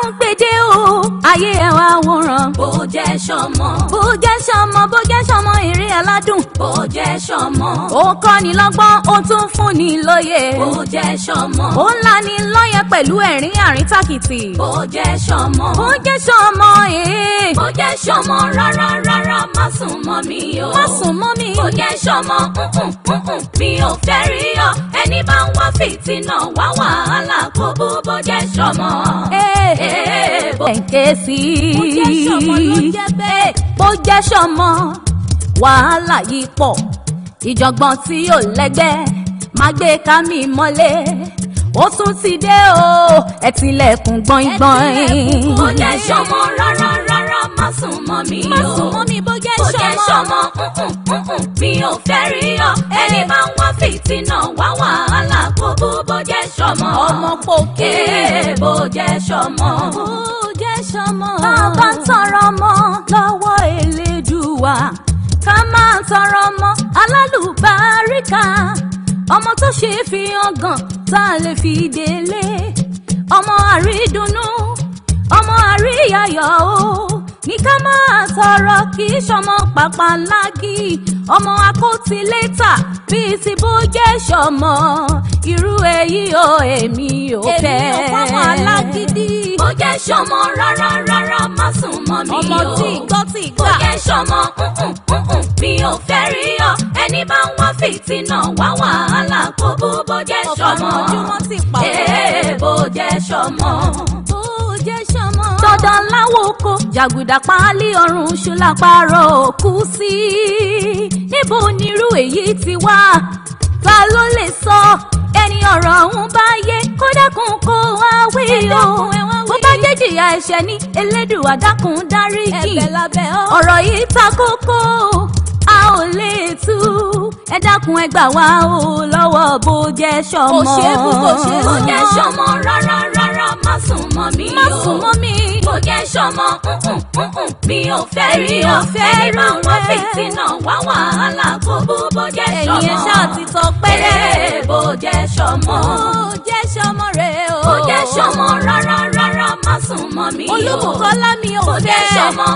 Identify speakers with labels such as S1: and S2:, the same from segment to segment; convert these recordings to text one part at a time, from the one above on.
S1: tún péjé o ayé ẹ wá wòran. bó jẹ́ sọmọ. bó jẹ́ sọmọ bó jẹ́ sọmọ eré aládùn. bó jẹ́ sọmọ. ó kọ́ ni lọ́gbọ́n ó tún fún ni lóye. bó jẹ́ sọmọ. ó ń là ni lóye pẹ̀lú ẹ̀rín àríntàkìtì. bó jẹ́ sọmọ. bó jẹ́ sọmọ ee. bó jẹ́ sọmọ rárá rárá má sùn mọ́ mi o. má sùn mọ́ mi. bó jẹ́ sọmọ mi ò fẹ́ rí ọ ẹni bá ń wá fìtínà wá wàhálà kó bó bó jẹ́ sọmọ. ee kẹ̀kẹ́ sí i bó jẹ́ sọmọ wàhálà yìí pọ̀ ìjọ̀gbọ̀n tí ò lẹ́gbẹ́ má gbé ká mi ó tún ti dé o ẹ tilẹ̀kùn gbọ̀ngbọ̀n. mo jẹ́ sọmọ rárá rárá má sùn mọ́ mi o má sùn mọ́ mi bó jẹ́ sọmọ bó jẹ́ sọmọ mi ò fẹ́ rí ọ eh. ẹni máa ń wá fìtínà wá wàhálà kó bó bó jẹ́ sọmọ ọmọ pòkè eh, bó jẹ́ sọmọ bó sọmọ. bàbá ń tọrọ ọmọ lọ́wọ́ Elédùwà ká máa tọrọ ọmọ alálùbáríkà ọmọ tó ṣe fi hàn gan tá a lè fi délé ọmọ àrídùnnú ọmọ àríyáyọ̀ o ní ká máa sọ̀rọ̀ kì í ṣọmọ pàpà lágì ọmọ akótilétà bíi ti bó jẹ́ ṣọmọ irú èyí o èmi ò fẹ́. èmi ò fọmọ alágídí mo jẹ́ sọmọ rárá rárá má sùn mọ́ mi o ọmọ tí gbọ́ tí gbà mo jẹ́ sọmọ mi ò fẹ́ rí ọ ẹni bá ń wá fìtínà wá wàhálà kó bó bó jẹ́ sọmọ ee bó jẹ́ sọmọ dandan láwo jàgùdà páálí ọrùn ṣùlá òkú sí níbo onírú èyí ti wá ta ló lè sọ ẹni ọ̀rọ̀ ọ̀hún bá yé kó dákun kó wá wí o bó bá jẹ́ jìyà ẹ̀ṣẹ̀ ní Elédùà dákun dáríjì ọ̀rọ̀ yìí ta kókó a ò lè tú ẹ dákun ẹ gbà wá o lọ́wọ́ bó jẹ́ sọmọ bó jẹ́ sọmọ rárá rárá má sùn mọ́ mi o. má sùn mọ́ mi. kò jẹ́ sọmọ mi ò fẹ́ rí o. ẹni máa wá fìtínà wá wàhálà kó bó bó jẹ́ sọmọ. ẹ̀yin ẹ̀ṣá ti sọ pẹ́rẹ́. bó jẹ́ sọmọ. bó jẹ́ sọmọ rẹ̀ o. kò jẹ́ sọmọ rárá rárá má sùn mọ́ mi o. olúbùkọ́lá mi ò fẹ́. kò jẹ́ sọmọ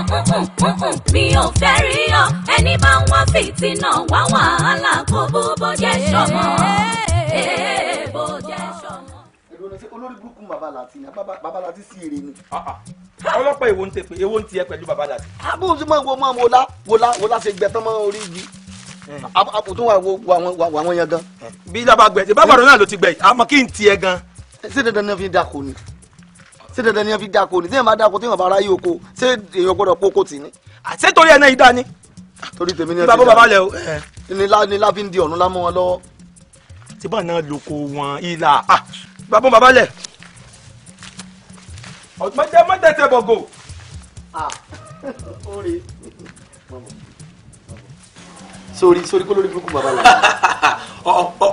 S1: mi ò fẹ́ rí o. ẹni máa wá fìtínà wá wàhálà kó bó bó jẹ́ sọmọ. bó jẹ́
S2: olórí burúkú bàbá láti ni bàbá láti sí èrè ni. Ah, ah. ọlọ́pàá èwo ń tẹ pé èwo ń tiẹ̀ pẹ̀lú bàbá láti. abó ah, ti máa wo máa wo lá wo lá wo lá ṣe gbẹ tán mọ́ orí igi àpò tó wà wo àwọn yẹn gan. Hmm. bí lábà gbẹ ṣe bàbá rẹ náà ló ti gbẹ yìí àmọ́ kí n tiẹ̀ gan. ṣé dandan ni wọ́n fi dáko ni ṣé dandan ni wọ́n fi dáko ni ṣé èèyàn bá dáko tí èèyàn bá ráyè oko ṣé èèyàn gbọ́dọ̀ poko tì ní. àṣẹ torí ẹ náà yìí dá ni. torí tèmi ni ẹ ti dá ní. bàbá bàbá lẹ o. Eh. ni láfi ń di ọ̀run lámọ́ wọn lọ́wọ́. tí bá náà lóko wọn ìlà Babu, babon babalẹ̀ ọ̀túnmọ̀jẹ́ mọ̀tẹ́tẹ́ bọ̀gò. sori sori kó lórí burúkú bàbá la.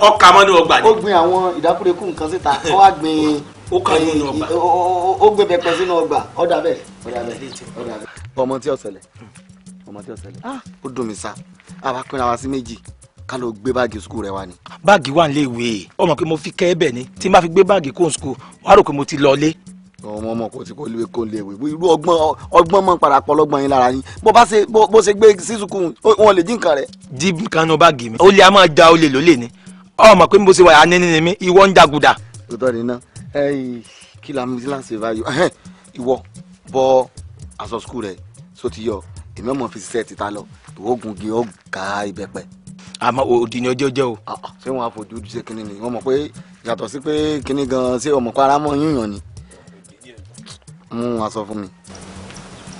S2: ọkà mọ́ni ọgbà ni. ó gbin àwọn ìdákúrekú nǹkan síta ó wá gbin ó kà nínú ọgbà. ó gbin pẹpẹ sínú ọgbà ọ̀dà bẹ́ẹ̀ ọ̀dà bẹ́ẹ̀ ọmọ tí ó ṣẹlẹ̀ ọmọ tí ó ṣẹlẹ̀ ah. ó dùn mí sá àwa pinna wa sí méjì ká lọ gbé báàgì sukù rẹ wá ni. báàgì wà nílé ìwé ọmọ pé mo fi kẹ́ ẹ̀bẹ̀ ni tí n bá fi gbé báàgì kóhùn sukù wàá rò pé mo ti lọ lé. ọmọ ọmọ kò tí kò lè kó lè wé irú ọgbọ́n ọgbọ́n mọ̀ padà pọ̀ lọ́gbọ́n yín lára yín bó bá ṣe bó ṣe gbé sí sukù wọn lè jí nǹkan rẹ. jí nǹkan nu báàgì mi olè a máa ja olè lólè ni ọmọ pé mo ṣe wà á ní ní mi ìwọ ń jaguda. òtọ́ ni ná kí la mi láti ṣe báyìí ìwọ bọ aṣọ sukù àmọ́ òdì ni ọjọ́ jẹ́ o. Ah, ah, ṣé wọn á fojú ṣe kínní ni wọn mọ̀ pé yàtọ̀ sí pé kínní gan ṣé ọmọ kó ara mọ́ yíyan ni mú wọn sọ fún mi.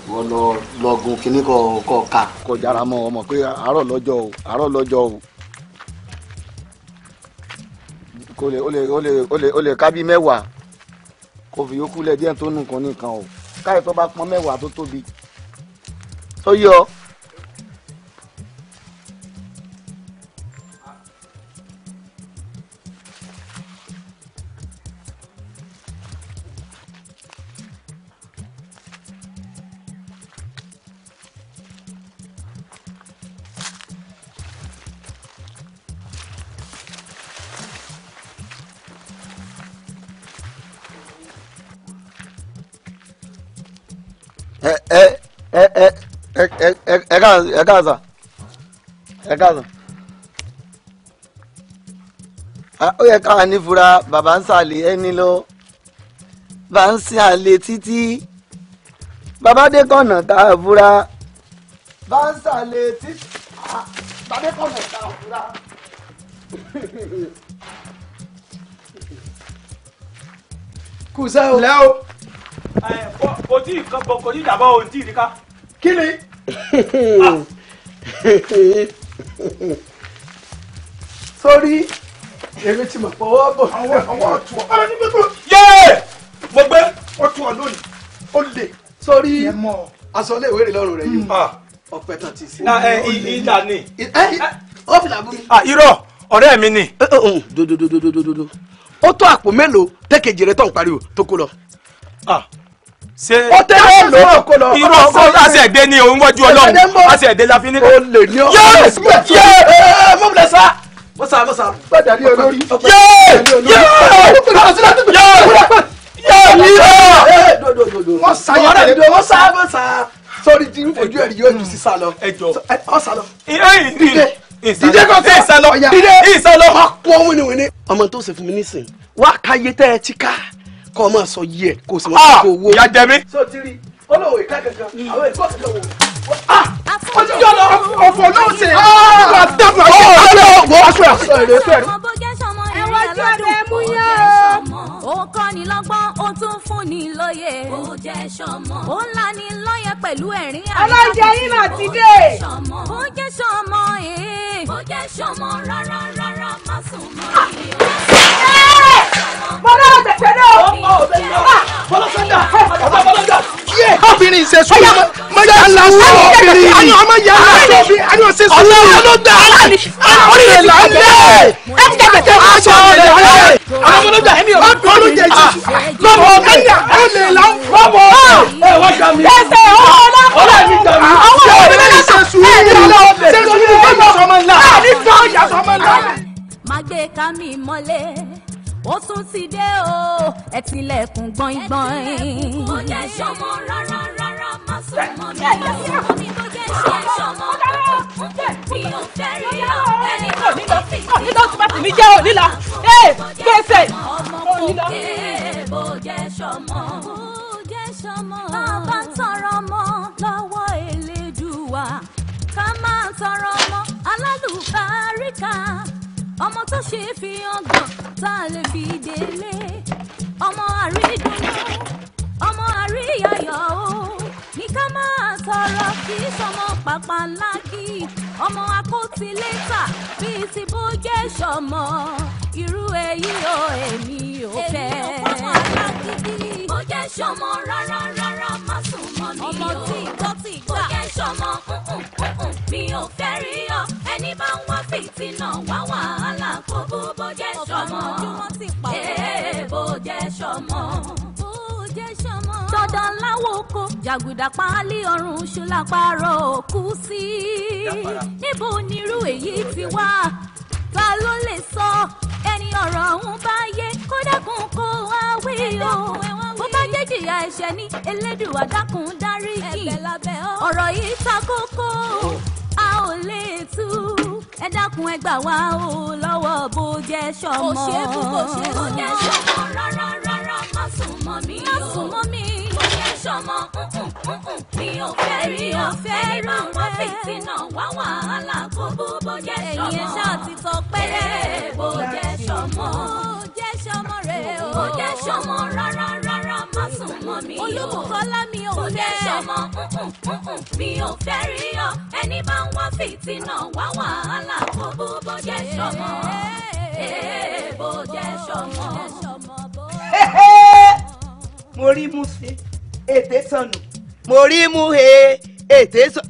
S2: wọ́n lọ lọ́gùn kínní kọ̀ ká. kọjá ara mọ́ ọmọ pé àárọ̀ lọ́jọ́ o àárọ̀ lọ́jọ́ o kò lè o lè o lè o lè o lè ká bí mẹ́wàá kò fi yókù lẹ̀ díẹ̀ tó nù kan nìkan o káyọ̀ tó bá pọn mẹ́wàá tó tóbi tó yọ. ẹ káàsán ẹ káàsán ẹ káàsán ó yẹ káwa nífura bàbá ń sàlẹ̀ ẹni lọ bá ń sin àlè títí bàbá dé kọ̀nà tá a fura bá ń sàlẹ̀ títí bàbá dé kọ̀nà tá a fura. kùsẹ́ o. lẹ́ o. kò tí ì kan bọ̀ kò ní ìdàbọ̀ ohun tí ì ní kí ni sórí èrè tí mo fọwọ́ bọ̀. àwọn àwọn ọ̀tún ọ̀rọ̀ ní gbogbo. yéè mo gbé ọ̀tún ọ̀lónìí ó lè. sórí aṣọ ilé ìwé rẹ lọ́rùn rẹ yìí hmm. ah. ọ̀pẹ tán ti sí. na ẹ eh, ìdá ni. ó fi làbú. Ah, irọ́ ọ̀rẹ́ mi ni. dodododododo ó tó àpò mélòó tẹ́kẹ̀jì rẹ tó ń pariwo tó kó lọ. Ah ṣé ó tẹ́lẹ̀ ló kó lọ irú ọkọ láti ẹ̀dẹ́ ní òun wọ́jú ọlọ́run láti ẹ̀dẹ́ la fi ní. Yes, yes, ní ọ yé yé mọ bìlẹ sá mọ sá mọ sá gbàdá ní olórí yé yé yé yé yé mọ sá yé mọ sá mọ sá sórí tí n fojú ẹ̀rí yóò jù sí sá lọ ọ sá lọ. dídé kan tẹ ìsálọ dídé ìsálọ. wàá kó wíníwíní. ọmọ tó ṣe fún mi nísìnyí wàá káyé tẹ́ ẹ ti ká kọ́ ọ máa sọ yí ẹ̀ kó o sì máa kó ah! owó. ìyá jẹ mí. sọ ìka
S1: kankan àwọn èkó wò. Ah!
S2: ó ti jọ lọ ọ̀fọ̀ náà ọ̀fọ̀ àtàkùn àṣẹ àṣẹ ọ̀gbọ̀n aṣọ àṣọ èrè fẹ́
S1: o. tún fún ni lóye. ó jẹ́ sọmọ. ó ń la ni pẹ̀lú ẹ̀rín àgbà. ọlọ́jẹ́ yín mà ti dé. ó jẹ́ sọmọ èé. ó sọmọ rárá rárá má sùn mọ́
S2: ilé. Ah!
S1: bọ́lá tẹ̀tẹ̀ náà. bọ́lá sọ́dà
S2: ọ̀dà bọ́lá obìnrin ìṣe sùúrù ọmọ yà á sọ̀rọ̀ obìnrin àní ọ̀sẹ̀ sùúrù ọ̀dà ló dà orí rẹ̀ là ń bẹ̀. ẹ ti tẹ̀ tẹ̀ wọ́n sọ ọ̀rẹ́ rẹ̀ àwọn ọmọ lọ́jà ẹ̀mí ọ̀rọ̀ kọ́lù jẹ̀ jù lọ́wọ́ ẹ̀yà ẹ̀lẹ̀ là ń fọwọ́ ẹ̀ wọ́n gbà mí. ẹsẹ̀ ọ̀la àwọn obìnrin náà ṣe sùúrù ṣe sùúrù ọmọ ńlá.
S1: má gbé ká mi mọ́lẹ̀ ó tún ti dé o ẹ tilẹ̀kùn gbọ̀ngbọ̀n. mo jẹ́ sọmọ rárá rárá má sùn mọ́ mi má sùn mọ́ mi mo jẹ́ ṣe sọmọ mi ò fẹ́ rí ọ ẹni tó mi tó fi sí ọmọ mi jẹ́ òníla gbèsè. ọmọkùnrin mo jẹ́ sọmọ mo jẹ́ sọmọ bàbá tọrọ ọmọ lọ́wọ́ Elédùwà ká máa tọrọ ọmọ alálùbáríkà ọmọ tó ṣe é fi ọgàn tá a lè fi délé ọmọ àrídùnnú ọmọ àríyáyọ o sọ̀rọ̀ kì í sọmọ pàpà lákì ọmọ akótilétà bíi ti bó jẹ́ sọmọ irú èyí o èmi ò fẹ́. èmi ò fọmọ alágídí bó jẹ́ sọmọ rárá rárá má sùn mọ́ mi o ọmọ tí ìgbọ́ tí ìgbà bó jẹ́ sọmọ mi ò fẹ́ rí ọ ẹni bá ń wá fìtínà wá wàhálà kó bó bó jẹ́ sọmọ ọdún wọn ti pàwọ́ bó jẹ́ sọmọ ọ̀dọ̀ láwo oko jàgùdà páálí ọ̀run ṣùlá pààrọ̀ òkú sí níbo nírú èyí ti wá ta ló lè sọ ẹni ọ̀rọ̀ ọ̀hún bá yé kó dákun kó wá wí o bó bá jẹ́ jìyà ẹ̀ṣẹ̀ ní Elédùwà dákun dáríjì ọ̀rọ̀ yìí ta kókó a ò lè tú ẹ dákun ẹ wá o lọ́wọ́ bó jẹ́ sọmọ. kò ṣe sọmọ rárá rárá má sùn mọ́ mi o ọmọ mi ò fẹ́ rí ò fẹ́ rí àwọn fìtínà wá wàhálà kó bó bó jẹ́ sọmọ ẹ̀yin ẹ̀ṣá ti tọ́ pẹ́rẹ́ bó jẹ́ sọmọ jẹ́ sọmọ rẹ̀ o bó jẹ́ sọmọ rárá rárá má sùn mọ́ mi o Olúbùkọ́lá mi ò fẹ́ bó jẹ́ sọmọ mi ò fẹ́ rí ọ ẹni bá ń wá fìtínà wá wàhálà kó bó bó jẹ́ sọmọ bó jẹ́ sọmọ.
S2: mo rí mú sí ètè sọnù mo rí mú he ètè sọnù.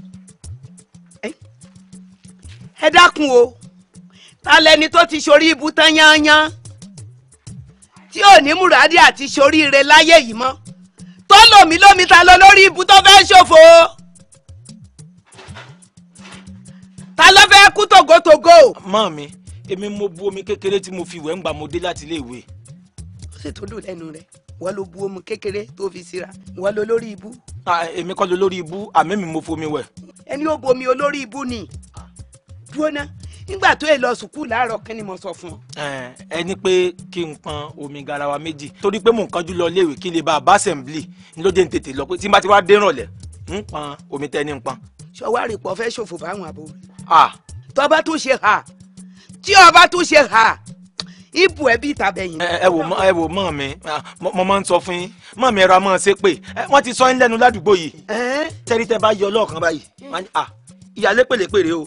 S2: ẹ dákun o ta lẹni tó ti ṣorí ibu tán yányán tí ò ní múradì àti ṣoríire láyé yìí mọ́ tó lòmí lómi ta lọ lórí ibu tó fẹ́ ṣòfò ta ló fẹ́ kú tògótògó. mọ́ mi èmi mo bu omi kékeré tí mo fi wẹ̀ ń gbà mo dé láti ilé ó sì tó dùn lẹ́nu rẹ̀ wọ́n ló bu omi kékeré tó fi síra wọ́n ló lórí ibú. èmi kọ́ ló lórí ibú àmì mi mo fomi wẹ̀. ẹni ó bomi olórí ibú ni dúró ná nígbà tó yẹ lọ sùkúù láàárọ̀ kí ni mo sọ fún ọ. ẹ ní pé kí n pọn omi garawa méjì torí pé mò ń kánjú lọ iléèwé kí n lè bá a bá assembly ní ló dé ní tètè lọ pé tí n bá ti wá dé ìrànlẹ́ ń pọn omi tẹ́ ní ń pọn. sọwárì pọ̀ fẹ́ ṣòfò fáwọn àbúrò. tọ́ba tún ṣe hà tí ọba tún ṣe hà ibù ẹ bí ìta bẹyìn. ẹ wò ẹ wò mọ mi ah, mo máa ń sọ fún yín mọ mi ẹra máa ṣe pé wọn ti sọ yín lẹ́nu ládùúgbò yìí. tẹ́rí tẹ́ bá yọ ọlọ́ọ̀kan báyìí hmm. ah, ìyálé pèlépèrè o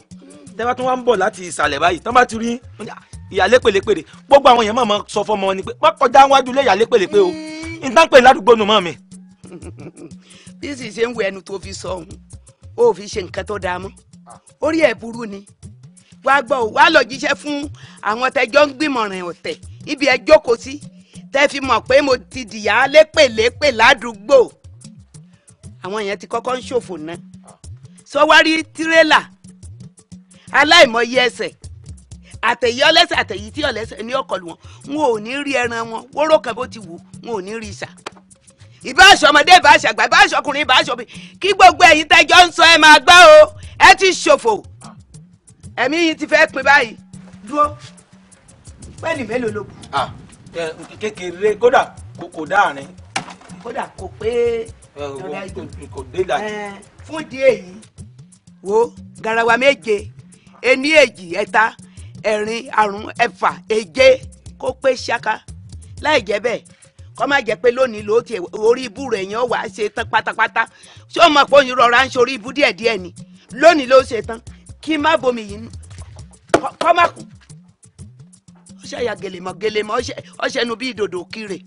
S2: tẹ́ bá tún wá ń bọ̀ láti ìsàlẹ̀ báyìí tán bá ti rí ah, ìyálé pèlépèrè gbogbo àwọn èèyàn máa máa sọ fọmọ ni pé wọn kọjá wájú lé ìyálé pèlépè o nǹkan hmm. pè ládùúgbò nù mọ mi. bí sì ṣe ń wo ẹnu tó fi sọ òun ó fi ṣe nǹkan tó dáa mọ́ orí ẹ̀ burú ni wá gbọ́ ò wá lọ jíṣẹ́ fún àwọn tẹjọ́ ń gbìmọ̀ràn ọ̀tẹ̀ ibi ẹ jókòó sí tẹ́ fi mọ̀ pé mo ti dìyà lépèlépè ládùúgbò àwọn yẹn ti kọ́kọ́ ń ṣòfò náà sọwárí tirẹ́là aláìmọye ẹsẹ̀ àtẹ̀yí ọlẹ́sẹ̀ àtẹ̀yí tí ọlẹ́sẹ̀ ní ọkọlù wọn wọn ò ní rí ẹran wọn wóró kan bó ti wù wọn ò ní rí ìṣà ìbáṣọ ọmọdé ìbáṣọ àgbà ìbáṣọ ọkùnrin ìbáṣọ obìnrin kí gbogbo ẹ̀yin tẹ́jọ́ ń sọ ẹ máa gbá o ẹ ti ṣòfò ẹ̀mí yìí ti fẹ́ pin báyìí dúró pẹ́ẹ́nì mélòó ló kù. kékeré kódà kò dáàrin. kódà kò pé ìrora ìjò fún di èyí wo garawa méje ení èjì ẹ̀ta ẹ̀rin àrún ẹ̀fà èje kó pé ṣáká láì jẹ́ bẹ́ẹ̀ kọ́ má jẹ́ pé lónìí ló ti orí ibú rẹ̀ yẹn wàá ṣe tán pátápátá ṣé o mọ̀ pé òyìnbó rọra ń ṣe orí ibú díẹ̀díẹ̀ ni lónìí ló ṣe tán kí n má bomi yìí nù kọ́ má kú ọṣẹ ya gèlèmọ̀ gèlèmọ̀ ọṣẹ nu bíi dòdò kiri.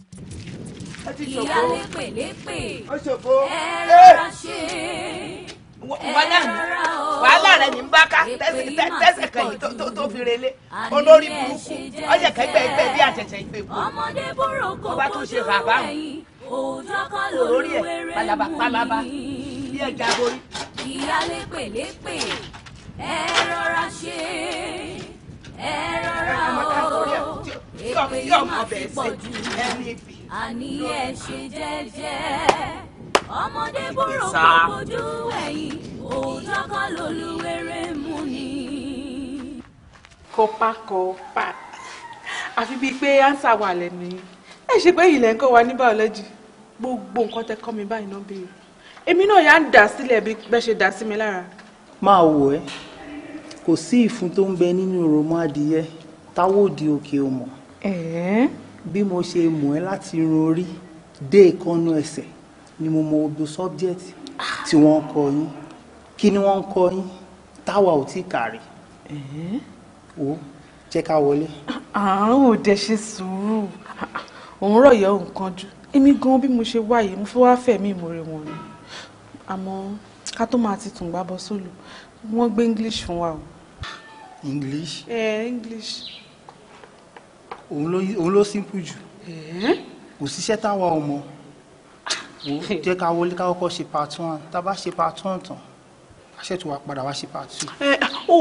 S1: ìyá lépèlépè ẹ̀rọ ṣe wàhálà rẹ ní bá ká tẹsẹ̀ kẹyìn tó fi relé olórí burúkú ọjà kẹgbẹgbẹ bí àtẹsẹ ìgbẹ kú ọba tó ṣe bàbá mu lórí ẹ palaba palaba bí ẹja borí. ìyá lépèlépè ẹ rọra ṣe ẹ rọra o èpè má fi pọ̀ jù àní ẹ ṣe jẹ́jẹ́ ọmọdé búrò kò bójú ẹ̀yìn òótọ́ kọ́ lolúwere mú ni.
S2: kọpakọpa àfi bíi pé ansa wà lẹ́nu yìí ẹ ṣe pé ilẹ̀ ń kọ́ wa ní biology gbogbo nǹkan tẹ kọ́ mi báyìí náà béèrè èmi náà yà ń dà sílẹ̀ bí bẹ́ẹ̀ ṣe dà sí mi lára. máa wò ẹ́ kò sí ìfun tó ń bẹ nínú òròmọ adìyẹ táwọn òdì òkè ò mọ̀ bí mo ṣe mọ̀ ẹ́ láti irun orí dé ìkọ́nú ẹsẹ̀ ni mo mọ odò subject tí wọ́n ń kọ yín kí ni wọ́n ń kọ yín táwa ò tí ì kàrí o jẹ́ ká wọlé. àrùn ò dẹ̀ ṣe sùúrù òun yẹ òun jù èmi gan bí mo ṣe wá yìí mo fẹ́ wá fẹ̀mí ìmoore wọn ni àmọ́ ká tó máa ti tùǹgbà bọ́ sólù wọ́n gbé English fún wa o English. Eh, English. Òun ló òun ló simple jù. Eh? Kò síṣẹ́ táwa ọmọ. Wò ó jẹ́ ká wọlé ká kọ́kọ́ ṣe part one. Tá a bá ṣe part one tán, a ṣètò wa padà wá ṣe part two. Ẹ eh, o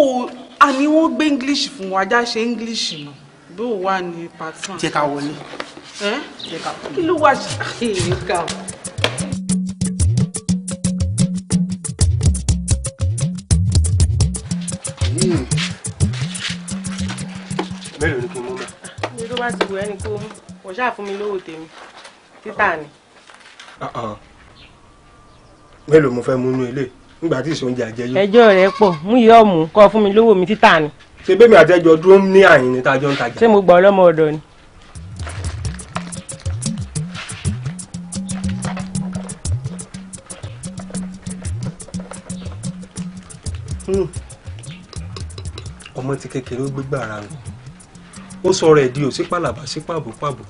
S2: àní wọ́n gbé English fún wa, ajá ṣe English mọ̀. Bó o wà ní part one. Jẹ́ ká wọlé. Eh? Ẹ kí ló wà ṣe àkíyèsí ká bá ti wù ẹni kó mú wọ́n ṣáà fún mi lówó tèmi títà ni. mélòó mo fẹ́ mú inú ilé nígbà tí ìsòǹjẹ àjẹyó. ẹjọ́ rẹ̀ pọ̀ mú yọ ọ̀mù kọ́ fún mi lówó mi títà ni. ṣé bẹ́ẹ̀ mi àtẹ́jọ́ dúró ní àyìn ní tajọ́ ń tajà. ṣé mo gbọ́ ọlọ́mọ ọ̀dọ́ ni. Hmm. ọmọ ti kékeré ó gbégbá ara rẹ̀ ó sọ rẹ̀ di òsí pàlàbà sí pàbò pàbò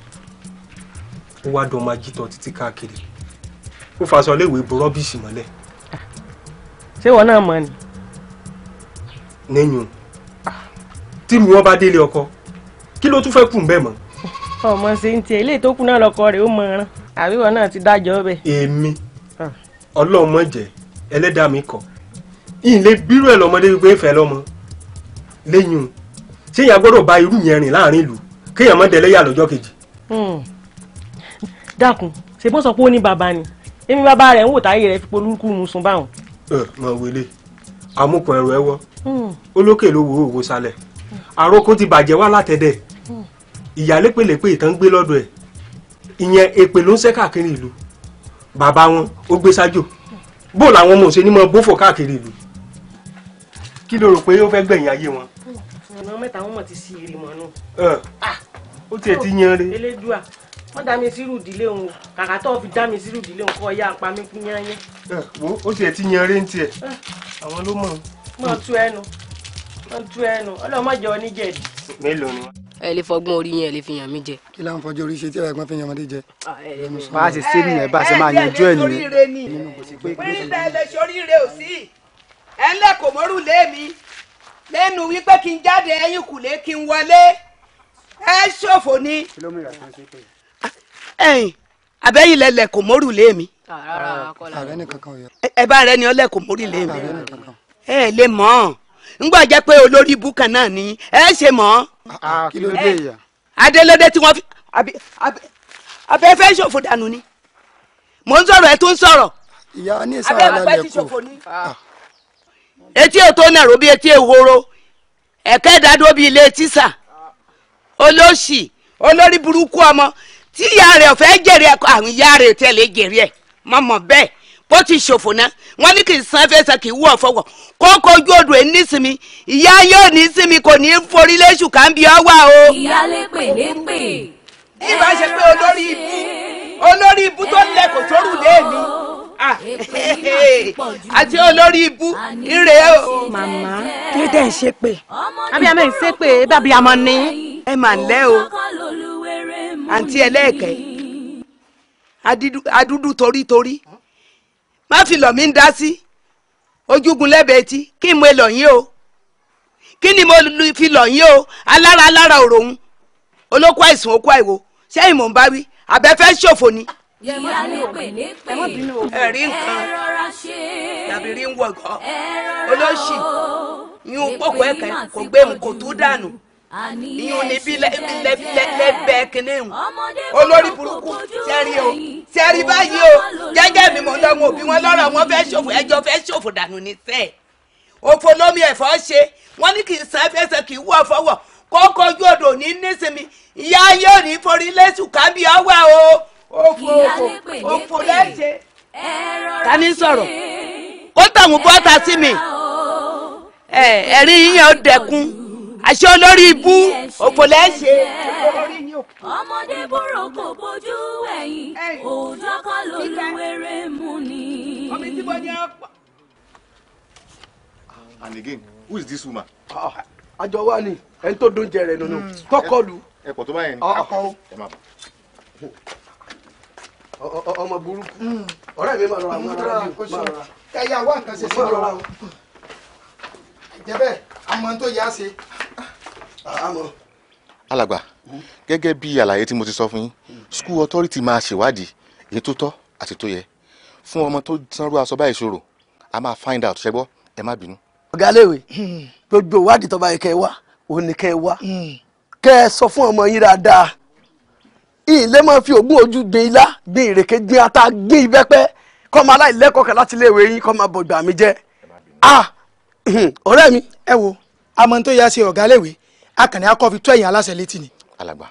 S2: ó wá dán máa jítọ títí káàkiri ó faṣọ léwèé bu rọ́bìṣì mọ́lẹ̀. ṣé wọn náà mọ ni. nẹ́yìn o tí mi wọ́n bá délé ọkọ kí ló tún fẹ́ kù bẹ́ẹ̀ mọ́. ọmọ ṣe ń tiẹ̀ ilé ìtókù náà lọkọ rẹ̀ ó mọ ẹran àbíwọ náà ti dájọ́ bẹ́ẹ̀. èmi ah. ọlọ́mọ jẹ́ ẹlẹ́dàá mi kọ̀ ìyìn lè bírú ẹ̀ lọ́mọdé wípé ìfẹ́ lọ́mọ lẹ́yìn o ṣéyàn gbọ́dọ̀ bá irú yẹn rìn láàrin ìlú kéèyàn mọ́ dẹlẹ́yà lọ́jọ́ kejì. Hmm. dákun ṣe sọ pé ó ní bàbá ni èmi bàbá rẹ̀ ń wò táyé rẹ̀ fi polúkú mu sùn báwọn. ẹ mọ wele amúkan ẹrù ẹ wọ hmm. olókè ló wo òwò sálẹ̀ àròkó ti bàjẹ́ wá látẹ̀dẹ̀ hmm. ìyálépèlépè ìtàn gbé lọ́dọ̀ ẹ̀ ìyẹn èpè ló ń ṣẹ́ káàkiri ìlú bàbá wọn ó gbé sájò bó làwọn ọmọ òṣèlú mọ bófò káàkiri ìlú kí ló rò pé ó fẹ́ gbẹ̀yìn ayé wọn ọ̀nà mẹ́ta wọn mọ̀ ti sí èrè mọ̀ nù. Ah! ó tiẹ̀ ti yan re. elédùà wọ́n dá mi sírù ìdílé òun kàkà tó fi dá mi sírù ìdílé òun kọ́ ya apá mi kú yányẹ́. wo ó tiẹ̀ ti yan re ń tiẹ̀ eh. àwọn ló mọ̀. mọ̀ tú ẹnu mọ̀ tú ẹnu ọlọ́mọdé oníjẹ̀dì. mélòó ni wọ́n ẹ lè fọgbọ́n orí yẹn ẹ lè fi yàn mí jẹ. kí láwọn fọjọ́ orí ṣe tí ẹ̀gbọ́n ah, a ṣe ṣe nìyẹn bá a ṣe máa yanjú ẹ̀ nìyẹn. orí rẹ ni orí rẹ lè ṣe oríire ò sí ẹ̀ ń lẹ́kọ̀ọ́ mọ́rùn lé mi lẹ́nu wípé kí n jáde ẹ̀yìn kùlé kí n wọlé ẹ ṣòfò ni. ẹ̀yin abẹ́yìn lẹ́lẹ̀ kò mórù lé mi. ẹ bá rẹ ni ọlẹ́ kò mórù lé mi. ẹ lè mọ̀ ọ́n ngbà jẹ́ pé olórí bùkàn náà ni ẹ ṣe mọ̀ ọ́n. adélódé tí wọ́n fi abẹ́fẹ́ ṣòfò dànù ni mò ń sọ̀rọ̀ ẹ tún sọ̀rọ̀ abẹ́ bàbá ti ṣòfò ni. Ah. etí ètò nàró bí etí ehoro ẹ̀kẹ́ ìdádúró bí ilé oloshi olori olórí burúkú ọmọ tí ìyá rẹ̀ ọ̀fẹ́ jèrè ẹ̀kọ́ ya ìyá rẹ̀ tẹ̀lé jèrè ẹ̀ mọ̀mọ́ bẹ́ẹ̀ bó ti ṣòfò na wọn ní kì í san fẹsẹ̀ kì í wú ọ̀fọ̀wọ̀ kókó ojú odò ẹ̀ nísinmi ìyá yóò nísinmi kò ko ni forí léṣù ká ń bi ọ́ wà o. ìyá lepe lepe bí ìbá ṣe pé olórí mi. Ah. àti olórí ibú ire o.
S1: màmá kí tẹ̀ ń ṣe pé
S2: abiyamọ ń ṣe pé dábìyamọ ni. ẹ mà ń lẹ́ o àǹtí ẹlẹ́ẹ̀kẹ́ adúdú torítorí má fi lọ̀ mí ń dá sí ojúgun lẹ́bẹ̀ẹ́ tí kí n mú ẹ lọ̀ yín o kí ni mo fi lọ̀ yín o alára alára òròhun olókù àìsàn okú àìwo ṣé ìmọ̀ ń bá wí àbẹ́fẹ́ ṣòfò ni
S1: ìyá ní pè ní pè ẹ̀rí nǹkan tàbí rí ń wọ̀gọ́ olóṣì yín ń pòkó ẹ̀kẹ́ kò gbé òun kò tó dànù yín ní bí
S2: lẹ́bẹ̀ẹ́ kínní ń olórí burúkú sẹ́rí o sẹ́rí báyìí o jẹ́jẹ́ mi mọ̀ lọ́wọ́ òbí wọn lọ́rọ̀ wọn fẹ́ ṣòfò ẹjọ́ fẹ́ ṣòfò dànù ní sẹ́ẹ̀ òfò lómi ẹ̀fọ́ ṣe wọ́n ní kì í san fẹsẹ̀ kì í wọ́ fọwọ́ kó kojú odò ní nísìmí ìyá yóò ní forí lẹ́sùn kábíyá wà o òfò òfò òfò lẹ́jẹ̀. ta ni sọ̀rọ̀ kó tàwọn bọ́ta sí mi ẹ̀rí yíyan ó dẹkun àṣẹ olórí ibú òfò lẹ́jẹ̀.
S1: ọmọdé bòrò kò bójú ẹ̀yìn òòjọ́ kan lolúwerè mú ni. ọmọ ni
S2: And again who is this woman. Ah, àjọ wa ni ẹni tó dún jẹrẹ nínú hmm. tọkọlù. ẹ pọ̀ tó báyẹn ni. Ah, ah, ẹ má bà ọmọ burúkú ọ̀rẹ́ mi máa lọ àwọn ará mi máa rọra. ẹyà wá nǹkan ṣe sí ọ̀rọ̀ jẹ́bẹ̀ àmọ́ tó yá ṣe. alàgbà gẹ́gẹ́ bí àlàyé tí mo ti sọ fún yín school authority máa ṣèwádìí èyí tó tọ́ àti tó yẹ fún ọmọ tó sanwó aṣọ báyìí ṣòro a máa find out ṣẹgbọ́ ẹ má bínú. ọ̀gá léwe gbogbo ìwádìí tó bá yẹ kẹ́ wá òun ni kẹ́ ẹ wá hmm. kẹ́ ẹ sọ fún ọmọ yín dáadáa ilé máa fi ògùn ojú gbin ilá gbin ìrèké gbin ata gbin ìbẹ́pẹ́ kọ́ máa láì lẹ́kọ̀ọ́ kan láti iléèwé yín kọ́ máa bọ̀ gbà jẹ́ ah ọ̀rẹ́ mi ẹ wo amọ̀ tó yá sí ọ̀gá léwe akànnì akọ́ fi tó ẹ̀yìn aláṣẹ létí ni. alàgbà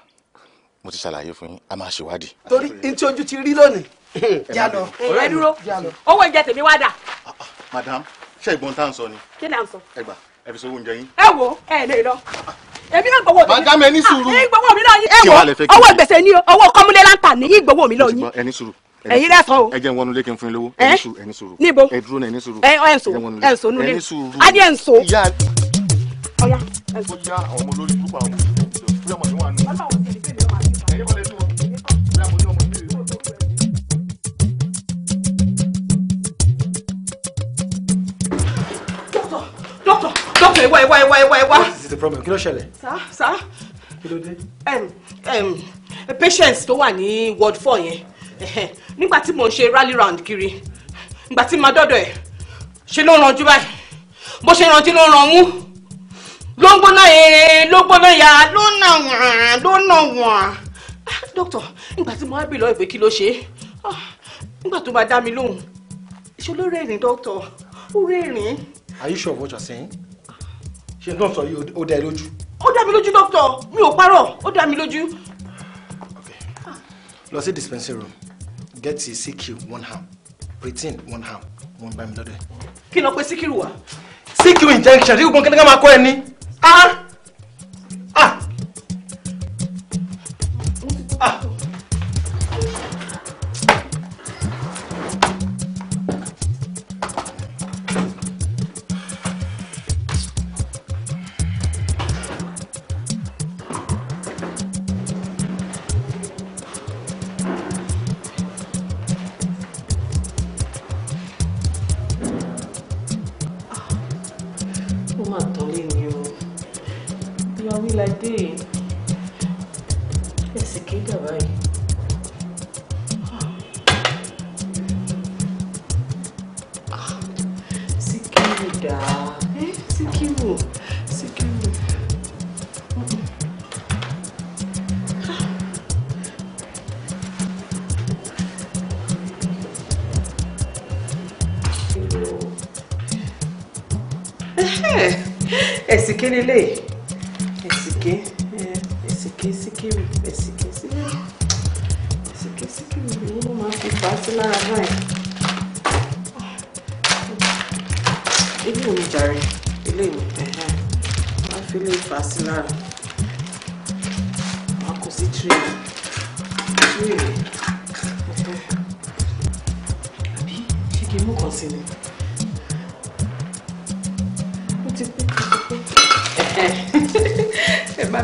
S2: mo ti ṣàlàyé fún yín a máa ṣèwádìí. torí n tí ojú ti rí lónìí. jà lọ ẹ dúró owó oúnjẹ tèmi wá dà. Ah, ah, madam ṣé ìgbọ́n tá à ń sọ ni. kí ni à ń sọ. ẹ gbà ẹ fi sọ oúnjẹ yín. ẹ wo ẹ lè lọ. Ah, èmi náà gbowó tèmi. madame ẹni ah, sùúrù. ìgbowó mi náà yín. ẹ wo ọwọ́ gbèsè ni ọwọ́ kọ́múlélàntà ni ìgbowó mi náà yín. ẹni sùúrù ẹ̀yin lẹ sọ o. ẹ jẹ́ wọnú kí n fún yín lówó ẹni sùúrù ẹni sùúrù. ẹ dúró náà ẹni sùúrù. ẹ ẹ nsọ ẹ nsọ nulẹ ẹni sùúrù. adé ẹ nsọ. ìyá ọyá ẹ nsọ. bóyá àwọn ọmọ olórí púpọ̀ àwọn ọmọ ìlú bóyá ọmọ ìlú wà nù. dókítà dókítà ẹ wá ẹ wá ẹ wá ẹ wá is the problem kí ló ṣẹlẹ̀. sá sá kí ló dé. patience tó wà ní ward four yẹn nígbà tí mò ń ṣe rally round kiri nígbà tí màá dọ́dọ̀ ẹ̀ ṣe ló ranjú báyìí bó ṣe ranjú ló ran mú ló ń gbóná ee ló gbóná ya ló nà wọ̀n ló nà wọ̀n. Ah, dókítà nígbà tí mo wá bì lọ́ọ́ ìpè kí ló ṣe ah, nígbà tó bá dá mi lóhùn ṣe ló rẹ́rìn dókítà ó rẹ́rìn. are you sure of what you are saying? ṣe náà sọ yìí ó dá ẹ lójú. ó dá mi lójú dókítà mi ò parọ́ ó dá mi lójú. lọ sí dispensary room get CQ one ham pretin one ham one by mi lọ́dọ̀ ẹ̀. kí ló pe CQ wa. CQ injection rí gbọ́n kí ni ká máa kọ́ ẹ ní. ah really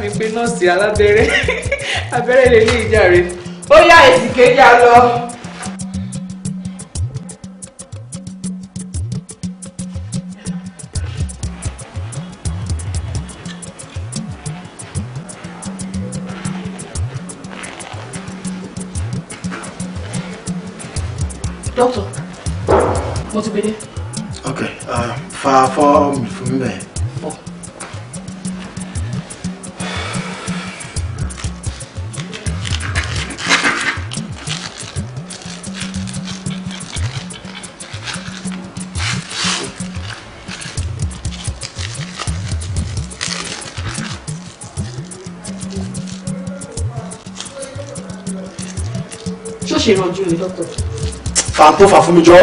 S2: mi pé nọ́ọ̀sì alábẹ́rẹ́ abẹ́rẹ́ lè ní ìjàre. ó yá èsì kejì á lọ. Doctor, mo ti gbé dé. Okay, uh, fa fọ́ọ̀mù fún mi bẹ́ẹ̀. ṣe ìrànjú rẹ dọ́tọ̀. fà tó fà fún mi jọ.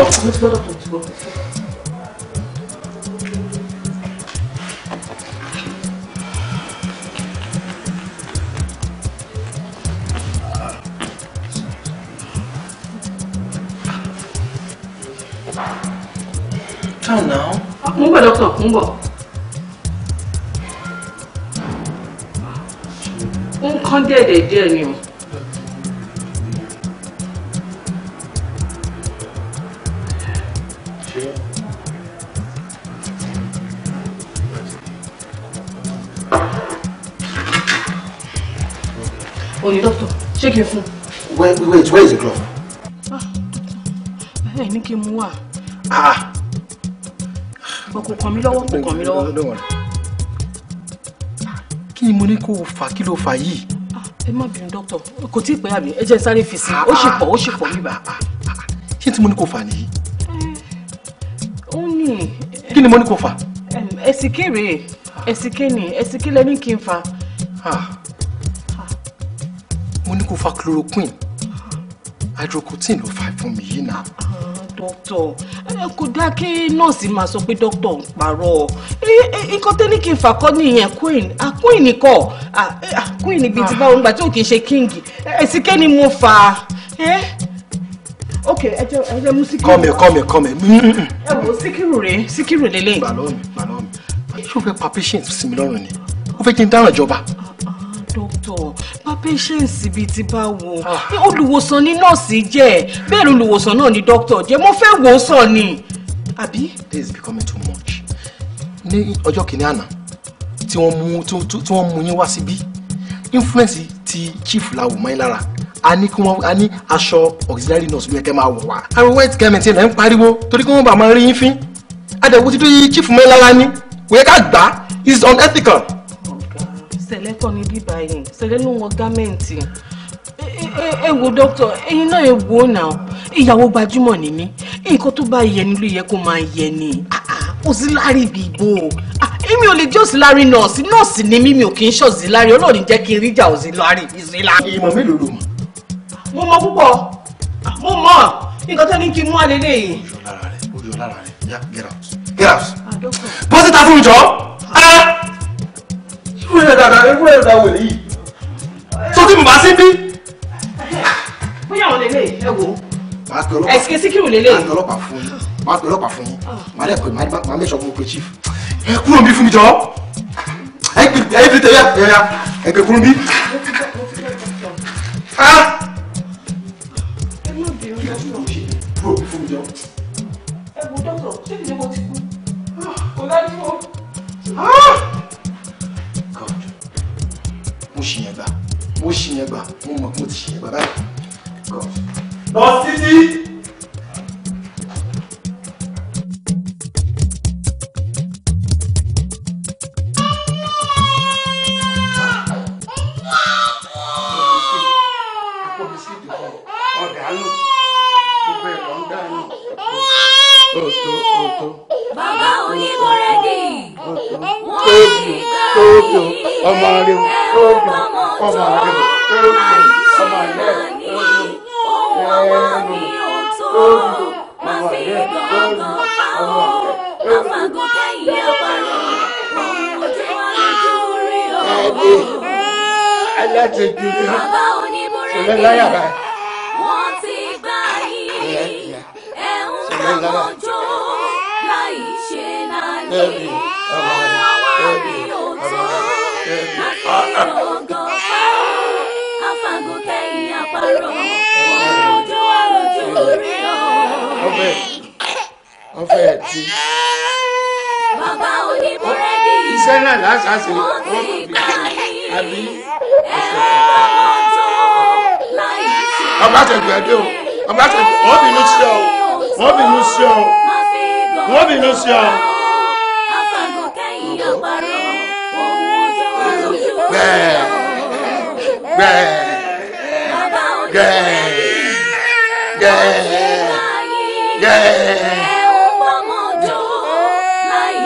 S2: Come now. Mo gbọ́dọ̀ bọ̀. ó díẹ̀ díẹ̀ ni o. where, wait, where is the glove? Ah. Ẹ ní kí n mú wá. Kò kàn mí lọ́wọ́, kò kàn mí lọ́wọ́. Kí ni mo ní kó o fà kí ló fà yìí? Ah, ẹ má bínú dọ́kítọ̀, kò tí ì pẹ́ àbí ẹ jẹ́ sáré fi sí i, ó sì pọ̀, ó sì pọ̀ bíbá. mo ní kó fà nìyí? Eh, ó ní. Kí ni mo ní kó fà? Ẹ̀sìnké rèé, ẹ̀sìnké ni, ẹ̀sìnké lẹ́ni kí n fa. Ah. Mo ní kó fa chloroquine hydrocotin ló fà fún mi yìí náà. Ah, dókítà eh, kò dáa kí nọ́ọ̀sì máa sọ pé dókítà ń parọ́ eh, eh, nǹkan tẹ́ ní kí n fà kọ́ nìyẹn queen ah, queen kọ́ ah, queen bíi ti báwo nígbà tí ò kì í ṣe king ẹ̀sìnkẹ́ ni mo fà ok ẹ jẹ ẹ jẹ mú síkírù. kọ́mi kọ́mi kọ́mi. ẹ wo síkírù rèé síkírù lélẹ́yìn. gbàlọ́ mi gbàlọ́ mi ṣé o fẹ́ pa patient sí mi lọ́rùn ni o fẹ́ kí n dáràn ìjọba dókítọ̀ bá patience bíi ti bá wo olùwòsàn ni nọ́ọ̀sì jẹ́ bẹ́ẹ̀ olùwòsàn náà ni dókítọ̀ jẹ́ mo fẹ́ wò ó sàn ni. àbí. this is becoming too much. ní ọjọ́ kìíní àná tí wọ́n mú tí wọ́n mú yín wá síbí influence ti chief lawo mọ́ ẹ lára a ní kí wọ́n a ní aṣọ auxiliary nurse ló yẹ kẹ́ máa wọ̀ wá. àwọn white garment yẹn lẹ́ ń pariwo torí kí wọ́n bá máa rí yín fín. adẹ̀wò ti tó yí chief mọ́ ẹ lára ní kò yẹ ká gbà á it's unethical. Sẹ̀lẹ́ kọ́ ní bíbá yìí Sẹ̀lẹ́ ló ń wọ gámẹ́ǹtì ẹ wo dókítà ẹ̀yin náà ẹ wo náà ìyàwó gbajúmọ̀ ni mí nǹkan tó bá yẹ ni ló yẹ kó máa yẹ ni ah, ah, òsílárì bíi bò ah, èmi ò lè jẹ́ òsílárì nọ́ọ̀sì nọ́ọ̀sì ni mí mi ò kì í ṣe òsílárì ọlọ́ọ̀ni jẹ́ kí n ríjà òsílárì òsílárì. ìmọ̀ mélòó ló mọ̀. mo mọ púpọ̀ mo mọ nǹkan tó ní kí n mú àlele yìí. ó yọ lára rẹ ó yọ lára rẹ ya get out get out. bọ́sítà fún ìjọ ewúrẹ́ ìdá wò lèyí tó tí mo bá sí bí. bóyá àwọn lèlè ẹ wò ó ẹsìkè síkírù lèlè. máa tọ ọlọ́pàá fún yín máa tọ ọlọ́pàá fún yín máa lẹ́kọ̀ọ́ máa mẹ́sọ̀ fún pé chief ẹ kúrò bí fún mi jọ ẹ bí tẹ̀lé ẹ̀yà ẹ gbẹ kúrò bí. Ah! Kúrò fún mo ṣì gbà mo ṣì gbà mo mọ̀ mo ti ṣì gbà báyìí. nọ́ọ̀sì títí.
S1: Oto, oto bàbá onímọ̀rẹ́dì wọ́n di, gbà yí
S3: ọmọ rẹ ọmọ ọmọ rẹ ọmọ rẹ ohun ọmọ mi ò tó má fi gbọ̀ngàn pa ó àfàgùn
S1: kẹ́yìn àparò ohun ojú wa lójú rí ọ̀hún. alájẹjú ni bàbá onímọ̀rẹ́dì wọ́n ti gbà yí ẹ̀hún ọmọ jù
S3: ẹbí ọmọ ẹbí ọmọ ẹbí. àkìlógo afagokẹ ìyàpàrọ
S1: ojú
S2: àròjù rí ọ. ọbẹ̀ ọbẹ̀ ti.
S1: bàbá oníbúrẹ́dì.
S2: iṣẹ́ náà lásàásì wọ́n fi àbí. ẹ̀rọ ọjọ́ láì sí. ọba tẹ̀gbẹ́ dé o ọba tẹ̀gbẹ́ wọ́n bínú sí ọ wọ́n bínú sí ọ wọ́n bínú sí ọ.
S3: gbẹ gbẹ gbẹ gbẹ gbẹ.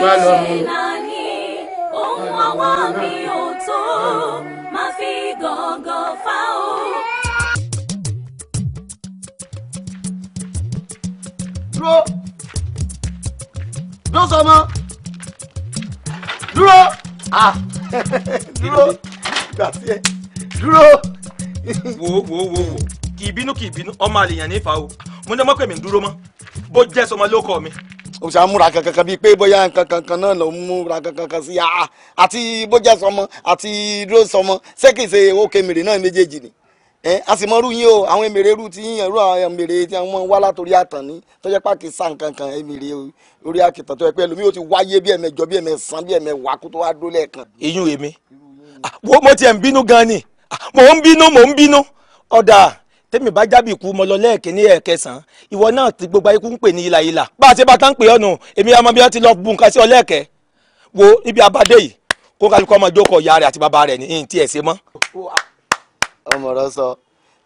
S1: Má lọ mú. Ohun ọwọ́ mi ò tó, má fi gọ̀ọ̀gọ̀ fá o. Dúró.
S2: Dúró sọmọ. Dúró. Ah. Dúró gbà tiẹ̀ dúró. wo wo wo wo kì í bínú kì í bínú ọmọ àlèyàn nífa o mo ní ọmọkùnrin mi ń dúró mọ́ bó jẹ́ sọmọ ló mi. o ṣe àmúra kankan bíi pé bóyá nǹkan kankan náà ló ń múra kankan sí àá àti bó jẹ́ sọmọ àti dúró sọmọ ṣé òkè mèrè náà méjèèjì ni a sì mọ irú yín o àwọn èmèrè irú ti yín ẹrú àwọn èmèrè tí wọn wá látòrí àtàní tó jẹ pàkì sá nǹkan èmèrè orí àkìtàn tó yẹ pé ẹlòmíì ó ti wáyé bí ẹ̀mẹjọ bí ẹ̀mẹsàn bí ẹ̀mẹwàá kó tó wá dólẹ̀ kan. iyún èmi Ah, wo mo tiẹ̀ ń bínú gan ni ah, mò ń bínú mò ń bínú ọ̀dà tẹ́mi bá jábì kú mo lọ lẹ́ẹ̀kínní ẹ̀kẹsàn-án ìwọ náà ti gbogbo ayé kú ń pè ní ìlàyìlà bá a ṣe bá tá ń pè ọ̀nù èmi àmọ́ bí wọ́n ti lọ bu nǹkan sí ọlẹ́ẹ̀kẹ́ wo ibi abadé yìí kó kálukú ọmọ jókòó ìyá rẹ̀ àti bàbá rẹ̀ ní ìyìn tí ẹ̀ ṣe mọ́. ọmọ rẹ sọ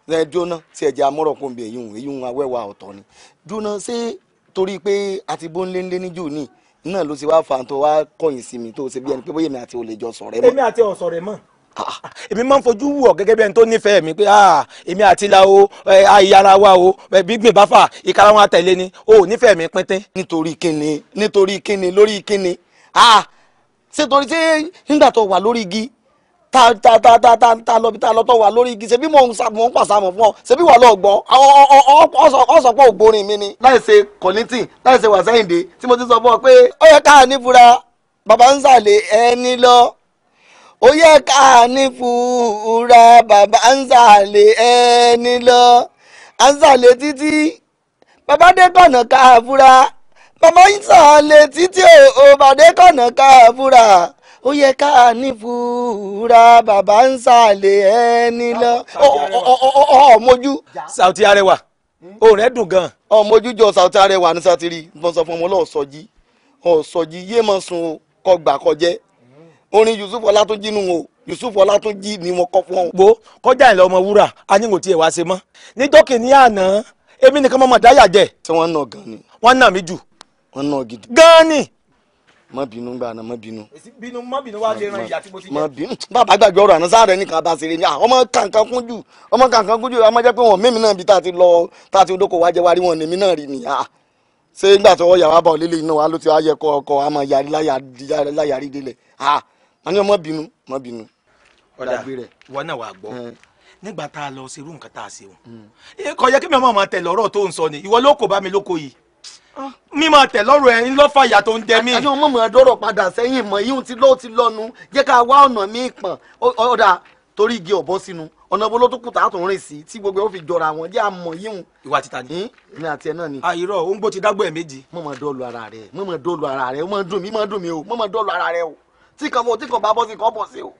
S2: ṣe jóná tí ẹja amúrọ̀kùnbí èyí ń èyí ń awẹ́wà ọ̀tọ̀ ni jóná ṣé torí pé àti bóńléńlé níjò níì náà ló ti wá fa tó wá kọ̀yìn sí mi tó ṣe bí ẹni pé bóyá èmi àti olè jọ sọ̀rẹ́ mọ́. èmi àti ọ̀sọ̀ rẹ̀ mọ́. Ah, ah. èmi máa ń fojú wù ọ gẹ́gẹ́ bí ẹni tó nífẹ̀ẹ́ mi pé ah, èmi àti la o ayára wa o gbígbìn bá fà ìkara wọn àtẹ̀lé ni o nífẹ̀ẹ́ mi pínpín. nítorí kíni nítorí kíni lórí kíni ṣé torí ṣé nígbà tó wà lórí igi ta ta ta ta ta lọ bi ta lọ tọ wà lórí igi ṣebí mọ ń sa mò ń pàṣà mọ fún ọ ṣebí wà lọ gbọ́ ọsọpọ ògbórin mi ni. láì ṣe kọ́nítìn láì ṣe wàṣẹ́yìndé tí mo ti sọ fún ọ pé. ó yẹ ká ní fura bàbá ń sàlẹ̀ ẹni lọ ó yẹ ká ní fura bàbá ń sàlẹ̀ ẹni lọ à ń sàlẹ̀ títí bàbá dé kọ̀nà ká fura bàbá ń sàlẹ̀ títí ò bàdé kọ̀nà ká fura. ó yẹ ká nífura bàbá ń sàlẹ̀ ẹni lọ ọmọjú. Saoti Arewa hmm? òun rẹ dùn gan. ọmọjú jọ Saoti Arewa ní sátiri mo sọ fún ọmọ lọ sọjí ọsọjí yé mọ sun o kọgbà kọjẹ hmm. orin Yusuf Ọlátúnjí nù o Yusuf Ọlátúnjí ni wọn kọ fún ọ. wo kọjá ìlà ọmọ wúrà a ní kò tiẹ̀ wá ṣe mọ́ níjọ́ kìíní àná èmi nìkan mọ́ mọ́ jẹ. tí wọ́n nà gan ni. wọ́n nà mí jù. wọ́n nà gidi. gan ni má bínú gba àná má bínú. bínú má bínú wa lè ran ìyá tí mo ti jẹ. má bínú bàbá gbàgbé ọ̀rọ̀ àná sáré nìkan bá ṣeré ni ọmọ kankan kún jù ọmọ kankan kún jù ọmọ jẹ́ pé wọ́n mímí náà bí tá a ti lọ tá a ti dóko wá jẹ́ wá rí wọn nìmí náà rí ni ṣé nígbà tí wọ́n yà wá bá òlélẹ̀ iná wa ló ti ayẹ kọ ọkọ àmọ́ yàrí láyàrí délẹ̀ àní ọmọ bínú má bínú. ọ̀dà wọn náà wà gbọ́ nígbà tá hmm. ni ìwọ ló kò bá mímọ tẹ lọ́rọ̀ ẹ ńlọ fàyà tó ń jẹ mí. àyàn mọ̀mọ́ dọ́rọ̀ padà sẹ́yìn mọ̀ yíyún ti lọ́ọ́ ti lọ́nu jẹ́ ká wá ọ̀nà míì pọ̀n ọ̀dà torí igi ọ̀bọ sínú ọ̀nà bó ló tún kùtà àtún rìn sí tí gbogbo ẹ̀ ó fi jọra wọn jẹ́ àmọ̀ yíhun. ìwà títa ni. ní àti ẹ náà ni. àyírọ ó ń gbó ti dágbọ́ ẹ̀ méjì. mọ̀mọ́ dọ́ọ̀lù ara rẹ̀ mọ̀mọ́ dọ́ọ̀lù ara rẹ̀ ó mọ̀ dùn mí mọ̀ dùn mí o mọ̀mọ́ dọ́ọ̀lù ara rẹ̀ o tí kan bọ̀ tí kan bá bọ́ sí kan bọ̀ sí o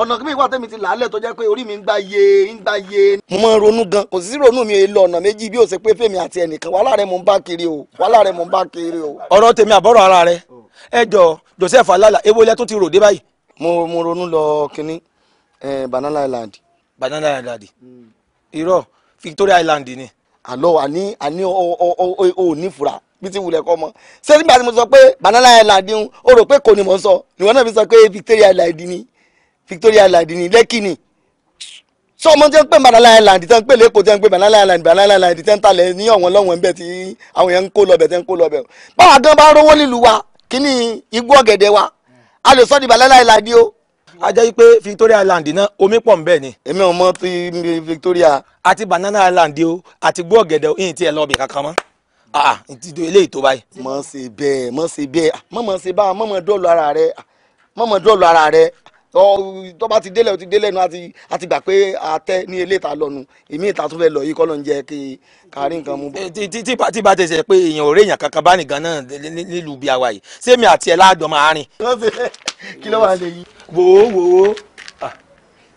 S2: ọ̀nà kí mi wà tẹ́mi ti làálẹ̀ tó jẹ́ pé orí mi ń gba ye ń gba ye. mo máa ronú gan kò sí ronú mi èlò ọ̀nà méjì bí o ṣe pé fèmi àti ẹnìkan wàhálà rẹ mò ń bá kiri o wàhálà rẹ mò ń bá kiri o. ọ̀rọ̀ tèmi àbọ̀rọ̀ ara rẹ ẹ jọ Joseph alala ewo ilẹ̀ tó ti rò dé báyìí. mo mo ronú lọ kínní Banana Island. Banana Island irọ́ Victoria Island ni. àlọ́ àní àní ò ní fura bí ti wulẹ̀ kọ́ mọ́ ṣé nígbà tí mo sọ pé Banana Island ń o rò pé kò ní mò ń sọ ìwọ Victoria Island ni Victoria Island ní Lẹ́kì ni sọ ọmọ tí wọ́n ń pè Banana Island tí wọ́n ń pè lẹ́kọ̀ọ́ tí wọ́n ń pè Banana Island Banana Island tí wọ́n ń talẹ̀ ní ọ̀wọ́n lọ́wọ́n ń bẹ̀ tí àwọn yẹn ń kó lọ́bẹ̀ tí wọ́n ń kó lọ́bẹ̀ báwa gan bá rówó nílùú wa kíní igbó ọ̀gẹ̀dẹ̀ wa a lè sọ di Banana Island o. a jẹ́ pé Victoria Island náà omi pọ̀ ń bẹ̀ ni. èmi ò mọ ti Victoria. àti Banana Island o àti igbó ọ̀gẹ̀dẹ̀ yìí ti ẹ̀ lọ́ọ̀bì kankan mọ́ ah ti do eléyìí tó báyìí. mọ̀ ṣe bẹ́ẹ̀ mọ̀ ṣe bẹ́ẹ̀ mọ̀ mọ̀ ṣe tó bá ti délẹ̀ ó ti délẹ̀ nu àti gbà pé àtẹ ní ilé ìta lọ́nu èmi ìta tún fẹ́ lọ yìí kọ́ ló ń jẹ́ kí kárí nǹkan mú bọ̀. tí bá ti ṣe pé èèyàn ò rí èèyàn kankan bá nìkan náà nílùú bíi àwa yìí sẹ́mi àti ẹ̀ láàjọ máa rìn. kí ló wà lè yí. wò ó wò ó ah,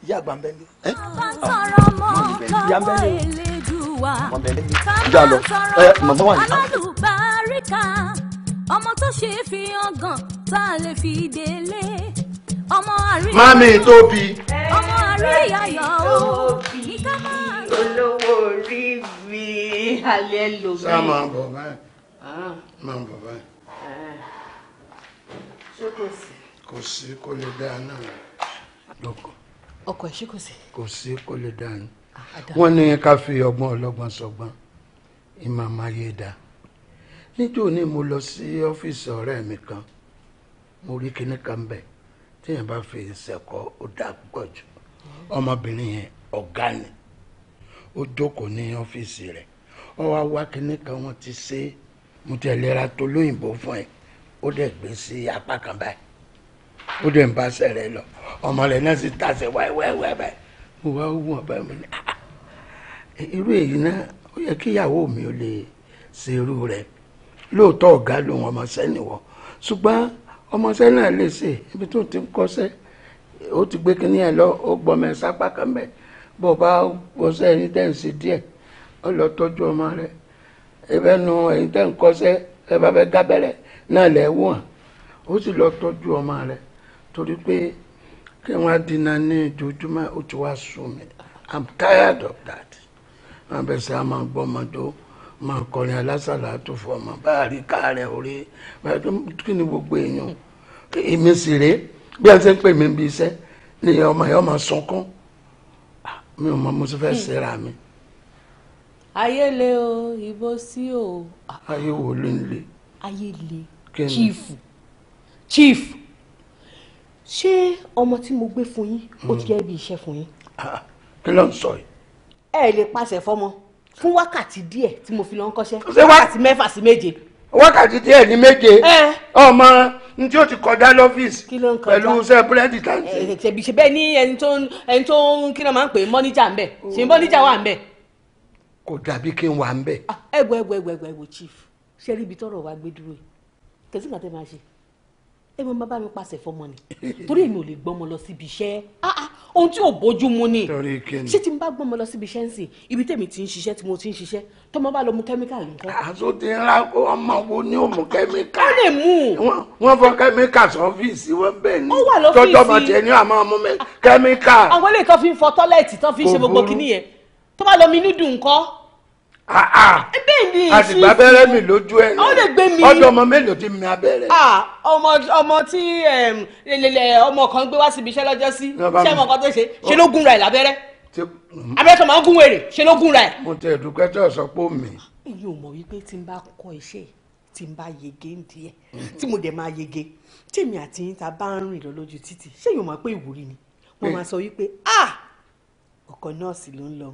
S2: ìyá àgbà ń bẹ ní.
S1: ìyá ń bẹ ní. ìyá lọ ẹ màmá wà ní. ọmọ tó ṣe é fi hàn gan tá ọmọ àrí. mami tóbi. ọmọ àrí ayọ̀ o ní ká máa. olówó
S3: orí mi alẹ́ ló mi. sá máa ń bọ̀ báyìí ah.
S2: máa ń bọ̀ báyìí. Eh. ṣé kò sí. kò sí kó lè dáa náà lọkọ. ọkọ ẹ̀ ṣé kò sí. kò sí kó lè dáa yín ah, wọ́n ní ká fi ọgbọ́n ọlọ́gbọ́n sọgbọ́n ìmọ̀ àmàyé dáa níjó ni mo lọ sí ọ́fíìsì ọ̀rẹ́ mi kan mo rí kinní kan bẹ́ẹ̀ téèyàn bá fi ìṣẹ̀kọ́ ó dà púpọ̀ jù ọmọbìnrin yẹn ọ̀gá ni ó jókòó ní ọ́fíìsì rẹ̀ ó wá wá kinní kan wọ́n ti ṣe mutẹ̀lera tó lóyìnbó fún ẹ ó dẹ̀ gbé sí apá kan báyìí ó dẹ̀ ń bá sẹ̀rẹ̀ lọ ọmọ rẹ̀ náà sì tàṣẹ wáíwáíwáí báyìí mo wá wù ọ́ báyìí mo ní ah, ah, irú èyí náà ó yẹ kí ìyàwó mi ò lè ṣerú rẹ̀ lóòótọ́ ọ̀gá lòun ọmọ sẹ́niwọ̀ ṣùgbọ́n ọmọọṣẹ́ náà lè ṣe ibi tó ti kọ́ṣẹ́ ó ti gbé kínní ẹ̀ lọ ó gbọmọ ẹ̀ sápá kan bẹ̀ bó bá kọ́ṣẹ́ ẹni tẹ́ ń ṣe díẹ̀ ó lọ tọ́jú ọmọ rẹ ẹbẹ̀ nu ẹni tẹ́ ń kọ́ṣẹ́ ẹ bá fẹ́ gábẹ́rẹ́ náà lẹ́ wọ̀n ó sì lọ tọ́jú ọmọ rẹ torí pé kí wọ́n dínà ní ojoojúmọ́ ó ti wá sùn mí I'm tired of that. àbẹ̀sẹ̀ a máa gbọ́ ó máa kọrin alásàlá tó fún ọmọ bá a rí káàrẹ̀ orí kí ni gbogbo èèyàn èmi sì rèé bí a ti ń pè mí bí iṣẹ́ ni ọmọ yẹn ọmọ sunkún ah, mi ò mọ mo ti fẹ́ ṣera mi.
S1: ayé le o ìbò sí o.
S2: ayé wo ló ń le.
S1: ayé le chief chief ṣé ọmọ tí mo
S2: gbé fún yín ó ti hmm. jẹ́ bí iṣẹ́ fún yín. Ah, kí ló ń sọ yìí. ẹ lè pàṣẹ fọmọ fún wákàtí díẹ̀ tí mo fi lọ ń kọ́ṣẹ́ wákàtí mẹ́fà sí méje. wákàtí díẹ̀ ní méje ọmọ n tí o ti kọjá lọ́fíìsì pẹ̀lú iṣẹ́ búrẹ́dì tàǹtì. ṣèbí ṣe bẹ́ẹ̀ ní ẹni tó ẹni tó ń kí náà máa ń pè é mọ́níjà ń bẹ̀ ṣe mọ́níjà wà ń bẹ̀. kò dàbí kí n wà ń bẹ̀. Ah, ẹ̀wọ̀ ẹ̀wọ̀ ẹ̀wọ̀ ẹ̀wọ̀ chief ṣé rí ibi tọ́rọ̀ wa gbé dúró yìí máa ṣe ẹ mọ bá mi pàṣẹ fọmọ ni torí èmi ò lè gbọmọ lọ síbi iṣẹ́ ah, ah, ohun tí ò bójú mu ni ṣé tí n bá gbọmọ lọ síbi iṣẹ́ ń sìn ibi tèmi ti ń ṣiṣẹ́ tí mo ti ń ṣiṣẹ́ tọmọ bá lọ mu kẹ́míkà nǹkan. àṣọ ah, ti ń ra ọmọ wo ni ó mu kẹ́míkà. ó lè mú. wọ́n fọ kẹ́míkà sọ́fíìsì wọn bẹ́ẹ̀ ni. ó wà lọ́fíìsì tọ́jọ́ bọ̀ tiẹ̀ ní àmọ́ ọmọ mi kẹ́míkà. àwọn ilé kan fi ń fọ tọ́lẹ̀tì tán fi ń ṣe gbogbo kìnìyẹn tó bá lọ mi nídùn nǹkan Ah, ah. Eh, bẹ́ẹ̀ ni èsì àtìgbà abẹ́rẹ́ mi lójú ẹ̀ ó lè gbé mi ọdọ ọmọ mélòó ti mi abẹ́rẹ́. Ah, ọmọ ọmọ tí ọmọ kan gbé wá síbi iṣẹ́ lọ́jọ́ sí iṣẹ́ ọmọ kan tó ṣe ṣe ló gún ra ẹ̀ lábẹ́rẹ́ mm-hmm. abẹ́rẹ́ tó máa ń gún wèrè ṣe ló gún ra ẹ̀. mo tẹ ẹ̀dùnkẹ́ tó sọ pé mi. iye ò mọ̀ wípé tí n bá kọ́ iṣẹ́ tí n bá yege ń díẹ̀ tí mo dẹ̀ máa yege tèmi àti yín ta bá ń rìn lọ lójú títì ṣé yóò máa pé ìwúrí ni wọ́n máa sọ wípé ah ọkọ̀ nọ́ọ̀sì ló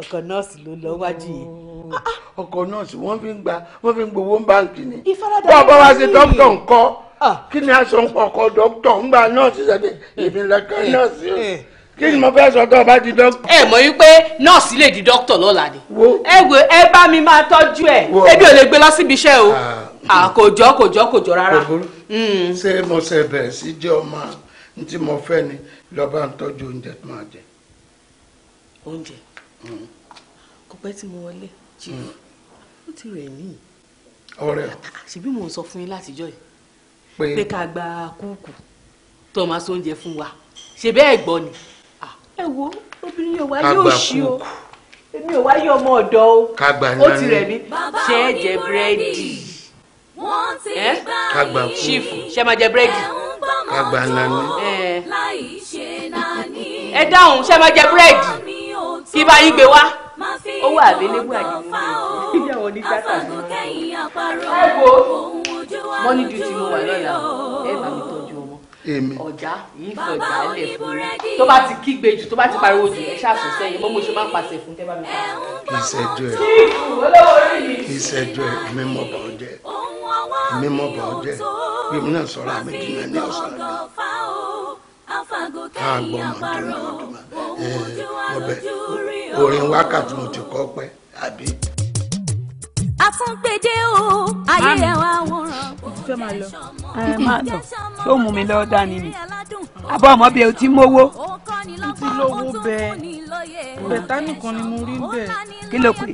S2: ọkọ nọọsì ló lọ wájú yìí. Oh. Ah, ọkọ nọọsì wọn fi ń gba wọn fi ń gbowó báńkì ni wọn bá wá sí dókítà ńkọ́ ah. kí ni aṣọ ń pọkọ dókítà ń gba nọọsì sẹbi èmi lọkọ eh, o eh. kí ni mo fẹ́ sọ tó o bá di dókítà. ẹ mọ̀ wípé nọ́ọ̀sì lè di dókítà lọ́la ni ẹ wo ẹ bá mi máa tọ́jú ẹ ebi ò lè gbé lọ síbi iṣẹ́ o ah. kò jọ kò jọ kò jọ rárá. Hmm. ṣé mo ṣe bẹ̀rẹ̀ sí jẹ́ ọmọ tí mo fẹ́ ni lọ́ba ń tọ́jú oúnjẹ tó máa jẹ. oúnjẹ kò pẹ́ tí mo wọlé jìrò hmm. ó ti rẹ̀ mí. ọ̀rẹ́ o. Ah, ah, ṣebí mò ń sọ fún yín látijọ́ yìí pé ká gba kúùkù tó o máa so oúnjẹ fún wa ṣe bẹ́ẹ̀ gbọ́ ni ah, ẹ wo obìnrin yóò wá yóò ṣí o èmi ò wáyé ọmọ ọ̀dọ́ o ó ti rẹ̀ mí
S1: ṣe é jẹ búrẹ́dì ẹ
S2: kàgbà kú ṣífù
S1: ṣe máa jẹ búrẹ́dì kàgbà ńlá ẹ dáhùn ṣe máa jẹ búrẹ́dì ibà yìí gbé wá
S2: owó àbélébù àjẹmọ́ ìyàwó ní tíátà mi.
S1: ẹ wo mọ́ní ju ti mo wà lọ́la ẹ bá
S2: mi tọ́jú ọmọ ọ̀já yìí fi ọ̀já lẹ̀ fún mi tó bá ti kígbe jù tó bá ti pariwo jù ẹ ṣàṣọ sẹ́yìn bó mo ṣe máa ń pàṣẹ fún tẹ́ bá mi pa. kì í ṣẹjọ́ ẹ kì í ṣẹjọ́ ẹ mímọ bá ọ jẹ mímọ bá ọ jẹ bí mi náà sọ̀rọ̀ àgbọ̀ màdúrà eh, ọbẹ̀ orin wákàtí mo ti kọ́ pẹ́ àbí.
S1: àtúngbèdè o ayé ẹ wá wòran. ìfẹ́ máa lọ ẹ eh, máa lọ
S2: ṣé ó mú mi lọ dání ni àbọ̀ ọmọ bíi o ti mówó.
S1: n ti lówó bẹ́ẹ̀ bẹ̀tà nìkan ni mo rí bẹ́ẹ̀. kí ló pè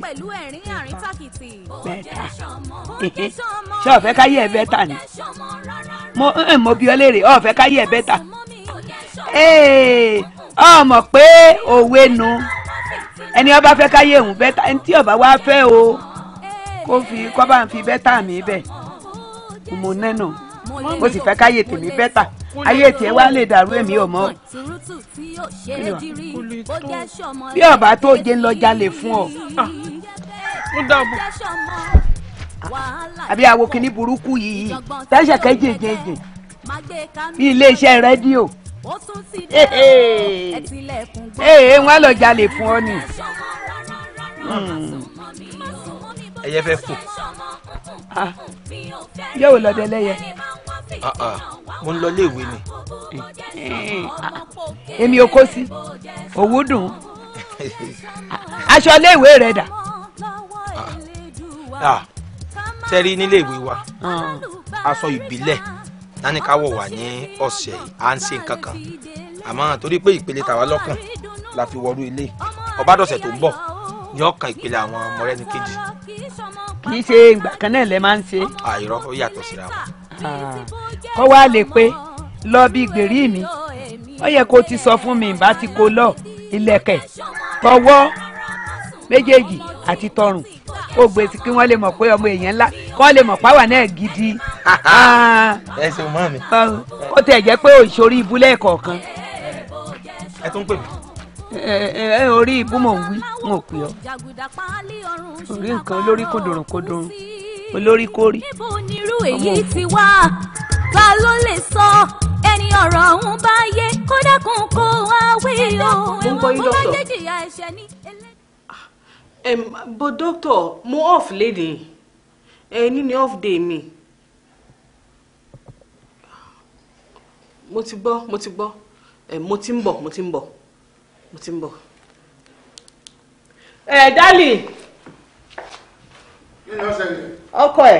S2: bẹ́tà ṣé ọ̀fẹ́ káyé ẹ̀ bẹ́tà ni mo eh, bí ọ léèrè ọ̀fẹ́ káyé ẹ̀ bẹ́tà ọmọ pé òwe nu ẹni ọba fẹ́ káyé òun bẹ́tà ẹni tí ọba wá fẹ́ o kó fi kọ́ bá ń fi bẹ́tà mi bẹ̀ mo nẹ́nu mo sì fẹ́ káyé tèmi bẹ́tà ayé tiẹ̀ wá lè dàrú èmi ò mọ̀
S1: bí ọba tó jẹ́ lọ jalè fún ọ.
S2: Ah, ah, àbí àwọn kìnnì burúkú yìí tẹ́sẹ̀ kẹ́jẹ̀jẹ̀jẹ̀
S1: bí iléeṣẹ́ rédíò ó tún ti dé o ẹ tilẹ̀kùn gbọ́. ee wọn lọ jalè fún ọ ni.
S2: Hmm. ẹyẹ fẹ́ fò. Ah. yóò lọ dé lẹ́yẹ. Ah, ah. mo ń lọ léèwé ni. Eh, èmi ò kó sí òwú dùn aṣọ léèwé rẹ dà. sẹ́rí nílé ìwé wa aṣọ ìbílẹ̀ náà ní ká wọ̀ wá ní ọ̀sẹ̀ yìí à ń ṣe nǹkan torí pé ìpele tàwa lọ́kàn la fi wọrú ilé ọbádọ̀sẹ̀ tó ń bọ̀ ní ọ̀kan ìpele àwọn mọ̀rẹ́ni kejì. kì í ṣe ìgbà kan náà lẹ máa ń ṣe. àìrọ ó yàtọ̀ síra wọn. Ah, kọ́ wá lè pé lọ bí gbèrí mi ó yẹ kó ti sọ fún mi ìbá ti kó lọ ilẹ̀kẹ̀ tọwọ́ méjèèjì àti tọrùn ó gbé sí kí wọ́n lè mọ̀ pé ọmọ èèyàn ńlá kọ́ lè mọ̀ páwà náà gidi. Ah. ẹ ṣe mọ́ mi. ó tẹ̀ jẹ́ pé òṣòrí ibú lẹ́ẹ̀kọ̀ọ̀kan. ẹ tún pè mí. ẹ orí ibú mò ń wí wọn ò pè ọ́. orí nǹkan olórí kòdòrùn kòdòrùn olórí kórì. níbo
S1: ni irú èyí ti wá ta ló lè sọ ẹni ọ̀rọ̀ ọ̀hún bá yé kó dákun kó wá o ẹ̀wọ̀n kó má jẹ́ jìyà ẹ̀ṣẹ̀ ní.
S2: Um, but doctor mo off lady ẹni ni off day mi mo ti gbọ́ mo ti gbọ́ mo ti ń bọ̀ mo ti ń bọ̀ mo ti ń bọ̀. ẹ dálì. kí ló ṣẹlẹ̀. ọkọ ẹ.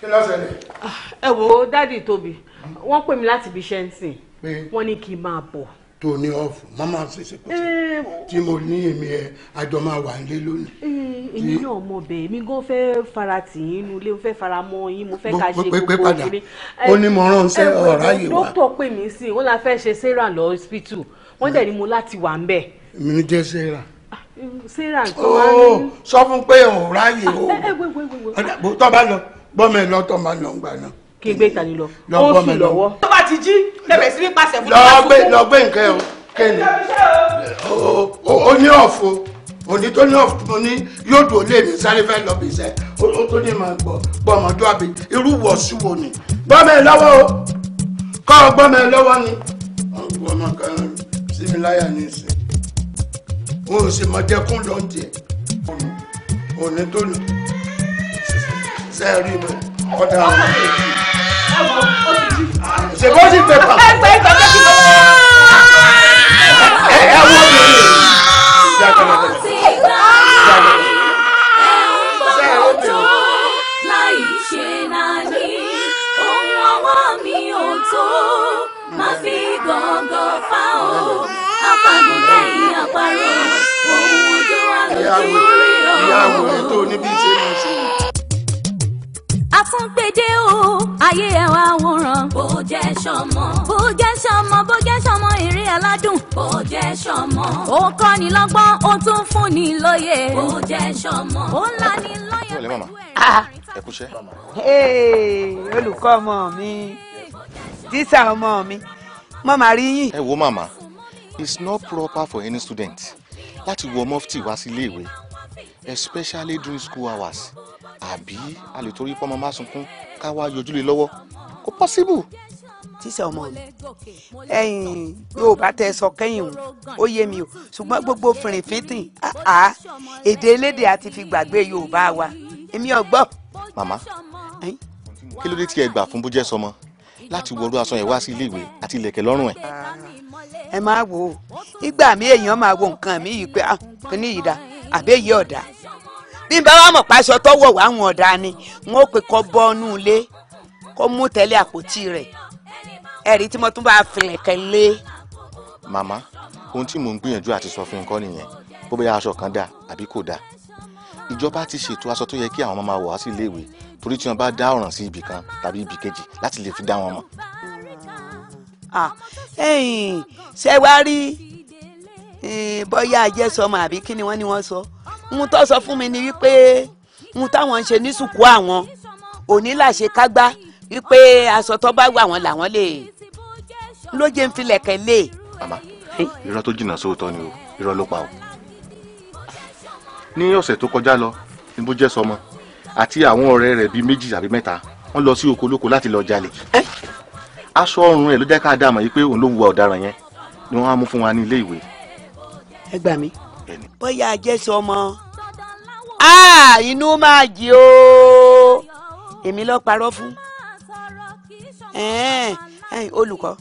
S2: kí ló ṣẹlẹ̀. Ah, ẹ wo dádì tóbi hmm? wọ́n pè mí láti ibi iṣẹ́ ń sìn wọ́n ní kí n máa bọ̀ tó ní ọ̀fù má má ṣe ṣe pẹ̀lú eh, tí mo ní èmi ẹ àjọ máa wà nílé lónìí. Eh, èmi náà mọ bẹ́ẹ̀ mi gan fẹ́ fara tì yín nu ilé mo fẹ́ fara mọ́ yín mo fẹ́ ká ṣe gbogbo kiri. ó ní mo ránṣẹ́ eh, ọ̀rá yìí wá. dókítà pè mí sí i wọ́n la fẹ́ ṣe sarah lọ hospital wọ́n dẹ̀ ní mo láti wà ń bẹ̀. mi jẹ́ sarah ah, sarah nǹkan wá oh, ní. sọ fún pé òun ráyè o tọ́ bá lọ gbọ́mọ ẹ̀ lọ́tọ̀ máa lọ gbà náà kí n gbé ìtàlí lọ ó sùn lọ́wọ́. tó bá ti jí lẹ́bẹ̀ẹ́ sí ní pàṣẹ fún mi. lọ gbé nǹkan ẹ̀ o kẹ́ni ó ní ọ̀fọ̀ òní tó ní ọ̀fọ̀ mo ní yóò dùn ó lé mi sáré fẹ́ lọ bí iṣẹ́ ó tó ní máa gbọ́ gbọ́ ọmọdé àbí irú wọ̀ sí wo ni gbọ́mọ ẹ lọ́wọ́ o kọ́ ọ gbọ́mọ ẹ lọ́wọ́ ni ọmọ kan sí mi láyà ní ìsìn wọn ò sì mọ jẹkún lọ́ọ̀dì ẹ̀ òní tó lù sẹ́ẹ̀rí mi ọ̀dà ṣe bó ti pẹ̀pà. ẹgbẹ́ ìgbà tó ti lọ. ẹ ẹ wọ́n
S1: mi rí má fi gángan fa o apagùn lẹ́yìn àparò òun níbi tí mo tún gbèdé o ayé ẹ wá wòran. bó jẹ́ sọmọ. bó jẹ́ sọmọ bó jẹ́ sọmọ èrè aládùn. bó jẹ́ sọmọ. ó kọ́ ni lọ́gbọ́n ó tún fún ni lóye. bó jẹ́ sọmọ. ó ńlá ni lọ́yẹ̀ pẹ̀lú ẹ̀rín. Ah. ẹ̀kúṣẹ́.
S2: olùkọ́ ọmọ mi tíṣà ọmọ mi mo máa rí yín. ẹ wo màmá it's not proper for any student láti wọ mọ́fìtì wá sí ilé ìwé especially during school hours àbí a lè torí pọ́nmọ́ má sunkún ká wá yọjú lé lọ́wọ́ kò pọ́síbù. tíṣà ọmọ mi ẹ̀yin yorùbá tẹ sọ kẹ́yìn o ó yé mi o ṣùgbọ́n gbogbo fìrìfìntìn àá èdè elédè àti fi gbàgbé yorùbá wa èmi ọgbọ́. màmá kí ló dé tí ẹ gbà fún bójẹ́ sọmọ láti wọlú aṣọ yẹn wá sí iléèwé àti ilẹ̀kẹ̀ lọ́rùn ẹ̀. ẹ máa wò ó ìgbà mi èèyàn máa wo nǹkan mi yìí pé ah, kí ni yìí dá àbẹ́yẹ ọ̀dà bí n bá wà mọ̀ paṣọ tọ́wọ̀ wà wọn ọ̀dà ni wọn ò pè kọ́ bọ́ọ̀nù ilé kó mú tẹ́lẹ̀ àpótí rẹ̀ ẹ̀rí tí mo tún bá filẹ̀ kẹ́ lé. màmá ohun tí mò ń gbìyànjú àti sọ fún nǹkan nìyẹn bó bẹ́ẹ̀ aṣọ kan dà àbí kò dà ìjọba ti ṣètò aṣọ tó yẹ kí àwọn ọmọ máa wọ̀ wá sí iléèwé torí tí wọn bá dá ọ̀ràn sí ibì kan tàbí ibì kejì láti lè fi dá wọn mọ̀. ṣé wàá rí eh, bóyá ajẹ́sọmọ àbí kí ni wọ́n ní wọ́n sọ. So ohun tó sọ fún mi ni wípé ohun táwọn ń ṣe ní sùkú àwọn òní làṣẹ kágbá wípé aṣọ tó bá wà wọn làwọn lè ló jẹ́ ń filẹ̀ kẹ́lẹ́. màmá irọ́ tó jìnnà sóòótọ́ ni o irọ́ ló pa o. ní ọ̀sẹ̀ tó kọjá lọ ni bó jẹ́ sọmọ àti àwọn ọ̀rẹ́ rẹ̀ bíi méjì àbí mẹ́ta wọ́n lọ sí oko olóko láti lọ jalè. aṣọ ọrùn ẹ̀ ló jẹ́ ká dá mọ̀ yìí pé òun ló wùwà ọ̀daràn yẹn ni wọ́n á mú fún wa ní ilé ìwé. ẹ gbà mí pè ní. bóyá ajẹ́ sọ ọmọ ah, ah, inú máa jẹ o èmi lọ parọ́ fún olùkọ́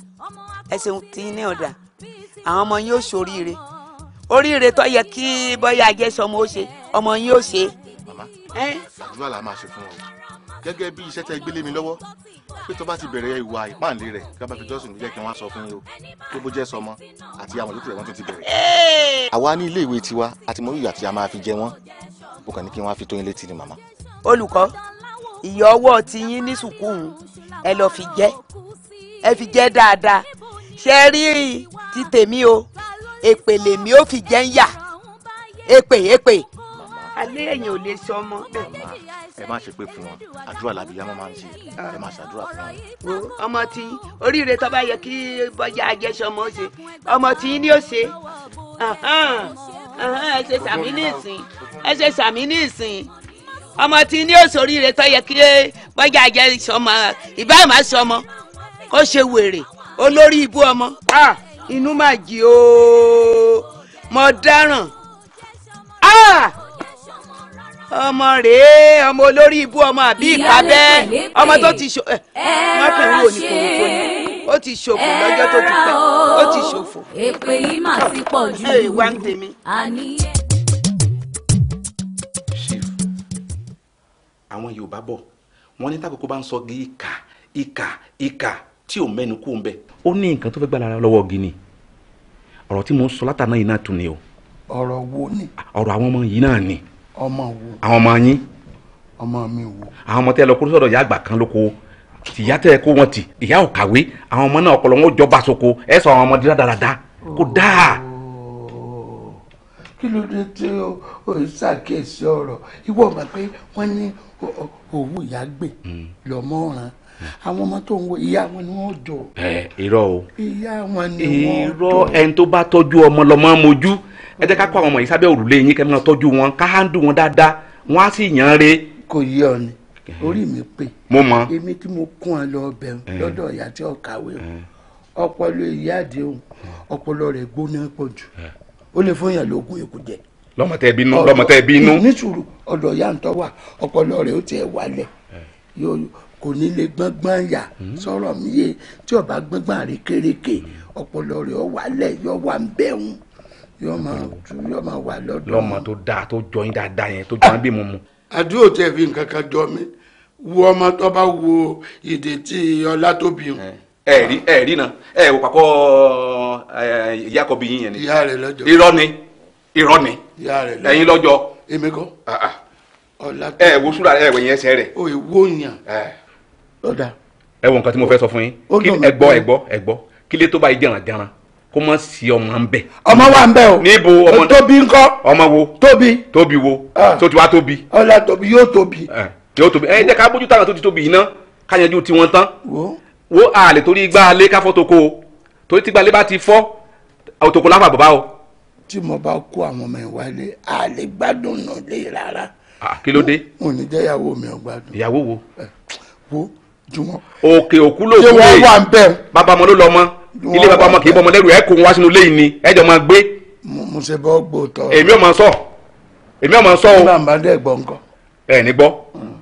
S2: ẹ ṣeun tí ní ọ̀dà àwọn ọmọ yín ó ṣoríire oríire tó yẹ kí bóyá ajẹ́ sọ ọmọ ó ṣe ọmọ yín ó ṣe. màmá àdúrà la máa ṣe fún ọ gẹ́gẹ́ bí iṣẹ́ tẹ́ gbélé mi lọ́wọ́ pé tó bá ti bẹ̀rẹ̀ ìwà ìpáǹlé rẹ̀ gábà fi jọ́sìn jẹ́ kí wọ́n sọ fún yín tó bó jẹ́ sọmọ àti àwọn olókùnrin wọn tó ti bẹ̀rẹ̀. àwa ní ilé ìwé tiwa àti mọ ìyà tí a máa jẹ wọn mo kàn ní kí wọ́n fi tó yín létí ni màmá. olùkọ́ ìyọ̀ ọwọ́ ti yín ní sùkúù ẹ lọ́ọ́ fi jẹ́ ẹ fi jẹ́ dáadáa ṣe rí ti tèmi o èpè lèmi ó fi jẹ́ ń yà èpè èpè alẹ́ èèyàn ò lè ṣe ọmọ. ẹ má ṣe pé fún wọn àdúrà làbíyá wọn máa ń ṣe ẹ má ṣàdúrà fún wọn. wo ọmọ tí oríire tó bá yẹ kí bọ́jà ajẹ́sọ ọmọ ó ṣe ọmọ tí ní ó ṣe ẹ ṣe sàmì ní ìsìn ẹ ṣe ní ìsìn ọmọ tí ní ó ṣe oríire tó yẹ kí bọ́jà ajẹ́sọ ọmọ ìbá kó ṣe wèrè olórí ibú ọmọ inú má jì ooo mo dáràn. Ah! ọmọ rèé ọmọ olórí ibú ọmọ àbí ìpabẹ ọmọ tó ti ṣò ẹ wọn kàn ń wò ní kòkòrò ó ti ṣòfò lọ́jọ́ tó ti pẹ́ ó ti ṣòfò.
S1: èpè yìí mà ti pọ̀ jù ú wá ń tèmi.
S2: àwọn Yorùbá bọ̀ wọ́n ní tàkókò bá ń sọ gi ìkà ìkà ìkà tí ò mẹ́nu kú ń bẹ̀. ó ní nǹkan tó fẹ́ gbà lára lọ́wọ́ gini ọ̀rọ̀ tí mo ń sọ látàná yìí náà tún ni o. ọ̀rọ̀ wo ni. ọ̀rọ̀ àwọn ọmọ yìí náà ni ọmọ wo. àwọn ọmọ yín. ọmọ mi wo. àwọn ọmọ tẹ lọ kó sọ́dọ̀ ìyá àgbà kan lóko tìyá tẹ kó wọn tì ìyá ò kàwé àwọn ọmọ náà ọpọlọ wọn jọba soko ẹ sọ àwọn ọmọdé dáadáa kó dáa. kí ló dé tí o ṣàkíyèsí ọ̀rọ̀ ìwọ mọ̀ pé wọ́n ní òwú ìyá gbè hmm. lọ́mọ́ràn àwọn ọmọ tó ń wo ìyá wọn ni wọ́n jọ. ẹ irọ́ o ìyá wọn ni wọ́n jọ. irọ́ ẹni tó bá tọ́jú ọmọ lọ́mọ mojú ẹ jẹ́ ká kó àwọn ọmọ yìí sábẹ́ òrùlé yín kẹ́mi náà tọ́jú wọn ká wọn dáadáa wọ́n á sì yàn re. kò yí ọ ni orí mi pè. mo mọ èmi tí mo kún ọ lọ bẹ lọ́dọ̀ ìyá tí ọkà wẹ o ọpọlọ ìyá àdéhùn ọpọlọ rẹ gbóná pọ̀ jù ó lè fún yàn lóògùn èkújẹ lọmọtẹ bínú lọmọtẹ bínú. ní sùúrù ọ̀dọ̀ ya ń tọ wa ọpọlọ rẹ ó tiẹ̀ wálẹ̀ kò ní lè gbọ́ngbọ́n yà hmm. sọ̀rọ̀ mi yé tí ó bá gbọ́ngbọ́n àrékérekè hmm. ọpọlọ rẹ̀ ọ wà lẹ̀ yọ wà ń bẹ̀hùn yọ máa hmm. yọ máa wà lọ́dọ̀. lọ́mọ tó dáa tó jọyìn dáadáa yẹn tó jọyìn bí mo mu. àdúrò tẹ fi nǹkan kan jọ mi wo ọmọ tó bá wo ìdè tí ọlá tó bí eh, ẹ rí ẹ rí na ẹ wò pàkọ eh, ìyá kọ bí yín yẹn ni. ìyá rẹ lọ́jọ́ irọ́ ni irọ́ ni ẹ̀yin lọ́jọ́. èmi ah, ah. ọlá tó. ẹ wo súra ẹ wẹ̀yìn ẹsẹ̀ rẹ̀. o ìwọ yàn. Eh ẹ wọ nǹkan tí mo fẹ́ sọ fún yín ẹ gbọ́ ẹ gbọ́ ẹ gbọ́ kílé tó bá yí jàǹjàǹ kó mọ̀ sí ọmọ ń bẹ̀. ọmọ wa ń bẹ̀ o. níbo ọmọ náà tóbi ńkọ́. ọmọ wo tóbi. tóbi wo tó ti wá tóbi. ọlá tóbi yóò tóbi. yóò tóbi ẹ jẹ́ ká bójú táwọn tó ti tóbi yìí ná ká yanjú tiwọn tán. wo wo àlè torí igbá alé káfọ́ tó kó o torí tí gbalé bá ti fọ́ òtòkó láfa bàbá o. tí mo bá kó àwọn ọmọ ìwà ilé àlè gbádùn náà lé rárá. kí ló dé. mo ní jẹ́ ìyàwó mi ò gbádùn. ìyàwó wo. wo jùmọ̀. òkè òkú ló kú lè wà ń bẹ̀. bàbá ọmọ ló lọ mọ ilé bàbá ọmọ kì í bọ ọmọ lẹ́rù ẹ kò ń wá sínú ilé yìí ni ẹ jọ máa gbé. mo ṣe bọ́ gbó tọ. èmi ò máa sọ èmi ò máa sọ o. nígbà máa dẹ́ gbọ́ nǹkan. ẹ ní gbọ́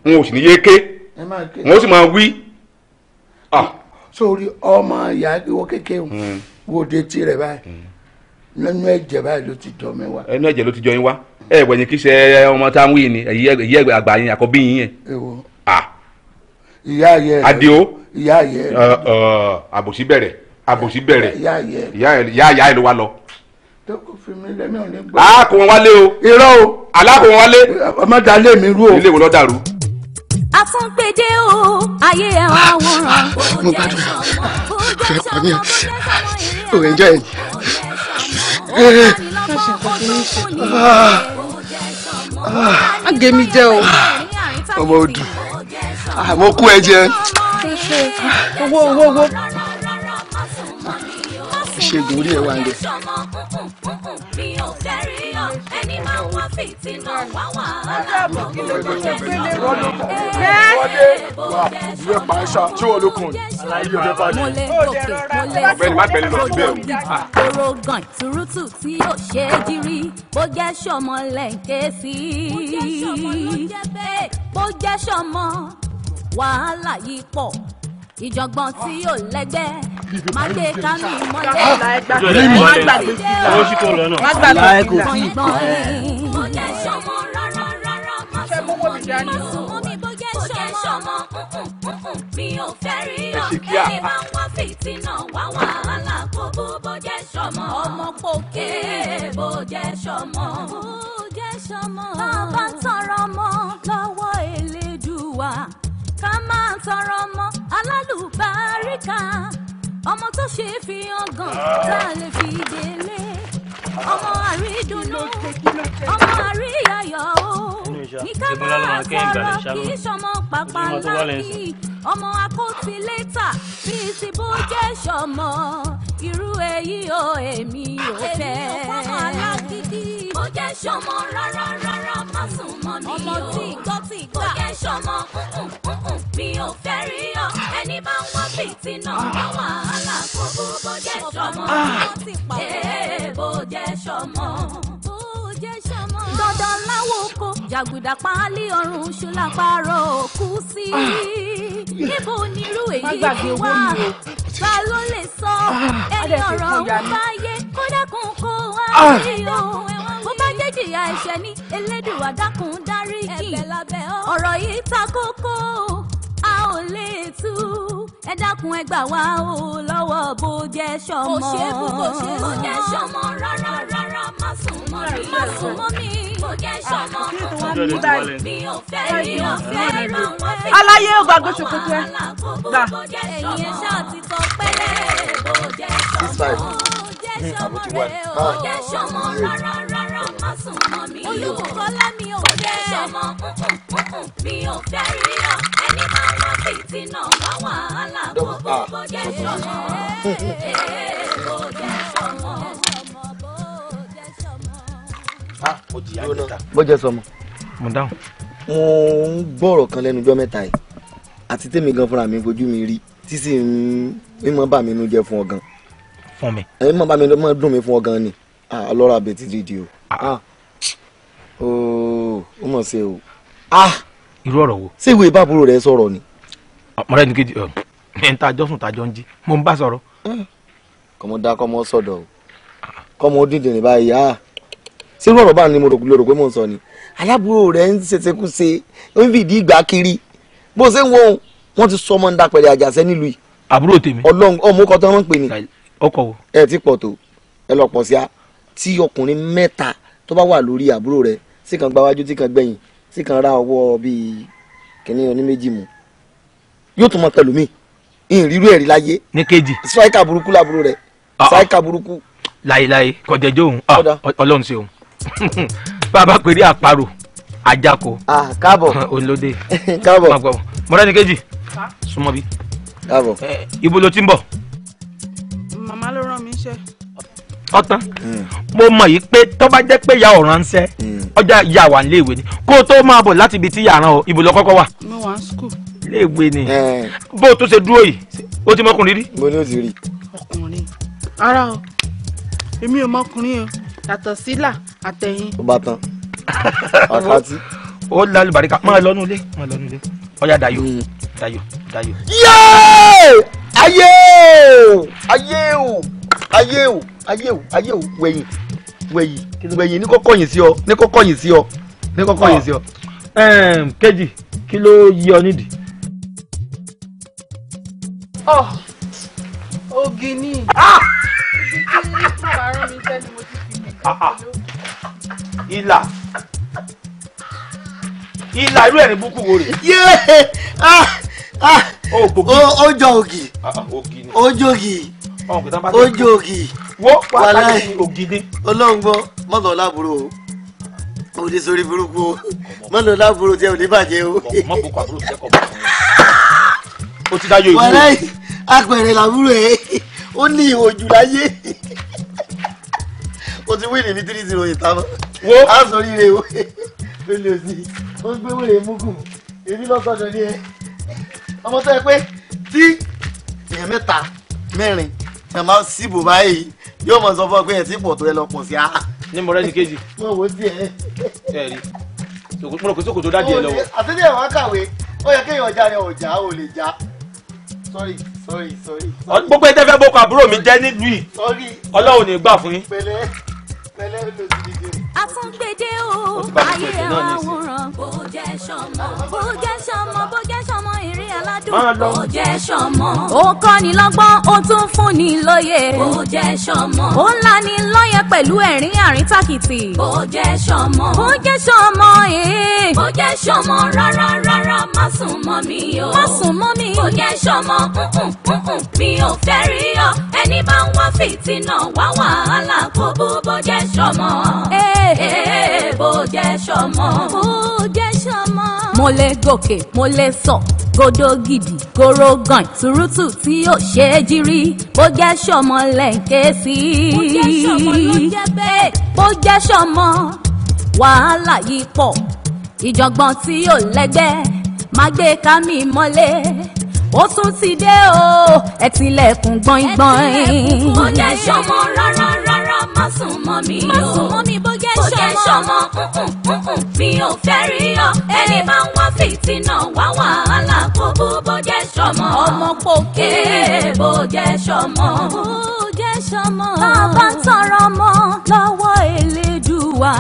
S2: n ò sì ní yé ké n ò sì máa wí. sórí ọmọ ìyá ìwọ kékeré hmm. wo de tirẹ̀ báyìí lẹ́nu hmm. ẹ̀jẹ̀ báyìí ló ti jọ mi wá. ẹnu ẹ̀jẹ̀ ló ti jọ yín wá ẹ wẹ̀yìn kí ṣe ọmọ táwọn yìí ni èyí àgbà yín àkọ́bí yín yẹn ìyá ayẹ adio ìyá ayẹ àbòsí bẹ̀rẹ̀ àbòsí bẹ̀rẹ̀ ìyá ayẹ ìyá ayẹ ló wá lọ.
S1: tó kò fi mi lẹ́mí ò ní
S2: gbọ́. a kò wọn wálé o. irọ́ o. àlá kò wọn wálé. ọmọ da lé mi rú o. ilé wo lọ dàrú.
S1: afúnpéjé o ayé ẹ̀ wá wòran. mo gbádùn fẹ́
S2: pọ̀ ní ẹ̀ ò ẹ̀jẹ̀
S3: yìí agemi jẹ o.
S2: ọmọ odù àmọ́ ah, kú ẹ jẹ. owó owó owó.
S1: ìṣègùn orí ẹ wà ń lẹ. ìwé wàhálà yìí pọ̀ ìjọ̀gbọ̀n tí yóò lẹ́gbẹ́ máa gbé kánú mọ́lẹ̀ má gbàgbé sí i má gbàgbé sí i gbọ̀ngbọ̀n yìí. mo jẹ́ sọmọ rárá rárá má sọ mọ́ mi má sọ mọ́ mi bó jẹ́ sọmọ mi ò fẹ́ rí ọ ẹni máa ń wá fìtínà wá wàhálà kó bó bó jẹ́ sọmọ ọmọ pòkè bó jẹ́ sọmọ. tọrọ ọmọ alálùbáríkà ọmọ tó ṣe é fi ọgàn ah. tá a lè fi délé ọmọ ah. àrídùnnú ọmọ àríyáyọ̀ o ní ká máa sọ̀rọ̀ kì í ṣọmọ pàpà láàkì ọmọ akótilétà bí ti bó jẹ́ ṣọmọ irú èyí o èmi ò fẹ́ ṣọmọ rárá rárá má sùn mọ́ mi o. ọmọ tí gbọ́ tí gbà. kò yẹ ṣọmọ mm, mm, mm, mi ò fẹ́ rí ọ. ẹni bá ń wá fìtì náà bá wàhálà kó bó bó jẹ́ ṣọmọ.
S2: ee eh, bó jẹ́
S1: ṣọmọ. bó jẹ́ ṣọmọ. dandan láwo ko jàgùdà páálí ọrùn ṣùlá pààrọ̀ òkú sí. Ah. níbo nírú èyí wà ta ló lè sọ ah. ẹni ọ̀rọ̀ ń báyé kódà kún kó wá sí ah. o jìyà ẹ̀ṣẹ̀ ní Elédùwà dákun dáríjì ọ̀rọ̀ yìí ta kókó a ò lè tú ẹ dákun ẹ gbà wá o lọ́wọ́ bó jẹ́ sọmọ. kò ṣe é bú kò ṣe é bú jẹ́ sọmọ rárá rárá má sùn mọ́ rí má sùn mọ́ mi kò jẹ́ sọmọ kò tó dùn mi ò fẹ́ mi ò fẹ́ ìmọ̀ wọn fi. aláyé
S2: ò gbàgbé gbà. ẹ̀yin ẹ̀ ṣáà ti tọ́ pẹ́lẹ́
S1: bó jẹ́ sọmọ bó sọmọ rẹ o bó sọmọ rárá rárá má sùn mọ́ mi o. olùkọ́ lámì ò fẹ́. kò mi ò fẹ́ rí ọ. ẹni máa rántí ti nà bá wàhálà gbogbo kò dé sọmọ. kò dé eh, sọmọ.
S2: mo jìyà níta. bó jẹ́ sọmọ. mo dáhùn. mo ń gbọ́rọ̀ kan lẹ́nu mẹ́ta yìí àti tèmi gan fúnra mi fojú mi rí tí ń mọ̀ bá mi nu jẹ́ fún ọ gan. fún mi. ẹ mọ̀ bá mi mọ̀ dùn mí fún ọ gan ni ọlọ́run ah, àbẹ̀tí dìde o ó ah, ah. mọ̀ ṣe o. irú ọ̀rọ̀ wo. ṣé ìwé ìbábúrò rẹ sọ̀rọ̀ ni. ọ̀rẹ́ ni kejì um, ẹni tá a jọ sùn tá ń jí mo ń bá sọ̀rọ̀. kọ́mọ dá kọ́mọ sọ̀dọ̀ o kọ́mọ ó ní báyìí a ṣé irú ọ̀rọ̀ bá ní mo rò pé mo ń sọ ni. alábùrò rẹ ń ṣèṣekúṣe ó ń fìdí ìgbà kiri bó ṣe ń wo wọn ti sọ ọmọ ń dapẹ̀rẹ̀ àjàṣẹ́ nílùú yìí. àbúrò tèmi. ọlọ́run ọmọ kan tó pè ní. ọkọ wo. ẹ ti pọ̀ tó ẹ lọ pọ̀ sí a tí ọkùnrin mẹ́ta tó bá wà lórí àbúrò rẹ̀ tí kan gbáwájú tí kan gbẹ̀yìn tí kan ra ọwọ́ bíi kìnní oníméjì mu yóò tún mọ pẹ̀lú mi ìrírú ẹ̀rí láyé. ní kejì. sáíkà burúkú làbúrò rẹ̀ sáíkà ah, ah. burúkú. láyéláyé kọjẹjọ òun ah, Ọlọ́run ṣe òun bàbá pèrè àparò àjàkọ. káàbọ̀ olóde káàbọ̀ mọ̀rẹ́ ní kejì súnmọ́ bí. káàbọ̀. Eh, ibo ló ti ń bọ̀. màmá ló rán mi iṣẹ́ ọtán mo mọ̀ yìí pé tó bá jẹ́ pé ìyá ọ̀ràn ń sẹ́ ọjà ìyá wà nílé ni kó o tó máa bọ̀ láti ibi tí ìyá àràn o ìbò kọ́kọ́ wà. mo wà ní skul. ni bó o tún ṣe dúró yìí o ti mọkùnrin rí. mo ní o ti rí. ọkùnrin ara o èmi ò mọkùnrin o yàtọ̀ sílà àtẹ̀yìn. ó bá tán àkàtì. ó lálùbáríkà máa lọ nulẹ̀ máa lọ nulẹ̀ ọ̀yá dayo hmm. dayo dayo. yéé ayé o ayé o ayé o ayé o ayé o wẹ̀yìn wẹ̀yìn wẹ̀yìn ní kọ́kọ́ yìn sí ọ ní kọ́kọ́ yìn sí ọ ní kọ́kọ́ yìn sí ọ. Ehm, kejì kí ló yí ọ nídìí. ọ ah, ogi ni ibi tí bàárọ̀ mi tẹ́lẹ̀ mo ti fi mi. ìlà ìlà irú ẹ̀rín búkú wo rè. ó jọ ògì ó jọ ògì ó jọ ògì wo wàhálà ògidì. ọlọ́run gbọ́ mọ́tò láàbúrò o ò ní sórí burúkú o mọ́tò láàbúrò tí ẹ ò ní bàjẹ́ o. o ti dájọ́ ìlú. wàhálà apẹ̀rẹ̀ làbúrò ẹ̀ ó ní ìwòjú láyé o ti wíìlì ní three zero ìta mọ́. wo a sọ rire o lórí òsì ó ń gbé wèrè mú èmi lọ́sọ̀dọ̀ ni ẹ ọmọ tó yẹ pé tí èèyàn mẹ́ta mẹ́rin tí a máa síbò báyìí yóò mọ sọ fún ọ pé ẹ ti pọ̀ tó ẹ lọ pọ̀ sí a. ní mo rẹ ní kejì. mo wò ó tiẹ̀. ẹ rí mo rò pé sókòtò dá díẹ̀ lọ́wọ́. àtúndì ẹ̀wọ̀n kàwé ó yẹ kéèyàn já rẹ ọ̀já ò lè já. sorry sorry sorry. gbogbo ẹ tẹ́ fẹ́ boko àbúrò mi jẹ́ nílùú yìí ọlọ́run ní gbà fún yín.
S1: pẹ̀lẹ́ pẹ̀lẹ́ lòdì àtúngbèdè o ayé àwòrán bó jẹ́ sọmọ bó jẹ́ sọmọ bó jẹ́ sọmọ ìrìn aládùn bó jẹ́ sọmọ. ó kọ́ni lọ́gbọ́n ó tún fúnni lóye bó jẹ́ sọmọ. ó lani lóye pẹ̀lú ẹ̀rín àríntàkìtì bó jẹ́ sọmọ. bó jẹ́ sọmọ ee. Eh. bó jẹ́ sọmọ rárá rárá má sùn mọ́ mi o. má sùn mọ́ mi. bó jẹ́ sọmọ nkùn nkùn mi ò fẹ́ rí ọ ẹni bá ń wá fìtínà wá wàhálà kó bó bó jẹ́ sọmọ. ee. Eh bó jẹ́ sọmọ. bó jẹ́ sọmọ. mo lè gòkè mo lè sọ godo gidi goro gan turutu tí ó ṣe é jírí bó jẹ́ sọmọ lẹ́ǹkẹ́ sí i. bó jẹ́ sọmọ ló jẹ́ bẹ́ẹ̀. bó jẹ́ sọmọ wàhálà yìí pọ̀ ìjọ̀gbọ̀n tí ò lẹ́gbẹ́ má gbé ká mi ó tún ti dé o ẹ tilẹ̀kùn gbọ̀ngbọ̀n. bó jẹ́ sọmọ rárá rárá má sùn mọ́ mi o má sùn mọ́ mi bó jẹ́ sọmọ mi ò fẹ́ rí ọ ẹni máa ń wá fìtínà wá wàhálà kó bú bó jẹ́ sọmọ ọmọ pòkè bó jẹ́ sọmọ bó jẹ́ sọmọ. tọrọ mọ lọ́wọ́ Elédùwà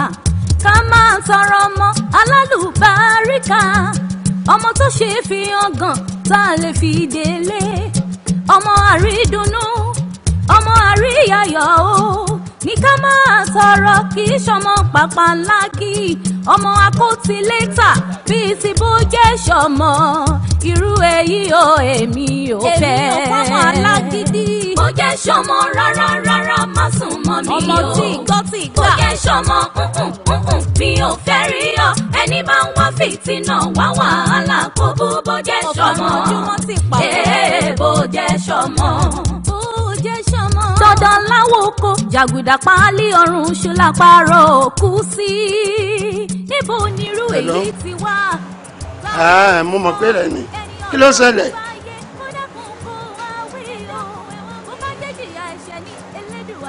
S1: ká máa tọrọ mọ alálùbáríkà ọmọ tó ṣe é fi ọgàn tá a lè fi délé ọmọ àrídùnnú ọmọ àríyáyọ̀ o ní ká máa sọ̀rọ̀ kì í ṣọmọ pàpà lákì ọmọ akótilétà bíi ti bó jẹ́ ṣọmọ irú èyí o èmi ò fẹ́. èmi ò fọmọ alágídí kò jẹ́ sọmọ rárá rárá má sùn mọ́ mi o ọmọ tí gbọ́ tí gbà kò jẹ́ sọmọ mi ò fẹ́ rí ọ ẹni bá ń wá fìtínà wá wàhálà kó bó bó jẹ́ sọmọ ee bó jẹ́ sọmọ dandan láwo oko jàgùdà páálí ọrùn ṣọlá pààrọ̀ òkú sí níbo onírú èyí ti wá.
S2: Ah, mo mọ̀ pé rẹ̀ ni kí ló ṣẹlẹ̀.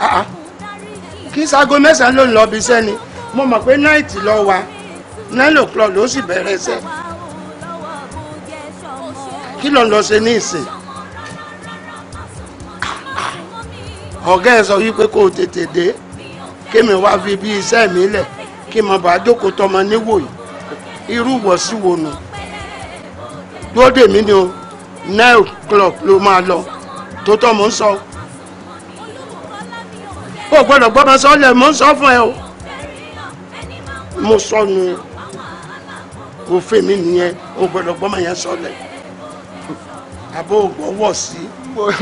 S2: Ah, ah. kí sago mẹ́sàn-án ló ń lọ bí iṣẹ́ ni mo mọ̀ pé náìtì lọ wa nine o'clock ló sì bẹ̀rẹ̀ iṣẹ́ kí ló ń lọ ṣe ní ìsìn ah, ọ̀gá ẹ̀ sọ wípé kó o tètè dé kémi wá fi bí iṣẹ́ mi lẹ̀ kí n mọ̀ bá jókòó tọmọ níwò yìí irú wọ̀sí wo nù dúró dèmí ni o nine o'clock ló máa lọ tó tọ́ mo ń sọ. So o gbọ́dọ̀ gbọ́dọ̀ sọ lẹ̀ mọ́ sọ fún ẹ o mo sọnù òfin mi nìyẹn o gbọ́dọ̀ gbọ́mọ yẹn sọ lẹ̀ àbó gbọ́wọ́ sí.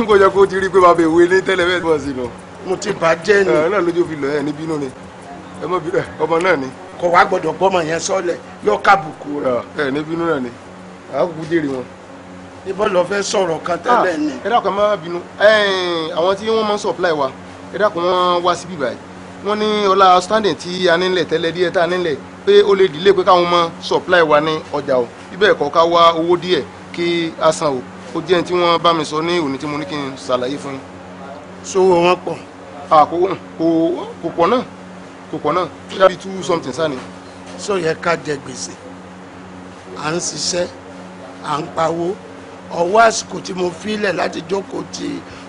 S2: mo jẹ́ kó o ti rí i pé bàbá ìwé ní tẹ́lẹ̀ bẹ́ẹ̀ bọ̀ sí i lọ. mo ti bàjẹ́ ni. ẹ náà lójú fi lọ ẹ ní bínú ni ẹ mọ bínú ẹ ọmọ náà ni. kò wá gbọ́dọ̀ gbọ́mọ yẹn sọlẹ̀ yọ kábùkù rẹ. ẹ ní bínú náà ni àákùkù dèrè wọn. níbo lọ fẹ́ sọ̀rọ̀ kan tẹ́lẹ̀ ah, ni. ẹ dákun má bínú àwọn tí wọ́n máa ń supply wa ẹ dákun wọn wá síbí báyìí wọn ní ọlá standing tí a nílẹ̀ tẹ́lẹ̀ díẹ̀ tá a nílẹ̀ pé ó lè dìlé pé káwọn mọ supply wa ní ọjà o ibẹ̀ ẹ̀kọ́ ká wá owó díẹ̀ kí a san o ó jẹ́ ẹni tí wọ́n bá mi sọ ní òní tí mo ní kí n ṣàlàyé fún yín. sówó wọn pọ̀. àkókò kò pọ̀ náà kò pọ̀ náà ó dàbí two something sani. sọ yẹ ká jẹ gbèsè à ń ṣiṣẹ́ à ń pawó ọwọ́ àsìkò tí mo fi lẹ̀ láti jókòó ti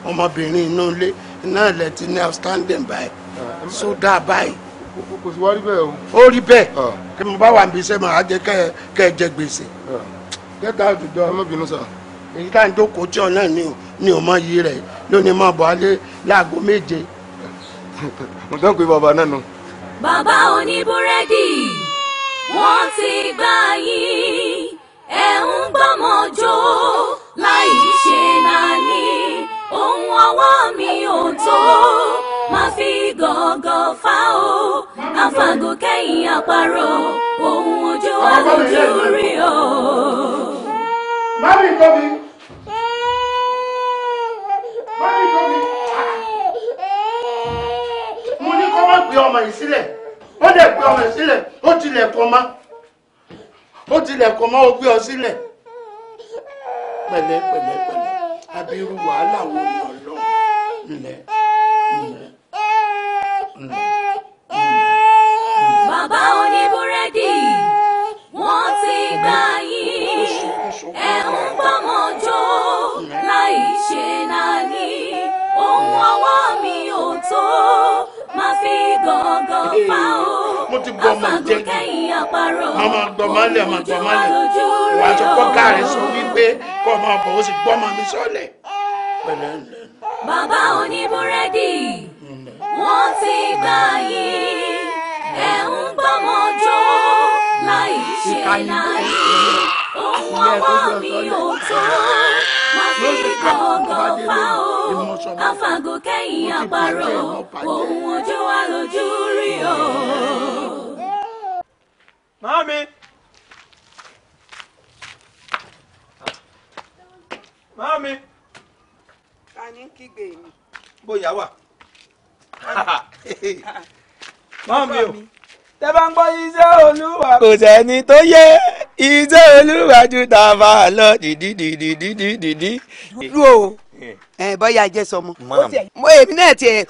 S2: ọmọbìnrin inú ilé náà lẹ ti ní outstanding báyìí sódà báyìí. kò sí wá rí bẹ́ẹ̀ o. ó rí bẹ́ẹ̀ ah. kí mo bá wà níbi iṣẹ́ màá jẹ́ kẹ́ ẹ jẹ gbèsè. kẹta àdùjọ ọmọbìnrin sọ. èyí tá à ń jókòó tí ọ náà ni ò ni ò mọ iyì rẹ lónìí mọ bọ alẹ láago méje. mo dán pé bàbá náà nù.
S1: bàbá oníbúrẹ́dì wọ́n ti gbà yín ẹ̀ ń gbọ́mọ jó. ọwọ́ mi ò tó máa fi gọ̀ọ̀gọ̀ fá o àfàgò kẹ́yìn àparò ohun ojú wa lójú rí
S2: o. mami tóbi
S3: mami tóbi
S2: mo ní kó má gbé ọmọ yìí sílẹ̀ ó dẹ̀ gbé ọmọ yìí sílẹ̀ ó tilẹ̀ kọ́ má ó tilẹ̀ kọ́ má ó gbé ọ sílẹ̀ pẹ̀lẹ́pẹ̀lẹ́pẹ̀lẹ́ abirú wàhálà wo ni ọ ǹlẹ́ ǹlẹ́ ǹlẹ́.
S3: bàbá oníbúrẹ́dì
S1: wọ́n ti gbà yín ẹ̀ ń gbọ́mọ̀ jó láì ṣe nání ohun ọwọ́ mi ò tó má fi gángan pa ó àfàgùn kẹ́yìn àparò òòjọ́
S2: lójú rẹ̀
S1: ó. wàá sọ kọ́kà
S2: rẹ̀ sọ wípé kọ́ ọmọ ọ̀bọ̀ ó sì gbọ́mọ mi sọ́lẹ̀
S1: pẹ̀lẹ́ ńlẹ̀ bàbá oníbúrẹ́dì wọ́n ti gbà yín ẹ̀ ń gbọ́mọjọ́ láì ṣe láì ohun ọwọ́ mi ò tó má fi gbọ́ngàn fa o àfàgò kẹ́yìn àparò ohun ojú wa lójú rí o. Mami.
S2: Mami. ta ni kígbe mi. bóyá wà. mọ́ mi o tẹ bá ń gbọ́ iṣẹ́ olúwa. kò sẹ́ni tó yẹ iṣẹ́ olúwa ju tàfà lọ dìdídìdídídídí. dúró o ẹ bọ́yá jẹ́ sọmọ. mo èmi náà tiẹ̀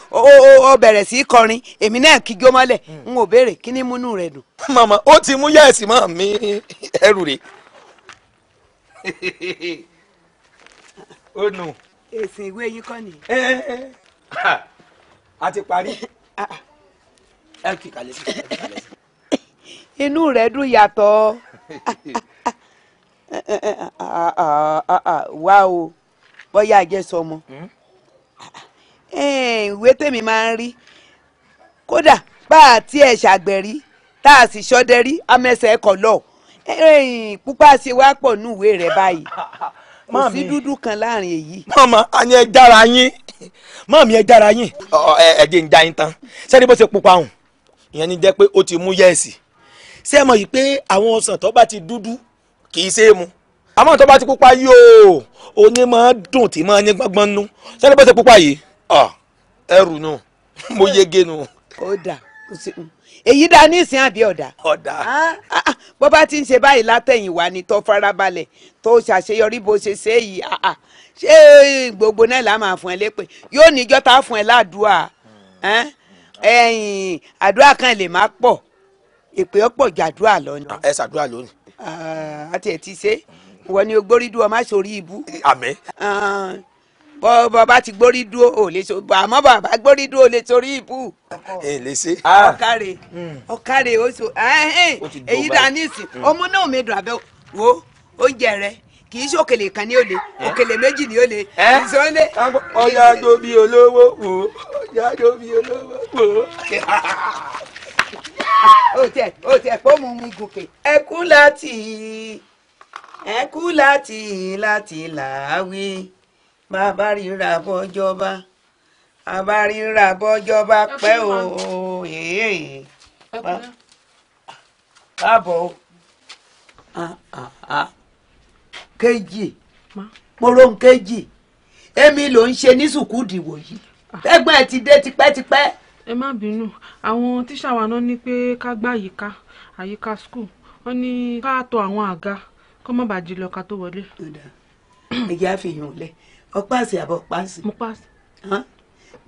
S2: ó bẹ̀rẹ̀ sí í kọrin èmi náà kígbe mọ́lẹ̀ hmm. n ò béèrè kí ni múnú rẹ dùn. mama ó ti mú yẹ́ẹ̀sì mọ́ mi ẹrù rẹ̀. ó nù. èsì ìwé yín kọ́ ni. Eh, eh, eh. a ti parí ah, ah. ẹ kì kalẹ̀ sí.
S1: inú rẹ̀ dùn yàtọ̀
S2: wá o bóyá àjẹsọ ọmọ hmm? ìwé tèmi máa ń rí kódà bá a tiẹ̀ ṣàgbẹ̀rí tá a sì ṣọdẹ rí amẹ́sẹ̀ ẹ̀kọ́ lọ pupa ṣe wá pọ̀ nùwé rẹ̀ báyìí. kò sí dúdú kan láàrin èyí. mama àni ẹ dára yín mami ẹ dára yín ẹ jẹ́ ń já yín tán sẹ́ni bó ṣe pupa hùn ìyẹn ni jẹ́ pé ó ti mú yẹ́ẹ̀sì ṣé ẹ mọ̀ yìí pé àwọn ọsàn tó bá ti dúdú kì í ṣe é mu àmọ́ tó bá ti pupa yóò oní máa dùn tí máa ní gbọ́ngbọ́n nú sẹ́ni bó ṣe pupa yìí ẹrù nù mo yege nù. ó dà ó ṣeun èyí dá nísìn àbí ọ̀dà. ọ̀dà. Ah, ah, ah, bó bá ti ń ṣe báyìí látẹ̀yìnwá ni tó farabalẹ̀ tó ṣàṣeyọrí bó ṣe ṣe yìí ṣé gbogbo náà la máa fún ẹ lépè yóò níjọ́ tá a fún ẹ ládùúà hmm. ẹ̀yìn àdúrà kan lè má pọ̀ èpè ọ̀pọ̀ jàdúrà lọ́nà. ẹ ṣàdúrà lónìí. àti ẹ̀ ti ṣe wọ́n ní ogbórídùn ọmọ àṣọ orí ibú. àmín bọ́ bàbá ti gbórí dúró ò lè so àmọ́ bàbá gbórí dúró lè torí ìbú. ẹ lè ṣe. ọ̀kàrè ah. ọ̀kàrè hmm. ó so èyí dá nísìn hmm. ọmọ náà mi dùn abẹ́ wo oúnjẹ rẹ kì í ṣe òkèlè kan ní olè eh? òkèlè méjì ní olè ìsọlẹ. ọjà tó bí olówó wò ọjà tó bí olówó wò. o tẹ o tẹ kó mu mu gòkè. ẹ kú láti ẹ kú láti láti làwí bàbá ríra bọ́jọba bàbá ríra bọ́jọba pẹ́ o èèyàn bàbọ̀ o ah, ah, ah. kejì moro kejì èmi ló ń ṣe ní sùkúùdì wòyí ẹgbẹ́ ẹ ti dé tipẹ́tipẹ́. ẹ má bínú àwọn tíṣà wa náà ní pé ká gbá àyíká àyíká skul wọn ní ká tò àwọn àga kó má bàa jí lọ ká tó wọlé. ìyá fi hàn lẹ ọpáàsì àbọ̀ páàsì. mo páàsì.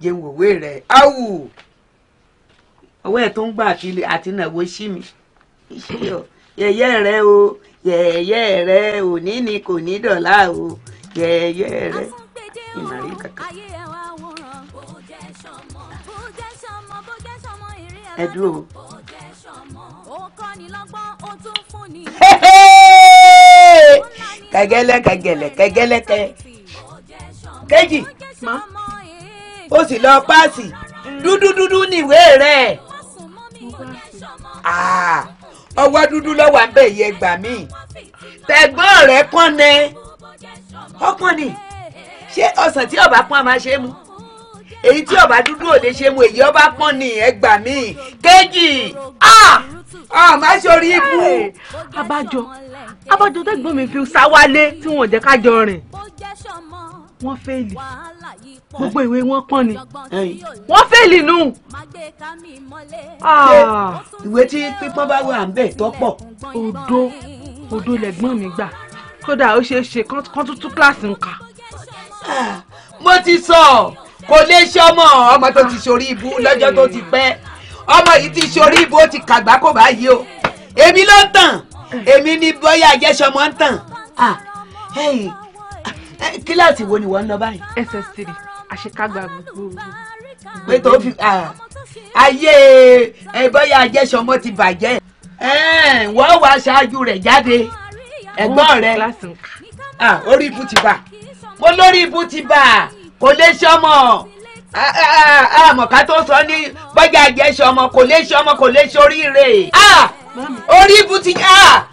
S2: jẹun òwe rẹ áwù ọwọ́ ẹ̀ tó ń gbà kiri àti ìnáwó sí mi yẹ̀yẹ́ rẹ o yẹ̀yẹ́ rẹ òní ni kò ní dọ̀la o yẹ̀yẹ́ rẹ
S1: ìmọ̀rí kankan. ẹ dúró.
S2: kẹgẹlẹ kẹgẹlẹ kẹgẹlẹ kẹ kejì ó sì lọ páàsì dúdú dúdú níwé rẹ̀ ah, ọwọ́ dúdú lọ́wọ́ abẹ́ ìyẹn gbà mí tẹ̀gbọ́n rẹ̀ kàn ní ọkàn ni ṣé ọsàn tí ọba pọ́n a máa ṣe é mu èyí tí ọba dúdú ò lè ṣe mu èyí ọba pọ́n ni ẹgbà mi kéjì ọ ah, má ṣorí ibú. abájọ abájọ tẹ̀gbọ́n mi fi sáwálé tí wọn ò jẹ ká jọ rìn wọ́n fẹ́ẹ̀lì gbogbo ìwé wọn pọ̀ ni wọ́n fẹ́ẹ̀lì nù. Ah. ìwé tí pípọ́n bá wà ń bẹ̀ tọ́pọ̀. odo odo lẹ́gbọ́n mi gbà kódà ó ṣeé ṣe kán tún tún kíláàsì ń kà. Ah, mo ti sọ kò lè ṣe ọmọ ọmọ tó ti ṣorí ibu lọ́jọ́ tó ti pẹ́ ọmọ yìí ti ṣorí ibu ó ti kàgbá kò bá yí o èmi ló ń tàn eh. èmi ni bóyá àjẹsọmọ ń tàn. Ah, Eh, kíláàsì wo ni wọ́n ń lọ báyìí. ss3 àṣekágbá gbogbo. pé tó fi ayé ẹ bóyá ajẹ́sọmọ ti bàjẹ́ eh, wọ́n wá aṣáájú rẹ̀ jáde ẹ̀gbọ́n rẹ̀ orí ibú ti bà mo lórí ibú ti bà kò lè ṣọmọ àmọ̀ká tó sọ ní bóyá ajẹ́sọmọ kò lè ṣọmọ kò lè ṣoríire orí ibú ti bà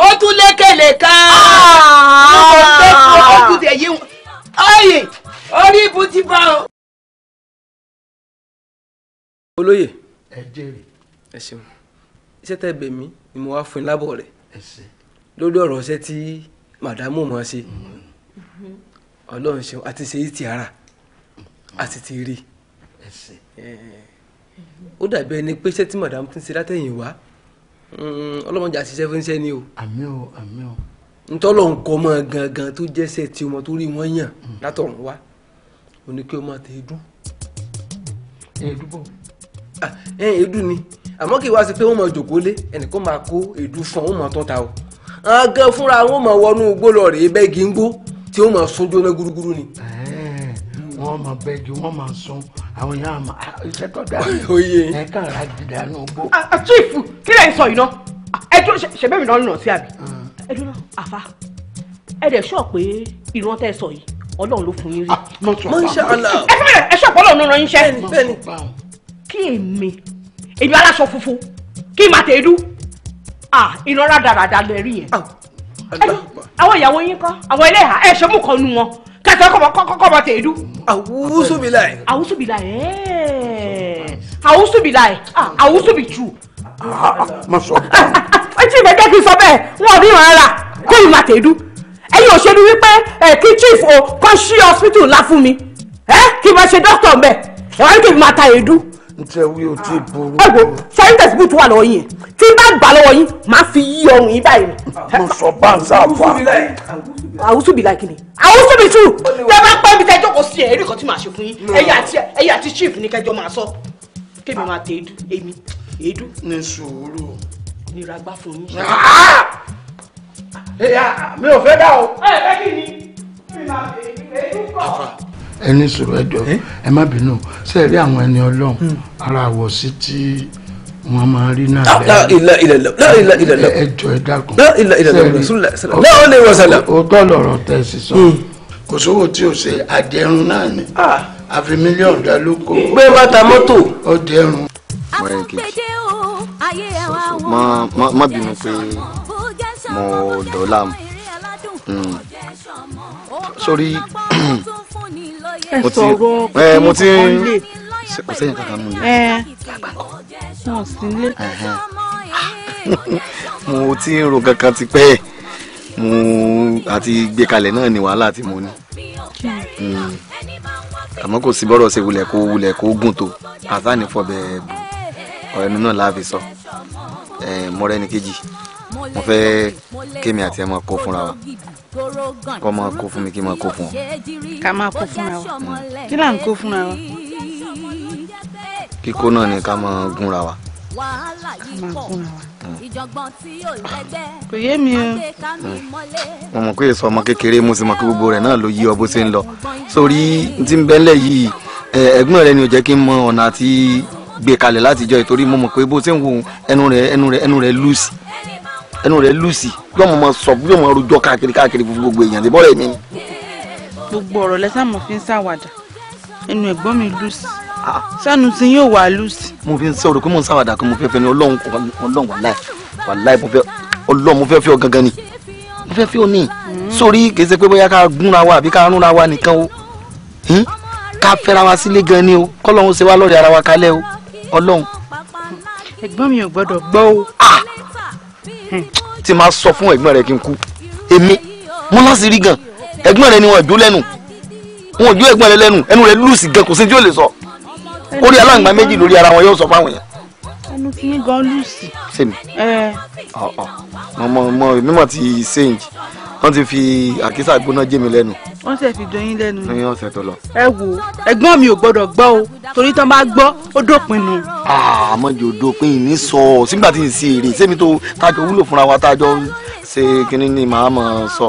S2: ó tún lékèlè ká níbo tó fún ojú tẹ̀ yí wọn. ọyẹ orí ibu ti bá o. olóyè ẹ jẹ́rìí ẹ ṣeun iṣẹ́ tẹ́ bẹ̀ mí ni mo wá fún yín lábọ̀ rẹ̀ lórí ọ̀rọ̀ ọ̀sẹ̀ tí màdámù mọ̀ ṣe mm-hmm. ọlọ́run ṣeun àti ṣe é ti ara àti ti rí ó dàbí ẹni pé iṣẹ́ tí màdámù ti ń ṣe látẹ̀yìn wá. Mm, ọlọ́mọdé àti sẹ́fún sẹ́ ni o. àmì o àmì o. ntọ́lọ̀ nǹkan ọmọ gangan tó jẹ́sẹ̀ tí ọmọ tó rí wọ́n yàn mm. látọ̀run wá o ní kí ọmọ tẹ edu. edu bọ̀. edu ni àmọ́ kí wá sí pé wọ́n máa jòkó lé ẹnìkan máa kó edu fún wọn máa tán ta o. àwọn gan fúnra wọn máa wọnú gbólọ̀ rèé bẹ́ẹ̀ gígbó tí wọ́n máa sún jóná gúrúgúrú ni. ẹ̀ẹ́ wọ́n máa bẹ́jú wọ́n máa sun àwọn èèyàn àmọ́ iṣẹ́ tó dáa ẹ kàn ra jìdá nù gbó. àtúnfù kí lẹ́yìn sọ yìí náà ẹjọ́ ṣẹ̀bẹ́mi náà nà sí àbí ẹjọ́ náà àfa ẹ dẹ̀ sọ pé ìran tẹ́ sọ yìí ọlọ́run ló fún yín rí. Ah, mọ́ṣá àlà. ẹ fẹ́ bẹ̀rẹ̀ ẹ sọ pé ọlọ́run ló rán yín ṣẹ́. kí èmi èmi aláṣọ funfun kí n máa tẹ̀ dú ìran rádaràdà lẹ́rí yẹn. Ah, àwọn ìyàwó yín kọ́ àwọn ẹlẹ́hà ẹ̀ ṣe mú kan nu wọn kẹtẹ kọbọ tẹ edu. awusu bi la yẹ. awusu bi la yẹ awusu bi la yẹ awusu bi tu. ma sọ. etí ìfẹ́ jẹ́ kí n sọ bẹ́ẹ̀ wọn ò ní ìwọ̀n rárá kó ìlú àtẹ edu ẹ̀yin òṣèlú wípé kí chief o kọ́ sí hospital ńlá fún mi kí n bá ṣe dókítà mbẹ́ ẹ̀wọ̀n kí n máa ta edu ntẹ wí o ti burú. ẹ wo sẹ́yìn tẹ̀síbù wà lọ́wọ́ yín tí bá gbà lọ́wọ́ yín máa fi yí ọrùn yín báyìí. mo sọ báńsà wa. àwùsù bìlà kìíní àwùsù bìlà tù tẹ bá pẹ́ mi tẹ jókòó sí ẹ̀ ẹ̀rí kan tí màá ṣe fún yín ẹ̀yà àti chief ní kẹjọ máa sọ kémi máa tẹ èédú èmi èédú. ní sùúrù. nira gbá fún yín. Ah! Ah, mi ò fẹ́ dá o. ẹ fẹ́ kí ni. èédú kọ̀ ẹni sọ̀rọ̀ ẹjọ́ eh? ẹ má bínú ṣe rí àwọn ẹni ọlọ́run hmm. ara àwọ̀ sí tí wọ́n máa rí náà rẹ̀ láìla ìlẹ̀lẹ̀ láìla ìlẹ̀lẹ̀ ẹjọ́ ẹ dákun láìla ìlẹ̀lẹ̀ sẹ́rí náà ó lè wọ̀ sẹ́lẹ̀. òótọ́ lọ̀rọ̀ tẹ́ sísọ hmm. kò sówó tí o ṣe àdẹrùn náà ni ah. àfi mílíọ̀nù dá lóko. pé bàtà mọ́tò. ó dẹrùn.
S1: má bínú pé mo dọ̀ọ́ láàmú hmm.
S2: sórí mo ti ẹ mo ti kò sẹ́yìn kankan mú mi. ẹ
S3: wọn sì lé.
S2: mo ti ń ro kankan ti pẹ́ mo àti gbé kalẹ̀ náà ni wàhálà tí mo ní. Hmm. àmọ́ kò sí bọ́rọ̀ ṣe wulẹ̀ kó wulẹ̀ kó gùn tó àtàní fọbẹ̀ ọ̀rẹ́nu náà láàfin sọ mọ́rẹ́ni kejì mo fẹ́ kémi àti ẹ máa kó fúnra wa
S1: kọ́ máa kó fún mi kí n máa kó fún ọ. ká máa kó fúnra wa kí là ń kó fúnra wa.
S2: kíkó náà ni ká máa gúnra wa.
S1: ká máa gúnra wa
S3: kò yé mi o.
S2: mo mọ̀ pé èso ọmọ kékeré mo sì mọ̀ pé gbogbo rẹ̀ náà ló yí ọ bó ṣe ń lọ sórí tí ń bẹ́ńlẹ̀ yìí ẹ̀gbọ́n rẹ ni ò jẹ́ kí n mọ ọ̀nà àti gbé kalẹ̀ látijọ́ ìtorí mo mọ̀ pé bó ṣe ń wo ẹnu rẹ ẹnu rẹ ẹnu rẹ lùsì ẹnu rẹ lùsì yóò mọ mọ sọ yóò mọ rojọ́ káàkiri káàkiri fún gbogbo èèyàn lè bọ́ọ̀rẹ́ mi ni. gbogbo ọ̀rọ̀ lẹ́sà mo fi ń ṣàwàdà ẹnu ẹ̀gbọ́n mi lùsì sẹ́nu tí yóò wà lùsì. mo fi ń sọ̀rọ̀ pé mo ń ṣàwàdà kan mo fẹ́ fẹ́ ni ọlọ́run ọlọ́run wàláì wàláì mo fẹ́ ọlọ́run mo fẹ́ fẹ́ ọ gangan ni mo fẹ́ fẹ́ ọ ní. Hmm. sórí kì í ṣe pé bóyá ká gúnra wa àbí ká rúnra wa nìkan o hmm? ká fẹ́ra wa sílé gan ni o kọ́lọ́run ṣe wá lọ́ọ̀rẹ́ ara wa kalẹ̀ o ọlọ́run. ẹ̀gbọ́n mi ò gbọ́dọ̀ gbọ́ o. Ah! tí máa sọ fún ẹ̀gbọ́n rẹ kí n kú èmi mo láti rí gan ẹ̀gbọ́n rẹ ni wọn jó lẹ́nu wọn jó ẹ̀gbọ́n rẹ lẹ́nu ẹnu rẹ lùsì gan kò sí tí ó lè sọ orí aláǹgbá méjì lórí ara wọn yóò sọ fáwọn yẹn. ẹnu kí n gan lùsì. sèmi ọ ọ mo mọ èmi mọ ti ṣéǹjì wọ́n ti fi àkísà gbóná jẹ mi lẹ́nu. wọ́n sì fi jọ yín lẹ́nu. ní ọ̀sẹ̀ tó lọ. ẹ wo ẹ̀gbọ́n mi ò gbọ́dọ̀ gbọ́ o torí tán bá gbọ́ ó dópin nu. Ah, àmọ́jọ dópin ní sọ sígbà tí n sí èrè sẹ́mi tó tájọ wúlò fúnra wa tájọ ṣe kínní ni màá mọ̀ sọ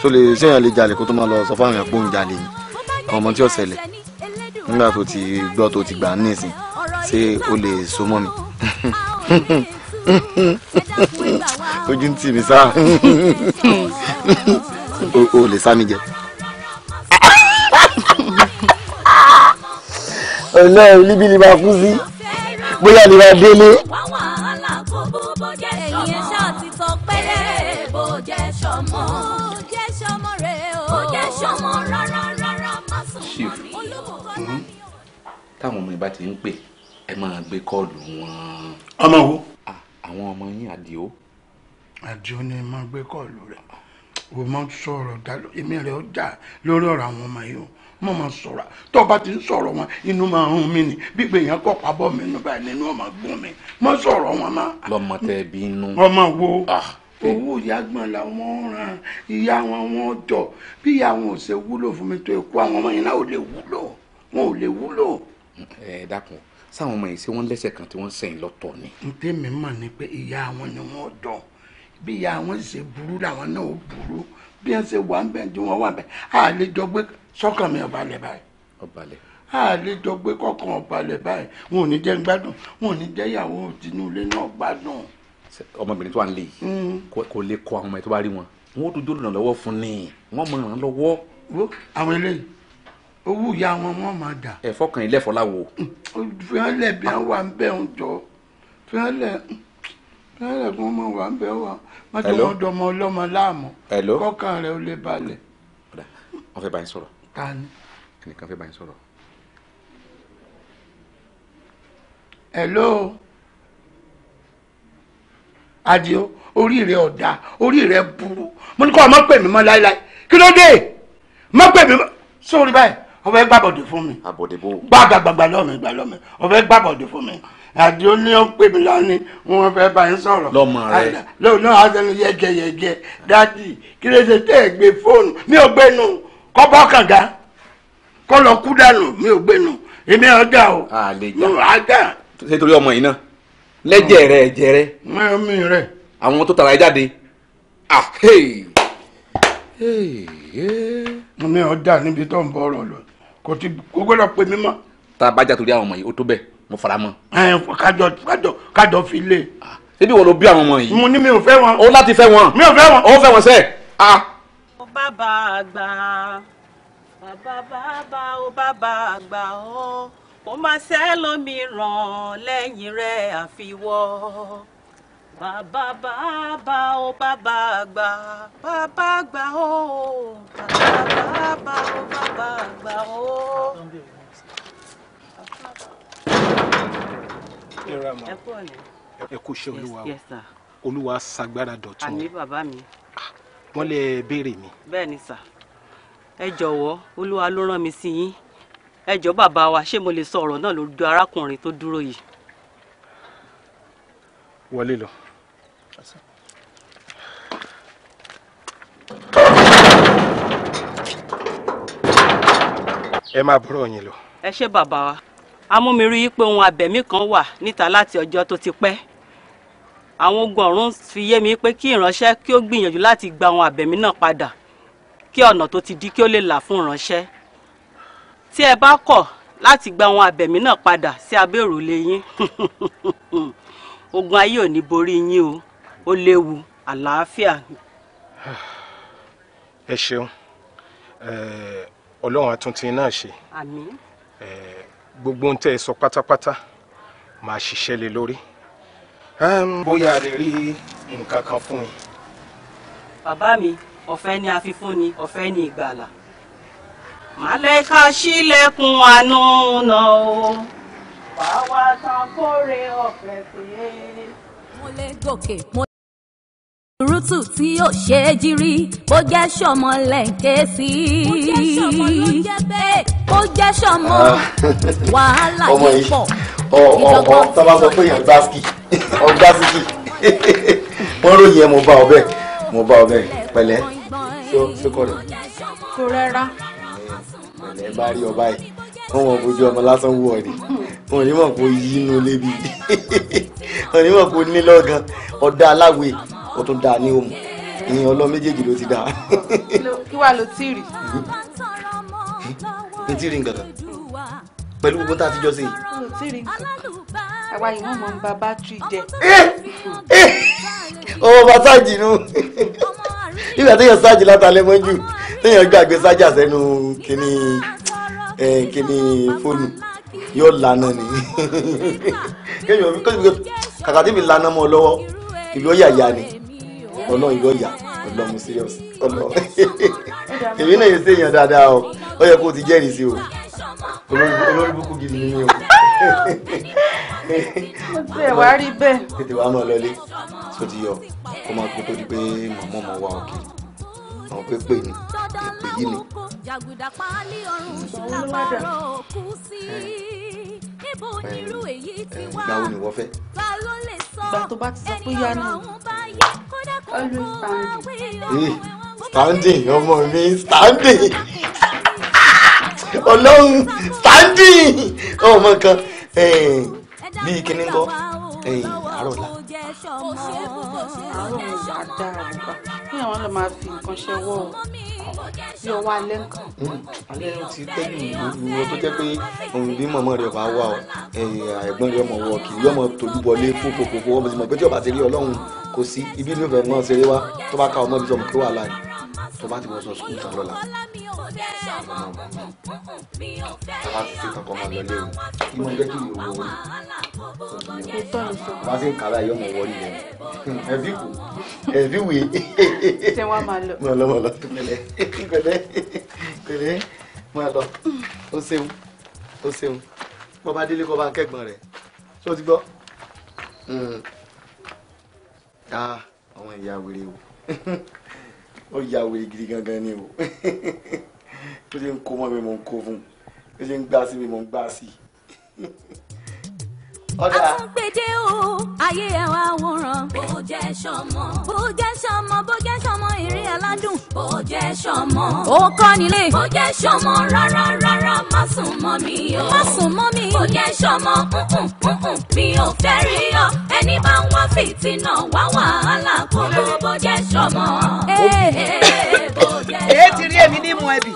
S2: tó lè ṣéyàn lè jalè kó tó máa lọ sọ fáwọn ẹ̀gbọ́n jalè yìí àwọn ọmọ tí ó ṣẹlẹ̀ nígbà tó ti gbọ́ tó ti gbà á nísìn ṣé o lè so mọ́ mi. ojú ń tì mí sá o lè sá mi jẹ. ọlọ́run níbi ni máa kú sí bóyá ni máa délé. táwọn ọmọ ìbá ti ń pè ẹ máa gbé kọ́ọ̀lù wọn. ọmọ wo àwọn ọmọ yín àdìó. àdìó ni mo gbé kọ́ọ̀lù rẹ̀ wò mọ sọ̀rọ̀ dá èmi rẹ̀ ó jà lórí ọ̀rọ̀ àwọn ọmọ yìí o mo mọ sọ̀rọ̀ tó bá ti ń sọ̀rọ̀ wọn inú máa ń rún mi ni gbígbé yẹn kọ́ pabọ́ mi inú báyìí nínú ọmọ gún mi mo sọ̀rọ̀ wọn má. lọmọ tẹ bí inú. ọmọ wo ah, owó ìyá gbọ́n làwọn ràn ìyá wọn wọn jọ bí ìyá wọn ò ṣe wúlò fún mi tó ikú àwọn ọmọ yẹn náà ò lè wúlò wọn ò lè wúlò. ẹ dákun sáwọn ọmọ yìí ṣé wọ́n lẹ́sẹ̀ kan tí wọ́n sẹ́yìn lọ́tọ̀ ni. n tẹ́ mi mọ̀ ni pé ìyá wọn ni wọ́n dọ̀ bí ìyá wọn ṣe burú làwọn náà ó burú bí wọ́n ṣe wà ń bẹ̀ ju wọn wà bẹ̀ àlejò gbé sọ́kàn mi ọ̀bà lẹ̀ báyìí. ọ̀bà lẹ̀. àlejò gbé kọ̀ọ̀kan ọ̀bà lẹ̀ báyìí wọn ò ní jẹ́ gbádùn wọn ò ní jẹ́ ìyàwó tinúlé náà gbádùn. ọmọbìnrin tó wà ń lè yìí mm. kò lè kọ àwọn ọmọ ẹ tó bá rí wọn wọn ó dúdú lọ́wọ́ fún ni wọ́n mọ̀ ràn lọ́wọ́. àwọn eléyìí owó ìyá wọn wọn máa dà. ẹ fọkàn ilé ẹfọ láwo. fúnálẹ̀ bí wọ́n wà ń bẹ̀ ń jọ fúnálẹ̀ fúnálẹ̀ bí wọ́n máa wà ń bẹ̀ wà má tó wọn dọmọ ọlọ́mọ láàmú kọ́kàn rẹ̀ ó lè balẹ̀. wọ́n fẹ́ bá yín sọ̀rọ̀. ta ni. ẹnìkan fẹ́ bá yín sọ̀rọ̀. hello adio orí rẹ ọ̀dà orí rẹ burú mo ní kó o m'a pè mí mọ́ láéláé kí ló dé má pè mí mọ́ sórí báyìí ó fẹ́ gbàbọ̀dé fún mi gbàgbàgbà lọ́mọ ìgbà lọ́mọ ó fẹ́ gbàbọ̀dé fún mi àdìó ní ó ń pè mí lọ́ni wọn fẹ́ bá yín sọ̀rọ̀ lọ́mọ rẹ lóun náà aṣẹ́nu yẹ́gẹ́yẹ́gẹ́ dáàdì kí ló ṣe tẹ́ ẹ̀ gbé fóònù mi ò gbénu kọ́ bọ́ kànga kọ́ lọ kú dànù mi ò gbénu èmi ọjà o mo àjà. ṣé torí ọmọ yìí náà lẹ́jẹ̀ rẹ ẹ̀jẹ̀ rẹ. mẹ́rin mi rẹ̀. àwọn tó tara ẹ jáde. Ah, mi ò dà níbi tó ń bọ̀ ọ̀rọ̀ lọ kò ti kò gbọ́dọ̀ pè mí mọ́. tá a bá jà torí àwọn ọmọ yìí ó tó bẹ́ẹ̀ mo fara mọ́. ẹ kájọ kájọ kájọ fi lé. Ah, ṣébi wọn ló bí àwọn ọmọ yìí. mo ní mi ò fẹ́ wọn. o láti fẹ́ wọn. mi ò fẹ́ wọn. o fẹ́ wọn sẹ́ẹ̀. a. Ah. ó bàbá àgbà bàbá
S1: bàbá ó bàbá àgbà ó kò má sẹ́lómi ràn lẹ́yìn rẹ̀ àfiwọ́ bàbá bàbá o bàbá àgbà bàbá àgbà o bàbá bàbá o bàbá àgbà o.
S2: ẹ kú ọ̀nà. ẹ kú iṣẹ́ olúwa o olúwa ṣagbára dọ̀tún. àmì bàbá mi. Ah, wọ́n lè béèrè mi. bẹ́ẹ̀ ni sà ẹ jọ̀wọ́ olúwa ló rán mi sí yín ẹ jọ̀ọ́ bàbá wa ṣé mo lè sọ ọ̀rọ̀ náà lójú arákùnrin tó dúró yìí. wọlé lọ. ẹ máa bọ́rọ̀ yín lọ. ẹ ṣe bàbá wa amúmirí yìí pé ohun abẹ̀mí kan wà níta láti ọjọ́ tó ti pẹ́ àwọn ogun ọ̀run fi yé mi pé kí ìránṣẹ́ kí ó gbìyànjú láti gba ohun abẹ̀mí náà padà kí ọ̀nà tó ti dí kí ó lè là fún ìránṣẹ́ tí ẹ bá kọ̀ láti gba ohun abẹ̀mí náà padà sí abẹ́ òrùlé yín ogun ayé ò ní borí yín o ó léwu àlàáfíà. ẹ ṣeun ọlọ́run àtúntì náà ṣe àmín gbogbo ohun tẹ́ ẹ sọ pátápátá máa ṣiṣẹ́ lé lórí bóyá a lè rí nǹkan kan fún yín. bàbá mi ọ̀fẹ́ ni àfifúnni ọ̀fẹ́ ni ìgbàlà
S1: màlẹ́ka ṣílẹ̀kùn àánú náà o wàá wá tán kórè ọ̀fẹ́ pé. mo lè gòkè Rútù tí ó ṣe é jírí, bó jẹ́ ṣọmọ lẹ̀ ń ké sí. Bó jẹ́ ṣọmọ ló jẹ́ bẹ́ẹ̀. Eh, bó jẹ́ ṣọmọ, ah. wàhálà yẹn pọ̀.
S2: Ọmọ yìí, ọmọ tábà sọ pé yẹn gbásíkì, ọgbásíkì. Wọ́n ròyìn ẹ mo bá ọ bẹ́ẹ̀, mo bá ọ bẹ́ẹ̀, pẹ̀lẹ́. Ṣé kọ̀ rẹ̀? Kò rẹ́ra. Pẹ̀lẹ́ bá rí ọba yìí, wọ́n mọ̀ fojú ọmọ lásán wú ọ̀rẹ́. Wọ́n ní mọ̀ kó yí inú lébi. Wọ́n ní mọ̀ kó ní lọ́gàn, ọ̀dà ó tún dáa ní òmù ìyẹn ọlọ́ méjèèjì ló ti dáa. kí wàá lo tíìrì. n tíìrì nǹkan kan pẹ̀lú gbogbo tá a ti jọ sí i. lo tíìrì nǹkan àwa yìí wọ́n mọ̀ ń ba bátìrì jẹ. Eh! Eh! ọmọ masáàjì nù nígbà téèyàn sáàjì látàlẹ́ mọ́jú téèyàn gbàgbé sájà sẹ́nu kíní kíní fóònù yóò lànà ni kéèyàn kàkàtí mi lànà mọ́ lọ́wọ́ ìlú ọ̀yàyà ni ọlọ́run yóò yà ọlọ́run serious ọlọ́run èmi náà yóò ṣèyàn dáadáa o ó yẹ kó o ti jẹ́rìí sí o olórí búkú gidi ni o. mo ti ẹ̀ wá rí bẹ́ẹ̀. tètè wàá mọ̀ lọlé tó ti yọ
S1: kó máa kó tó di pé
S2: màmá ọmọ wa òkè àwọn pépè ni
S1: èpè yìí ni. jàgùdà pálí ọrùn ṣùgbọ́n àpárọ̀ ìgbà wo ni wọ́n fẹ́. ìgbà tó bá ti sọ pé yá ni
S2: always standing. Eh, ọmọ mi standing ọlọ́run standing ọmọ kan bíi kíní ń bọ́ àárọ̀
S1: ṣọmọ àwọn àdàràgbà ní àwọn ló máa fi nǹkan ṣẹwọ́ o
S2: bí ọwọ́ alẹ́ nǹkan. alẹ́ ló ti tẹ́yìn ìwọ tó jẹ́ pé òun bí mọ̀mọ́ rẹ̀ bá wà ẹ̀gbọ́n rẹ̀ mọ̀ wọ kì í yọmọ tójú wọlé fòfòfò ọmọ tí mo pé tí ọba ti rí ọlọ́run kò sí ibi ní ìfẹ́ mọ́ ṣeré wa tó bá ká ọmọ bí sọmọ kí wà láàyè tó bá ti wọ́n sọ sùkúl tán lọ́la tàbá ti ṣe kankan máa lọ lé o kí mo jẹ́ kí ìlú owó rí bá ti ń kàrà yọmọ wọlé yẹn ẹbí kù ẹbí wì í ṣé wàá máa lọ mọ lọ mọ lọ pẹ̀lẹ́ pẹ̀lẹ́ pẹ̀lẹ́ mọ lọ o ṣeun o ṣeun bọ́ bá délé kọ́ bá ń ah àwọn ìyá wèrè o ó ya wèrè gidi gangan ni o ó ṣe ń kó mọ́ mi mò ń kó fún un ó ṣe ń gbá sí mi mò ń gbá sí i
S1: àtúngbèjé o ayé ẹwà àwòrán. bó jẹ́ sọmọ. bó jẹ́ sọmọ bó jẹ́ sọmọ ìrìn aládùn. bó jẹ́ sọmọ. ó kọ́ nílé. bó jẹ́ sọmọ rárá rárá má sùn mọ́ mi o. má sùn mọ́ mi. bó jẹ́ sọmọ nkùn mi ò fẹ́ rí ọ. ẹni bá ń wá fìtínà wá wàhálà kó ló bó jẹ́ sọmọ. Eh. Eh, èé ti rí èmi ní mu ẹbí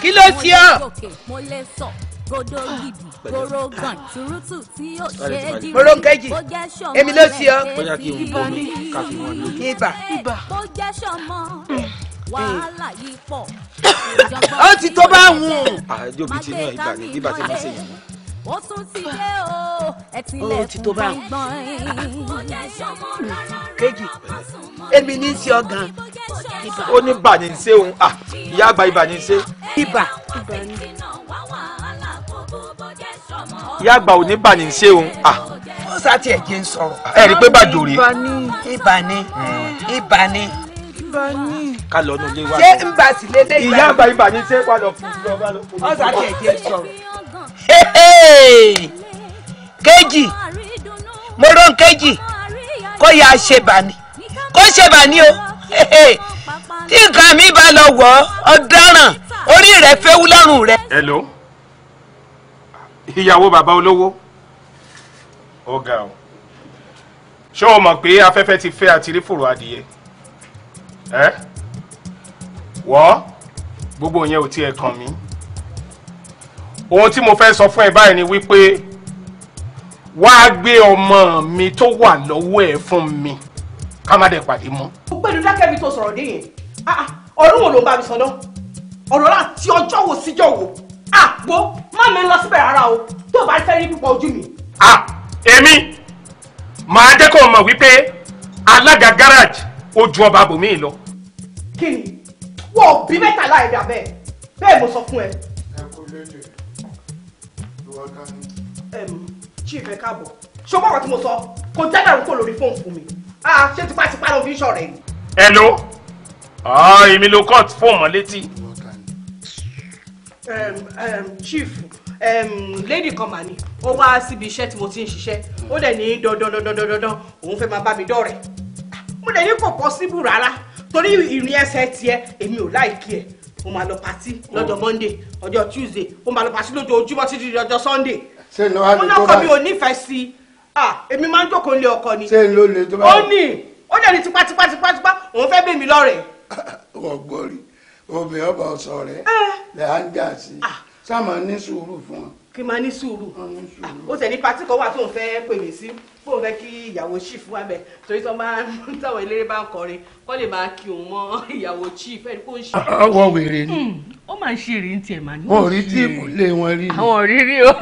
S1: kí ló ti ọ godo ah, gidi gorogan ah. turutu tí ó ṣe é jí rí bó jẹ́ sọmọ rẹ̀ ṣe ti rí ibà bó jẹ́ sọmọ wàhálà yìí pọ̀.
S2: ó ti tó bá wùn. àjọ bíi ti náà ah, ibà ni bíbá ti máa ṣe yìí
S1: ó tún ti dé o ẹ ti lẹ̀kùn gbọ̀ngbọ̀n
S2: kejì èmi ní í ṣe ọgàn ibà ó ní bà ní í ṣe òun ìyá àgbà ibà ní í ṣe. ibà ibà ni ìyá àgbà ò ní bà ní ṣé òun. ó sàtì ẹ̀ jẹ́ ń sọ̀rọ̀. ẹ rí i pé bàjò rèé. ibà ni ibà ni. ká lọ nù wa. ṣé ń bá sì lé dé ìyá àgbà ibà ni ṣé padà fún un. ó sàtì ẹ̀ jẹ́ ń sọ̀rọ̀. kéjì mo rán kéjì kó yà ṣe bà kó ṣe bà o tí nǹkan mi bá lọ wọ̀ ọ́ orí rẹ̀ fẹ́ wú lọ́rùn rẹ̀. hello ìyàwó bàbá olówó ọ̀gá o ṣé o mọ̀ pé afẹ́fẹ́ ti fẹ́ àti rí fòrò adìyẹ ẹ́ wọ́ gbogbo yẹn ò tiẹ̀ kàn mí ohun tí mo fẹ́ sọ fún ẹ báyìí ni wípé wàá gbé ọmọ mi tó wà lọ́wọ́ ẹ fún mi ká má dẹ̀ pàdé mọ́. mo gbẹ́nu dákẹ́ bí tó sọ̀rọ̀ dé yẹn ah, ah, ọ̀run wo ló ń bá mi sọ náà ọ̀rọ̀ láti ọjọ́ wo síjọ́ wo àpò má mi lọ síbẹ̀ rárá o tó bá fẹ́ rí púpọ̀ ojú mi. à èmi màá jẹ́ kó o mọ̀ wípé alága garage ó ju ọba bòmí lọ. kí ni wọ́n ò bí mẹ́tàlá ẹ̀dá bẹ́ẹ̀ bẹ́ẹ̀ mo sọ fún ẹ. ẹ kú lédè ló wá ká ní. chief ẹ káàbọ̀ ṣé o mọ̀ ọ̀rọ̀ tí mo sọ kò jẹ́ dàrú kó lórí fóònù fún mi ṣé tipátipá ló fi ń ṣọ̀rẹ́ ni. hello ah, èmi ló cut fóònù mọ́ létí. Um, um, chief um, lady kan mà ní ó wá síbi iṣẹ́ tí mo ti ń ṣiṣẹ́ ó dẹ̀ ní dandan dandan dandan òun fẹ́ máa bá mi dọ̀rẹ́ mo dẹ̀ ní kò pọ́síbù rárá torí ìrìn ẹsẹ̀ tiẹ̀ èmi ò láìkí ẹ̀ mo máa lọ pàtí lọ́jọ́ oh. monday ọjọ́ tuesday mo máa lọ pàtí lójoojúmọ́ títí ọjọ́ sunday mo lọ́kọ̀ mi ò nífẹ̀ẹ́ sí i ah, èmi máa ń jókòó lé ọkọ ni ó ní ó dẹ̀ ní tipátipátipá òun fẹ́ bẹ̀ mi lọ́rẹ̀ẹ́ obì ọba ọsọ rẹ eh. lẹ à ń jà sí sáàmà ah. ní sùúrù fún ọ. kí n máa ní sùúrù ah, ó tẹ̀ ní patí kan wà tó ń fẹ́ pè mí sí bóun fẹ́ kí ìyàwó chief wà bẹ̀ torí tó máa ń táwọn eléré bá ń kọrin kọ́ lè máa kí òun mọ́ ìyàwó chief ẹni kó ń ṣe. ọwọ́ ah, wèrè ni.
S3: Hmm, ó máa ń ṣe èrè ń tiẹ̀ máa ní. wọn ò rí
S2: tí wọn rí ni. àwọn òrírí o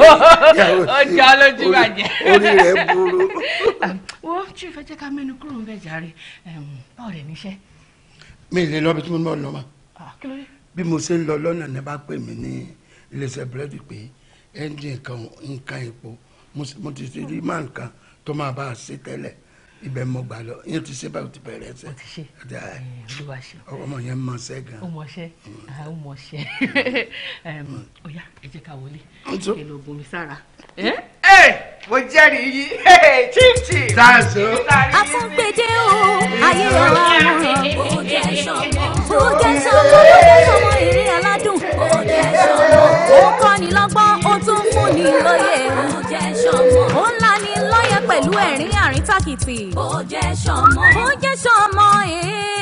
S2: ọjà lójú bàjẹ́. orí rẹ̀ burú. wo chief ẹ jẹ́ ká mẹ́nu kúrò ń bẹ̀ jàre báwo rẹ̀ níṣẹ́. mi ì lè lọ bí tí mo ń bọ̀ lọ́mọ bí mo ṣe ń lọ lọ́nà ní bá pè mí ní iléeṣẹ́ búrẹ́dì pé ẹ́ńjìn nǹkan epo mo ti ṣe rí máa nǹkan tó máa bá a ṣe tẹ́lẹ̀ ibẹ̀ mọ̀ gbà lọ yẹn ti ṣe báyìí o ti bẹ̀rẹ̀ ẹsẹ̀ ọmọ yẹn mọ̀ ṣẹ́ gan. ọmọ ṣẹ́ ọmọ mm. ṣẹ́ ọ̀yá mm. ẹ jẹ́ ká wọlé ẹ lọ bomi sára.
S1: mo jẹ́rìí yí chief chief. dáàzó. o ayé ọ̀la òde ṣọmọ òde ṣọmọ òde ṣọmọ èrè aládùn òde ṣọmọ ó kọ́ni lọ́gbọ́n. lẹ́kìtì. ó jẹ́ sọmọ. ó jẹ́ sọmọ ee.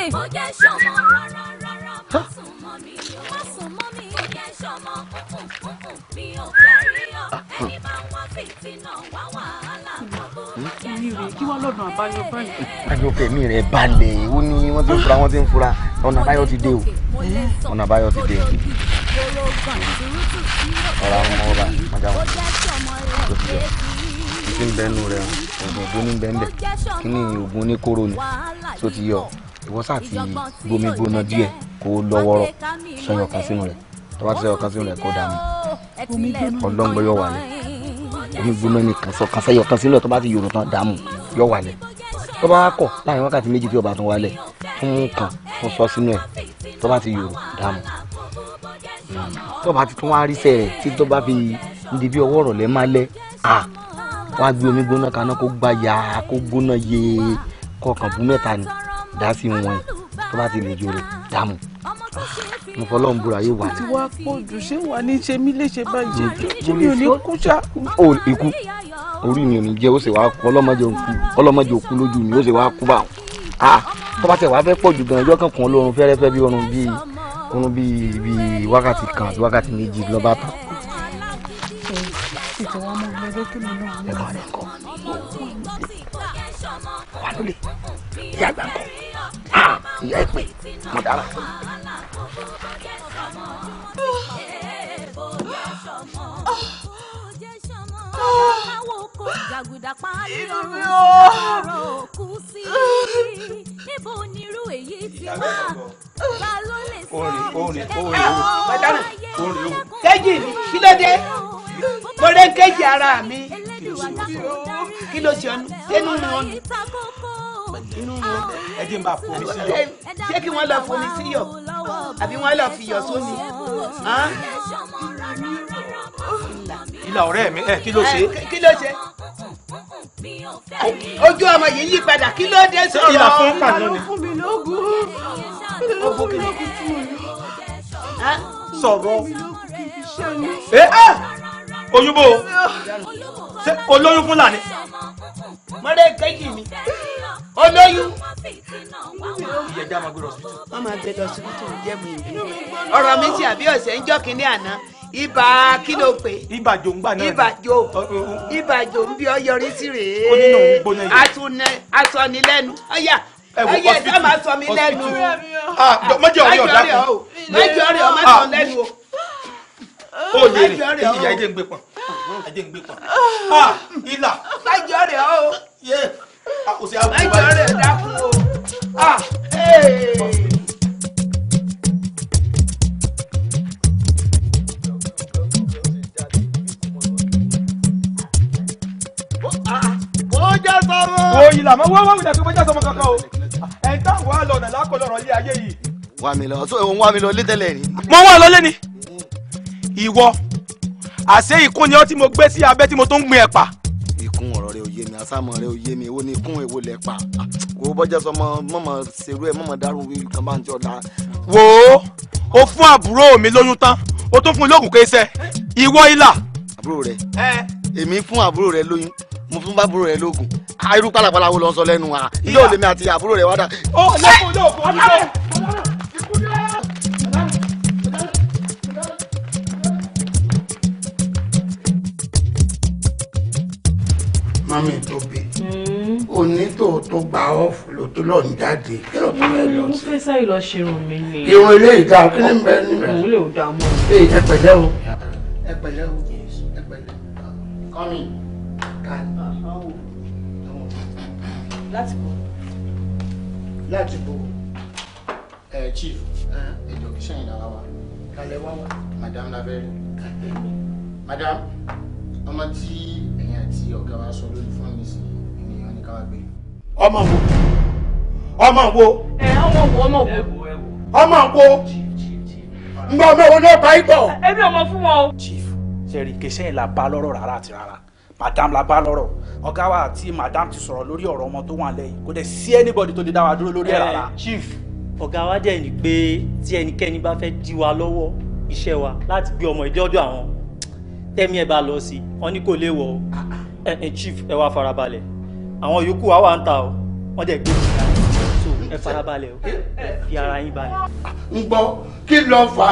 S1: ó jẹ́ sọmọ rárá rárá má sùn mọ́ mi o. má sùn mọ́ mi. ó jẹ́ sọmọ mi ò fẹ́ rí ọ. ẹni máa ń wá fìtínà wá wàhálà
S2: kí wọ́n lọ́nà àbáyọ báyìí. ayọ̀kẹ́ mi rẹ̀ balẹ̀ ó ní wọ́n ti ń fura wọ́n ti ń fura ọ̀nà àbáyọ ti dé o ọ̀nà àbáyọ ti dé ọ̀rọ̀ àwọn ọba májà wọn tí ń bẹ́nu rẹ̀ oògùn ògún ní bẹ́ńbẹ́ kí ni oògùn oníkóró ni tó ti yọ ìwọ ti gbomi gbóná díẹ̀ kó lọ wọ́rọ́ sọyọ kan sínú rẹ̀ tó bá ti sọyọ kan sínú rẹ̀ kó dànù ọlọ́ngbọ́ yọ wà lẹ̀ omi gbóná nìkan sọ kan sẹ́yọ kan sínú rẹ̀ tó bá ti yòrò tán dàmú yọ wà lẹ̀ tó bá kọ̀ láàrin wákàtí méjì tí ọba tún wálẹ̀ fún kan tó sọ sínú ẹ̀ tó bá ti yòrò dàmú hmm. tó bá ti tún wá rí sẹ́rẹ̀ tí tó bá fi ń ọwọ́ rọ̀ lẹ́ máa lẹ́ à wọ́n á gbé omi gbóná kaná kó gbá yàá kó gbóná yéé kọkàn bú mẹ́ta ni dá sí wọn tó bá ti lè jòrò dààmú ah, mo fọlọ́ ń búra yóò wà ní. ti wá pọ̀ jù ṣé wà ní ṣe mí léṣe báyìí ṣé mi ò ní kú ṣá. o ikú orí mi ò ní jẹ ó sì wá kú ọlọ́mọdé òkú ọlọ́mọdé òkú lójú mi ó sì wá kú báwọn. a ah, tó bá tẹ̀ wá fẹ́ pọ̀ jù gan-an ẹjọ́ kankan lórun fẹ́rẹ́fẹ́ bí orun bíi orun bíi wákàtí kan àti wákàtí méjì lọ́ba tán jẹ́ kí mi náà mú ọ̀rẹ́ kọ́ wà lólè ìyá àgbà kọ́ ìyá ẹ̀ pé
S1: káwọ́ kò jàgùdà pa lọ́rùn ọ̀rọ̀ òkú sí níbo nírú èyí ti wá bá ló
S2: lè sọ ẹ̀wọ̀n ayé kẹ́jì mi kí ló dé mo rẹ́ kẹ́jì ara mi kí ló ṣe ọ́nù sínú mi
S1: ọ́nù inú ah,
S2: mi ẹ dín bá fomi sí yọ ṣé kí wọ́n lọ fomi sí
S1: yọ àbí wọ́n lọ fi yọ
S2: sómi. ìlà ọ̀rẹ́ mi ẹ kí ló ṣe. kí ló ṣe ojú ọmọ yìí yí padà kí ló dé sọ̀rọ̀ ìlà fún pàdé ni. sọ̀rọ̀ oyún bò ó ṣe olóyún fúnlà ni. mọ̀rẹ́ kẹ́kì mi olóyún. ìyẹ̀dá máa gbé lọ síbítù. wọ́n máa gbé lọ síbítù jẹ́mu ìbí. ọ̀rọ̀ mi ti àbí ọ̀sẹ̀ ń jọ́ kínní àná ibà kí ló pé. ibà jò ń gbà náà. ibà jò ibà jò ń bí ọ yọrí sí rèé. atúnilẹ́nu ọ̀yà ọ̀yà ẹ̀dá máa sọ mi lẹ́nu. Ah, mọ̀jẹ̀ ọ̀rẹ́ ọ̀dà kan. mọ̀jẹ̀ ọ̀rẹ́ ah. ọ̀ ó lè rè ìyá ẹjẹ ń gbé pọn ẹjẹ ń gbé pọn ah ilà. májọ rẹ o. yé àkùsí àbúrò báyìí. májọ rẹ dákun o. ah ee. bójá sọmọ. wo ìlà máa wọ́n wọ́n mi dàbí bójá sọmọ kankan o. ẹ̀ ń tàn wá lọ́nà lákòlọ́rọ̀ ilé ayé yìí. wá mi lọ sọ òun wá mi lọ ni. mo wá lọ lé ni ìwọ àṣé ìkún ni ọ tí mo gbé sí abẹ́ tí mo tó ń gbin ẹ̀pà. ìkún ọ̀rọ̀ rẹ ò yé mi àsámọ̀ rẹ ò yé mi èwo ni ìkún èwo lẹ̀ pa kò bọ́jà sọmọ mọ̀mọ́ ṣerú ẹ̀ mọ̀mọ́ dárò wí kan bá ń jọ da. wò ó o fún àbúrò mi lóyún tán o tún fún un lóògùn kéṣẹ ìwọ ilà. àbúrò rẹ èmi fún àbúrò rẹ lóyún mo fún bábúrò rẹ lóògùn ah, irú pálapàla wo lọ sọ lẹ́nu wa yóò lèmi àti àbúrò rẹ wá dà. ó lẹ́kùn lóògùn ọ̀dọ́ mami tóbi òní tòótọ́ gba ọ́ọ̀fù ló tó lọ ń jáde kí ló tó fẹ́ lọ sí. mo fẹ́ sáré lọ ṣerun mi ni. irun ilé ìdá kí ni bẹ́ẹ̀ ni òun lè dá mọ́. ee ẹ pẹ̀lẹ́ o ẹ pẹ̀lẹ́ o ẹ pẹ̀lẹ́ kọ́mi kan. láti bò. láti bò. ẹ chief ẹ jọ kí sẹ́yìn dára wa. kalẹ̀ wá wa. madam labẹ́rẹ́ madam ọmọ tí tí ọ̀gá wa sọ lórí fún mi sí ènìyàn ní káwá gbé. ọmọ wo ọmọ wo. ẹ ọmọ wo ọmọ wo. ọmọ wo. ngbọ ọmọ wo náà bá ibọ. ẹbí ọmọ fún wọn chief sẹ́rí kẹsẹ́ ẹ̀ la bá lọ́rọ̀ rárá àti rárá madam la bá lọ́rọ̀ ọ̀gá wa àti madam ti sọ̀rọ̀ lórí ọ̀rọ̀ ọmọ tó wà lẹ́yìn kò dẹ̀ sí anybody tó lè dá wa dúró lórí ẹ̀ rárá. chief ọ̀gá wa dẹ̀ ni pé tí ẹnikẹ́ni bá fẹ́ dí wa lọ́wọ́ iṣẹ́ wa láti gbé ọmọ ìdí ọ̀dọ̀ àwọn tẹ́mi ẹ̀ bá lọ sí i wọ́n kò lè wọ̀ ọ́. Ah, ẹ̀yin eh, chief ẹ wá farabalẹ̀ àwọn yòókù wa wà ń ta o wọ́n dẹ̀ gbé ìgbà so ẹ farabalẹ̀ o ẹ fi ara yín balẹ̀. n gbọ́ kí ló fà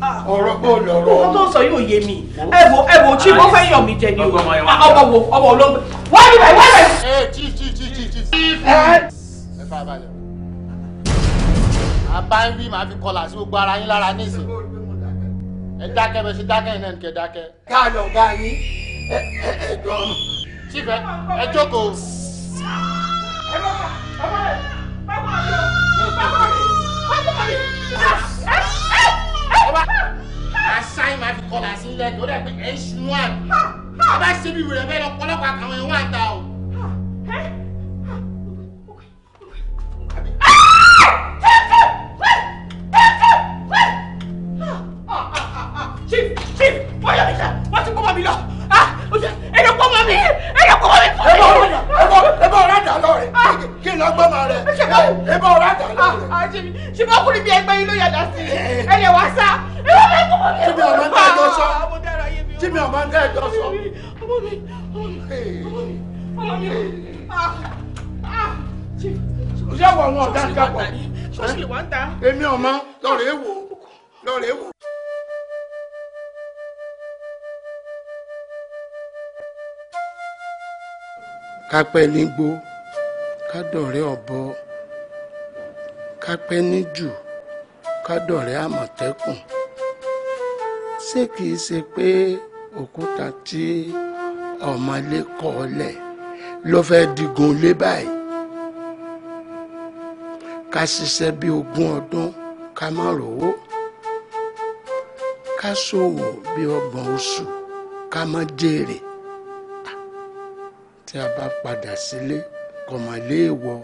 S2: á ọ̀rọ̀ bó lọ̀rọ̀. ọkọ tó ń sọ yóò yé mi ẹ wo ẹ wo chief ó fẹ́ yàn mí jẹ ni o ah, ọmọ wo ọmọ olóńgbò wá ní báyìí wá ní báyìí. ẹ eh, chief chief chief chief. ẹ farabalẹ̀ àbá ń wí màá fi kọlà sí gbogbo ara yín lára nísìnyí ẹ dákẹ́ bẹ́ẹ̀ ṣe dákẹ́ yín náà ní kẹ́ dákẹ́. ká lọ Chief, ẹ jókòó. Ẹ bá wà, ẹ bá wà. sáyìn máa fi kọlà sí ilẹ̀ tó dẹ̀ pé ẹ̀ ń sun wà ní. bàbá ṣe bí wèrè bẹ́ẹ̀ lọ pọ́lọ́pàá àtàwọn ẹ̀wọ̀n àta o. Chief, chief, wọ́n yọ mi sẹ́, wọ́n ti kó mi ẹyẹ kọ́ mi fún mi. ẹbọ ọ̀rá dà lọ rẹ kí n lọ gbọ́ ma rẹ ẹbọ ọ̀rá dà lọ rẹ. àjẹmí ṣùgbọ́n ọkùnrin bíi ẹgbẹ́ yín ló yàtọ̀ sí i ẹ lè wá sá ẹ wá fẹ́ kọ́ mi. tíbi ọmọ ń tẹ́ ẹjọ́ sọ tíbi ọmọ ń tẹ́ ẹjọ́ sọ. ọmọ mi ọmọ mi ọmọ mi. ṣé wọ̀ wọn ọ̀dà ń dàpọ̀ èmi ọmọ lọ́ọ̀rẹ́ wò lọ́ọ̀rẹ́ wò. kápẹ́ nígbó kádọ̀rẹ́ ọ̀bọ kápẹ́ níjù kádọ̀rẹ́ àmọ̀tẹ́kùn ṣé kìí ṣe pé òkúta tí ọmọlé kọ́ lẹ̀ ló fẹ́ digun lé báyìí ká ṣiṣẹ́ bí ogún ọdún ká má rówó ká ṣòwò bí ọgbọ̀n oṣù ká má jèrè tí a bá padà sílé kọ̀mọ̀léèwọ̀.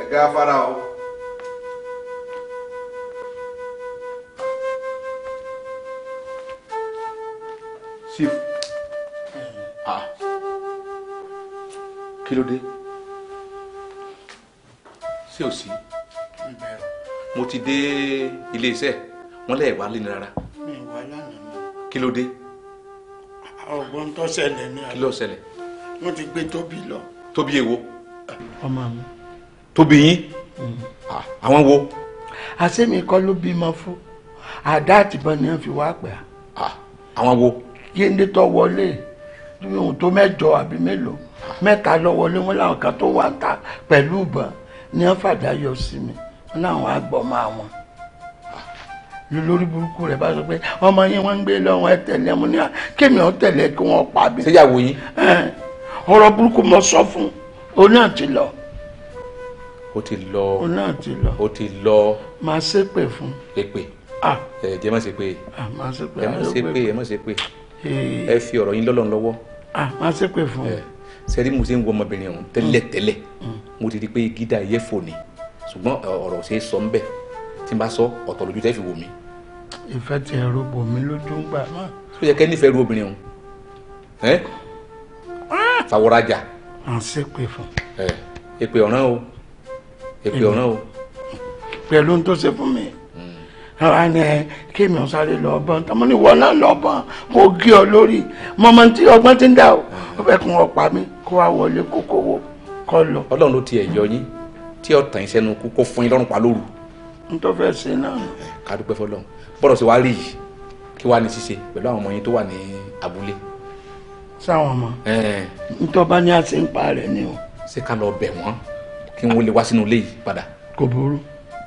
S2: Ẹ gáfárá o. kí ló dé ṣé o sí mo ti dé ilé iṣẹ́ wọn lẹ wà lẹni rárá kí ló dé. ọgbọ́n tó ṣẹlẹ̀ ní àná kí ló Ah, wọ́n ti gbé tóbi lọ. tóbi èwo. ọmọ mi. tóbi yín. Mm. àwọn wo. àṣẹ́mi kọ́ ló bímọ fún àdá àtìmọ́ ni wọ́n fi wá pẹ́. àwọn wo. yéńdé tó wọlé ohun tó mẹ́jọ àbí mélòó mẹ́ta lọ́wọ́ lé wọn láwọn kan tó wà ta pẹ̀lú ìbọn ni wọ́n fàdá yọ sí mi wọn láwọn agbọ̀mọ àwọn lórí burúkú rẹ bá sọ pé ọmọ yẹn wọn ń gbé lọ́wọ́ ẹ tẹ̀lé mu ní ah, kémi ọ tẹ̀lé kí wọ́n pa mi. ṣéyàwó yín. ọ̀rọ̀ burúkú mo sọ fún òun náà ti lọ. ó ti lọ. òun náà ti lọ. ó ti lọ. máa ṣépè fún. èpè ẹ jẹ́ má ṣe pé ẹ má ṣe pé ẹ má ṣe pé ẹ fi ọ̀rọ̀ yín lọ́lọ́run lọ́wọ́. máa ṣépè fún sẹ́rí mo ṣe ń wo ọmọbìnrin ọ̀hún tẹ́lẹ̀tẹ́lẹ̀ mm. mm. mo ti di pé gídà yẹ́fò ni ṣùgbọ́n ọ̀rọ̀ ṣe é sọ ńbẹ̀ tí n bá sọ ọ̀tọ̀ lójú tẹ́ fi wò mí. ìfẹ́ ti ẹ̀rọ bò mí lójú ń gbà náà. ó yẹ kẹ́ nífẹ̀ẹ́ ru obìnrin ọ̀hún ẹ́ fàwọ́rajà. à ń ṣépè fún. ẹ èpè ọ̀ràn o èpè ọ̀ràn o. pẹ̀lú ohun tó ṣe fún mi mm. ara ni ẹ ọ̀sáré lọ́ọ́bọ̀n tọmọ ní wọ́n náà lọ́ọ́bọ̀n mo gé ọ lórí mọ́mọ́ tí ọgbọ́n ti ń dà ó ó fẹ́ kún ọ pa kó wá wọlé kókówó kó lọ. ọlọ́run ló tiẹ̀ yọ yín tí ọ̀tàn ìṣẹ́nu kú kó fún yín lọ́rùn pa lóru. n tó fẹ́ ṣe náà. ká dúpẹ́ fọlọ́run bọ́dọ̀ sí wàá rí yìí kí wàá ní ṣíṣe pẹ̀lú àwọn ọmọ yín tó wà ní abúlé. sáwọn ọmọ ntọ́ba ni a ti ń pa rẹ̀ ni o. ṣé ká lọ bẹ̀ wọ́n kí wọ́n lè wá sínú ilé yìí padà. kò burú.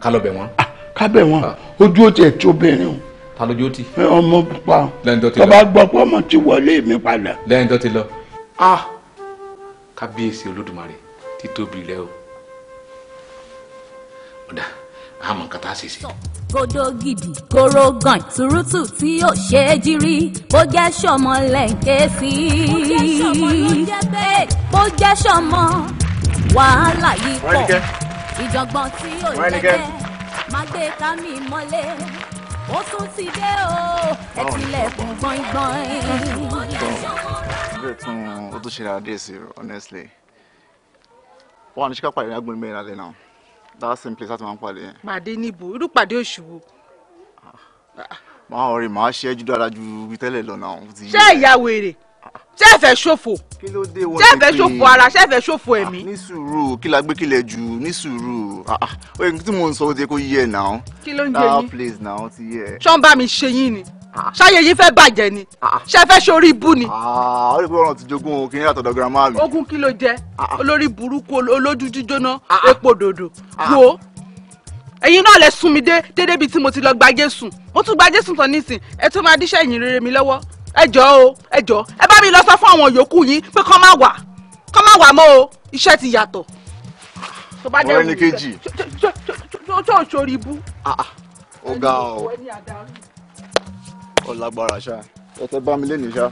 S2: ká lọ bẹ̀ wọ́n. Ah, ká bẹ̀ wọ́n ah. ojú tiẹ̀ tó bẹ̀rẹ̀ o ta lójú ó ti. ọmọ pupa tọba gbọ́ pé ọmọ ti wọlé mi padà. lẹ́yìn tó ti lọ. ah kábíyèsí olódùmarè títóbi rẹ o
S1: ọ̀dà àmọ́ nǹkan tá a ṣe ṣe. godo gidi koro gan turutu tí yóò ṣe é jírí bó jẹ́ sọmọ lẹ́ǹkẹ́ fi. bó jẹ́ sọmọ wàhálà yìí pọ̀ ìjọ̀gbọ̀n tí yóò jẹ́jẹ́ máa gbé ká mi ó tún ti dé o ẹ tilẹ̀kùn gbọ̀ngbọ̀n
S2: bẹ́ẹ̀ tún ó tún ṣe dáadáa honestly wọn àníṣe ká pàdé ní agbóni mẹ́rin alẹ́ náà that same place láti máa ń pàdé yẹn. màdé níbo irú pàdé òṣù wo. máa ń rí màá ṣe é jù dáadáa ju tẹ́lẹ̀ lọ náà. ṣé ìyá wèrè ṣé ẹ fẹ́ ṣòfò ṣé ẹ fẹ́ ṣòfò ara ah, ṣé ṣòfò ẹ̀mí. ní sùúrù kí la gbé kílẹ̀ jù ní sùúrù ó yẹ kí mo ń sọ ó ti yẹ kó yẹ náà. kí ló ń jẹ yín that place náà ti yẹ. ṣọ́n mi ṣe yín ni ah. ṣáyé yín fẹ́ bàjẹ́ ni ah. ṣé fẹ́ ṣe orí ibú ni. ó lè pé ti jogún o kì í yàtọ̀ dọ̀gàrà máa mi. ogún kí ló jẹ olórí burúkú olójú jíjóná epo dòdò wo ẹ̀yin náà lẹ sún mi dé dédé bíi tí mo ti lọ gba jésù mo tún gba jésù tán nísìn ẹ tó máa díṣẹ́ ìyìn mi lọ́wọ́ ẹ jọ o ẹ ẹ bá mi lọ sọ fún àwọn yòókù yín pé kọ́ má wà kọ́ má wà mọ́ o iṣẹ́ ti yàtọ̀. tó bá jẹ́ òní kejì. tó ń sori ibú. ó ga ọ ọ lágbára ṣá ẹ bá mi lé ní ṣá.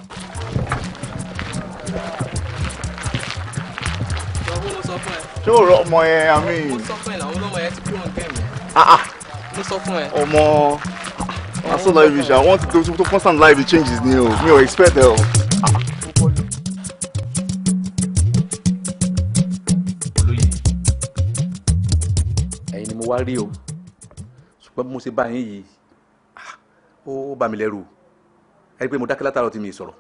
S2: ṣé o rọ ọmọ yẹn àmì. mo sọ fún ẹ làwọn ọmọ yẹn ti kúrò ní kẹ́mi. mo ah, ah. sọ fún ẹ. ọmọ. I saw live vision. I want to, to, to some live, it changes new. Me, I expect hell. ẹ̀yin ni mo wá rí o ṣùgbọ́n bí mo ṣe bá yín yìí ah, ó bà mí lẹ́rù ẹ rí i pé mo dákẹ́ látàárọ̀ tí mi sọ̀rọ̀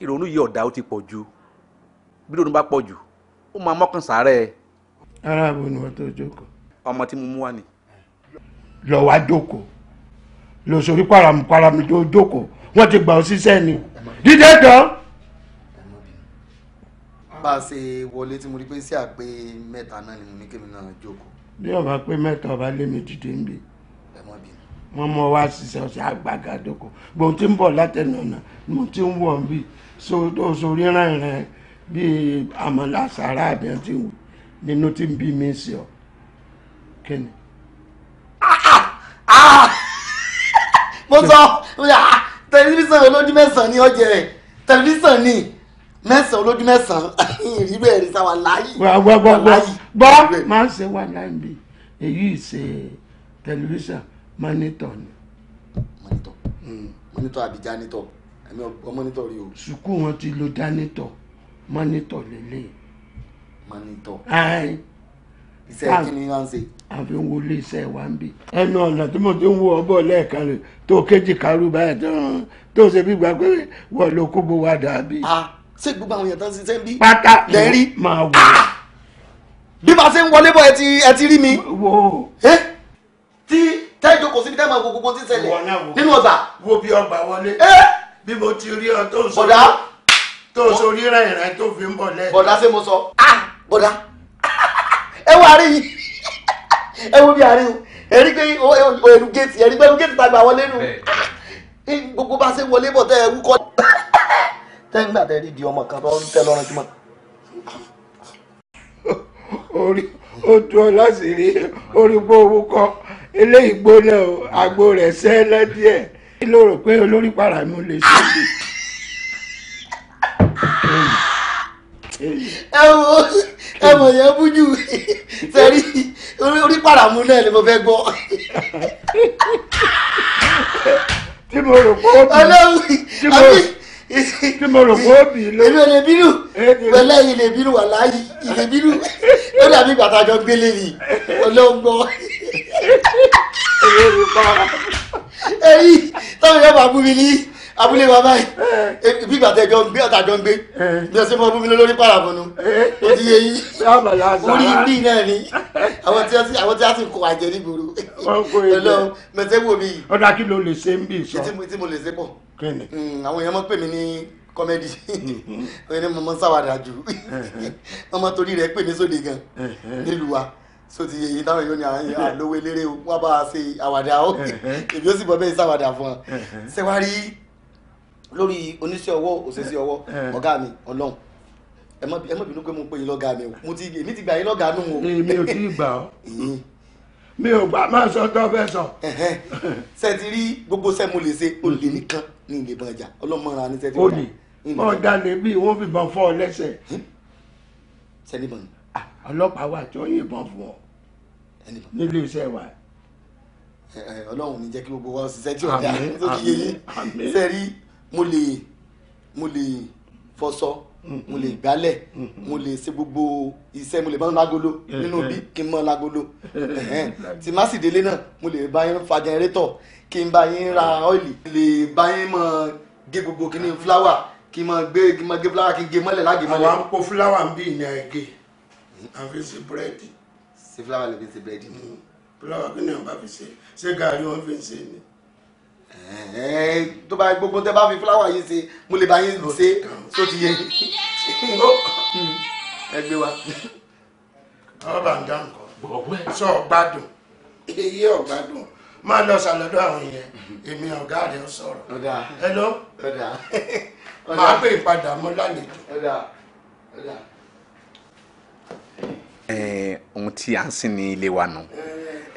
S2: ìrònú yìí ọ̀dà ó ti pọ̀ ju bí ìrònú bá pọ̀ jù ó máa mọ́kàn sáré. aráàbò ni wọ́n tó jókòó. ọmọ tí mo mú wá ni. lọ wá jókòó lòsòrí paramparami tó jókòó wọ́n ti gbà ọ́ síṣẹ́ ni dídé tán. bá a ṣe wọlé tí mo rí pé sí àpé mẹ́ta náà ni mo ní kémi náà jókòó. bí ọba pé mẹ́ta ọba lé mi dìde ń bì wọ́n mọ wá ṣiṣẹ́ ọ̀sẹ̀ àgbàgàdókò gbòǹ tí ń bọ̀ látẹnu ọ̀nà mo ti ń wọ̀ bí sórí ránran bíi àmàlà sàrà àbí ọtí nínú tí ń bí mi sí ọ kẹ́ni mo sọ ah, tẹlifíṣàn olójú mẹ́sàn-án ni ọjẹ rẹ tẹlifíṣàn ni mẹ́sàn-án olójú mẹ́sàn-án ìrí bẹ́ẹ̀ rí sáwà láàyè. gbọ́ gbọ́ máa ń ṣe wà láì bí èyí ṣe tẹlifíṣàn mọ́nítọ̀ ni. mọ́nítọ̀ hmm, mọ́nítọ̀ àbí jánítọ̀ ẹ̀mí ọmọnítọ̀ rí o. sùkú wọn ti lo jánítọ̀ mọ́nítọ̀ lélẹ̀. mọ́nítọ̀. iṣẹ́ kí ni wọ́n ń ṣe àfi ń wo ilé iṣẹ́ wa ń bì. ẹnu ọ̀nà tí mo ti ń wo ọbọ̀ lẹ́ẹ̀kan rẹ̀ tó kéjì karú báyìí tán tó ṣe bí gbà pé wọ́n ló kó bó wa dàbí. ṣé gbogbo àwọn èèyàn tán ti sẹ́ńbí. pátá lẹ́rí máa wò. Ah! bí màá ṣe ń wọlé bọ̀ ẹ ti rí mi. wo tí tẹ́jọ kò síbi tẹ́ẹ̀mọ̀ gbogbo ti ṣẹlẹ̀ nínú ọgbà. wo bí ọgbà wọlé bí mo ti rí ọ tó ń sọ tó ń sọ rírẹ̀ rẹ̀ tó fi ń bọ̀ lẹ́ẹ̀. bọ̀dá ṣé mo sọ. Ah! bọ̀dá ẹ wà á rí yìí ẹ bí àárín o ẹ rí pé ẹnu géètì ẹ rí pé ẹnu géètì ta gbà wọlé nù gbogbo bá ṣe wọlé bọ̀ tẹ́ ẹ wúkọ́ tẹ́yìn gbà tẹ́ rí di ọmọ kan tó ń tẹ́ lọ́rùn jùmọ̀. orí ó tún ọ láti rí orí bó wúkọ eléyìí gbóná o àgbo rẹ̀ sẹ́lẹ̀ díẹ̀ kí ló rò pé olórí para mi lè ṣe é. ẹ wo ẹmọ yẹn bújú sẹ́rí orí pàràmù náà ni mo fẹ́ gbọ́. tí mo rò pé ó bì í tí mo rò pé ó bì í ló. èmi ò lè bínú pẹ̀lẹ́ ilé bínú wà láàyè ilé bínú ó dàbí bàtà jọ gbélé ni ọlọ́gbọ́n èyí tọ́wọ́ yóò bá bú mi ní abúlé wa báyìí eh. eh. bí bàtà ẹjọ gbé ọ̀tà jọ gbé bí ọsẹ mọ búmi lórí parabọ nu o eh. ti yẹ yí orí bí náà ni àwọn tí àwọn tí a ti kọ àjẹ nígboro ẹlọ mẹsẹ wo mi. ọ̀dà kí ló lè ṣe ń bì sọ. tí mo lè ṣe pọ̀ hmm, àwọn èèyàn mọ̀ pè mí ní kọ́mẹ́dì ọ̀yẹ́ ni mo mọ̀ sáwàdà jù mm-hmm. ọmọ torí rẹ̀ pè mí sóde gan mm-hmm. nílùú wa so ti yẹ yìí táwọn yóò ní àwọn àlówó eléré wọn bá a ṣe àwàdà ó mm-hmm. èmi ó sì bọ́ bẹ́ẹ̀ ṣàwàdà fún ọ ṣé lórí oníṣẹ́ ọwọ́ òṣèṣẹ́ eh. ọwọ́ eh. ọ̀gá mi ọlọ́run ẹ má bínú pé mo pè yín lọ́gàá mi o mo ti èmi ti gbà yín lọ́gàá nù o. èmi ò tí ì gbà ọ́ mi ò gbà má sọ tó fẹ́ sọ. ṣe ti rí gbogbo ṣe mo lè ṣe olè nìkan ní ilé ìbọn ọlọ́mọra ni ṣe ti rí. olè wọn dalè bí wọn fìbọn fọ ọ lẹ́sẹ̀. sẹ́ni bọ̀ ni. ọlọ́pàá wà tí ó yìnbọn fún ọ nílé iṣẹ́ wa ọlọ́run ní jẹ́ kí gbogbo wa ṣiṣẹ́ tí ó dáa mo lè mo lè fọṣọ mm-hmm. mo lè gbálẹ̀ mm-hmm. mo lè ṣe gbogbo iṣẹ́ mo lè bá lágolo nínú bí kí n mọ lágolo tí má sì délé náà mo lè bá yín fa jẹnẹrétọ̀ kí n bá yín ra ọ́ìlì lè bá yín mọ gé gbogbo kíní fúláwà kí n mọ gbé kí n mọ gé fúláwà kí n gé mọ́lẹ̀ lágé mọ́lẹ̀. àwọn akó fúláwà ń bí ìní àìgé àfi ṣe búrẹ́dì. ṣe fúláwà lè fi ṣe búrẹ́dì. Mm. fúláwà kí ni àwọn bá fi ṣe ṣé gàrí wọn fi ń ni tó bá gbogbo tẹ bá fi fúláwà yìí ṣe mo lè bá yín ṣe tó ti yé ẹ wa. àwọn nǹkan sọ ọgbádùn èyí ọgbádùn máa lọ sàlọ́dọ̀ àwọn yẹn èmi ọ̀gá rẹ̀ ń sọ̀rọ̀ máa pè padà mọ́ lálejò ohun tí a ń sìn ní ilé wa nù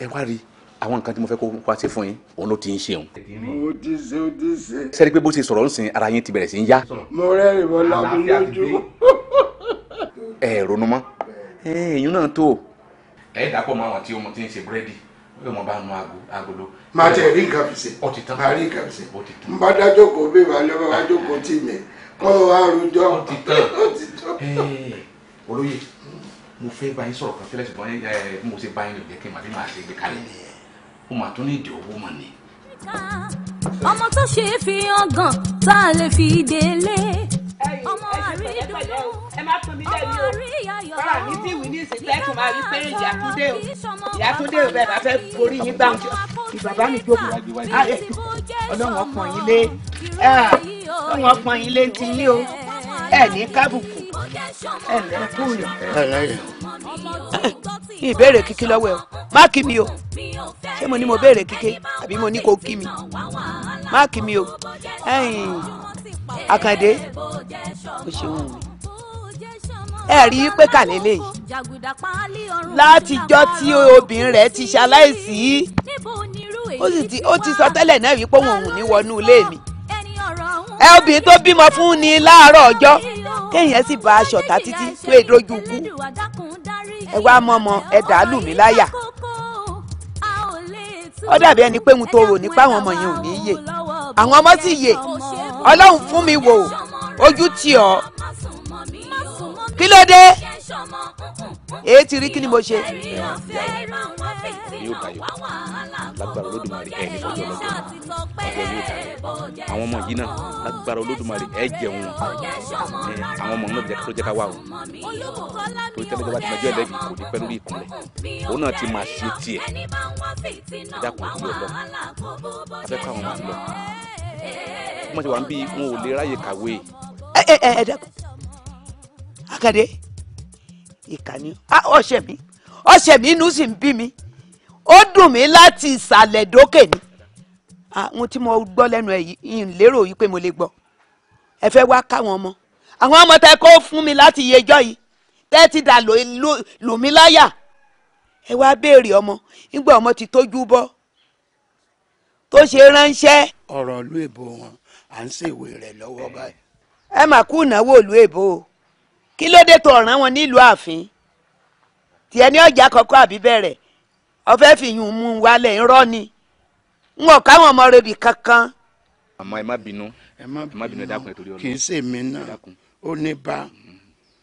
S2: ẹ wá rí i àwọn nǹkan tí mo fẹ́ kó wá ṣe fún yín òun ló ti ń ṣe òun. mo ti ṣe o ti ṣe. sẹ́ni pé bó ṣe sọ̀rọ̀ ń sìn ara yín ti bẹ̀rẹ̀ sí ń yá. mo rẹ́rìn mọ́ lábẹ́ lójú. ẹ ronú mọ́ ẹ̀yin náà tó. ẹ dàpọ̀ mọ́ àwọn tí ọmọ ti ń ṣe búrẹ́dì bí mo bá nu agolo. máa tẹ̀ rí nǹkan fi ṣe. ó ti tán máa rí nǹkan fi ṣe. ó ti tán. n bá dájọ́ kó bí ìbálẹ̀ bá wá jókòó tì mí kọ́ ọ àrùjọ. ó ti tán olóyè mo fẹ́ bá yín sọ̀rọ̀ kan fẹ́lẹ́ ṣùgbọ́n mo ṣe bá yín lò jẹ́ kí n máa bí máa ṣe gbé kalẹ̀ ó mà tún nídìí owó mọ̀ ni.
S1: ọmọ tó ṣe é fi ọgàn tá a lè fi délé ọmọ àrídùnnú ọmọ àríyáyọ fara mi bí wí ní ìsìnkú ẹkùn máa rí pé ìyàtúndé o ìyàtúndé o
S2: bẹ́ẹ̀ bá fẹ́ borí yín gbàǹjọ ìbàbá mi gbó ààrẹ ọlọ́run ọkàn yín lé ah, ọlọ́run ọkàn yín lé ti ní o ẹ ní kábùkù ìbéèrè kíkí lọ́wọ́ ẹ̀ má kí mi o ṣé mo ní mo béèrè kíkí àbí mo ní kó kí mi má kí mi o àkàndé o ṣeun mi ẹ rí i pé kàlẹ́ lè
S1: yìí látijọ́ tí obìnrin rẹ̀ ti ṣaláìsí
S2: ó ti sọ tẹ́lẹ̀ náà wípé òun ò ní wọnú ilé mi ẹ obìnrin tó bímọ fún ni láàárọ̀ ọjọ́ kéèyàn sì bá aṣọ ta títí pé dojú kú ẹ wá mọ́mọ́ ẹ dàá lù mí láyà ó dàbí ẹni pé n tó rò nípa àwọn ọmọ yẹn ò ní yè àwọn ọmọ sì yè ọlọ́run fún mi wò ojú tì ọ́
S1: kí ló dé èé ti rí kí ni mo ṣe ẹ̀rín yóò tayọ lágbára olódùmarè ẹ̀rín fọ́jọ́ lọ́jọ́ ọ̀pọ̀ yóò tayọ àwọn ọmọ yìí náà
S2: lágbára olódùmarè ẹ̀ jẹun
S1: àwọn ọmọ náà tó jẹ́ ká wà o tó tẹ́lẹ̀ bá ti mọ ẹjọ́ kò ní pẹ́ lórí ìkúnlẹ̀ òun náà ti máa ṣe tiẹ̀ dákun ìlú ọlọ́ afẹ́ káwọn máa lọ wọ́n ti
S2: wà ń bí wọn ò lè ráyè kàwé. ẹ ẹ ẹ dákun akadé ìkànnì ah, ọ̀sẹ̀ mi ọ̀sẹ̀ mi inú sì ń bí mi ó dùn mí láti ìsàlẹ̀ dókè ni àwọn ah, tí mo gbọ́ lẹ́nu ẹ̀ yìí ń lérò yìí pé mo lè gbọ́ ẹ fẹ́ wá káwọn ọmọ àwọn ọmọ tẹ kó fún mi láti yejọ́ yìí tẹ́ ti dà lù mí láyà ẹ wá béèrè ọmọ nígbà ọmọ ti tójú bọ́ tó ṣe ránṣẹ́. ọ̀rọ̀ ìlú èbó wọn à ń ṣèwé rẹ̀ lọ́wọ́ báyìí. ẹ mà kú ìnáwó ìlú èbó o kí ló dé tó ọ̀ràn wọn nílùú ààfin tiẹ̀ ní ọjà kọ́kọ́ àbí bẹ̀rẹ̀ ọfẹ́ fìyún mú wálẹ̀ ńrọ́ ni n ò káwọn ọmọ rẹ̀ bì kankan. àmọ́ ẹ má bínú ẹ má bínú dákun nítorí ọlọ́run kì í ṣe mí náà ó ní bá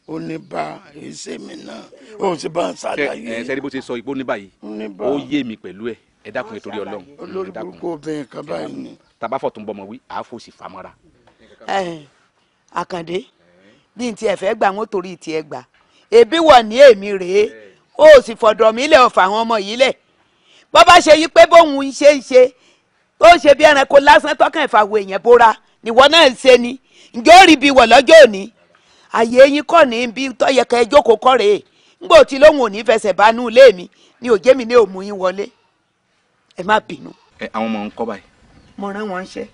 S2: ó ní bá èyí ṣe mí náà ó sì bá ń ṣàlàyé. ẹ sẹ́ni bó ṣe sọ ìgbó ní báyìí ó yé mi pẹ̀lú ẹ̀ ẹ dákun nítorí ọlọ́run. olórí burúkú obìnrin kan báyìí ni. tabafọ tó ń wí àáfò sì famara. àkàndé bí n tiẹ̀ fẹ́ gbà wọ́n torí tiẹ̀ gbà èbí wọ̀ ní èmi rèé. ó sì fọ̀dọ̀ mi lẹ̀ ọ̀fà àwọn ọmọ yìí lẹ̀ bọ́ bá ṣe yí pé bóun ń ṣe ń ṣe tó ṣe bí ẹranko lásán tọ́kàn ìfàwọ̀ èèyàn bóra nìwọ náà ń ṣe ni ǹjẹ́ ó rí ibi wọ̀ lọ́jọ́ òní àyè yín kọ ní ibi tọ́yẹ̀kẹ́ jókòó kọ́ rèé ńgbò tí lóun ò ní fẹsẹ̀ bá nú ilé mi ni òjé mi ní òmù yín wọlé ẹ má bínú. ẹ àwọn ọmọ ń kọ́ báyìí. mo rán wọn ṣẹ́.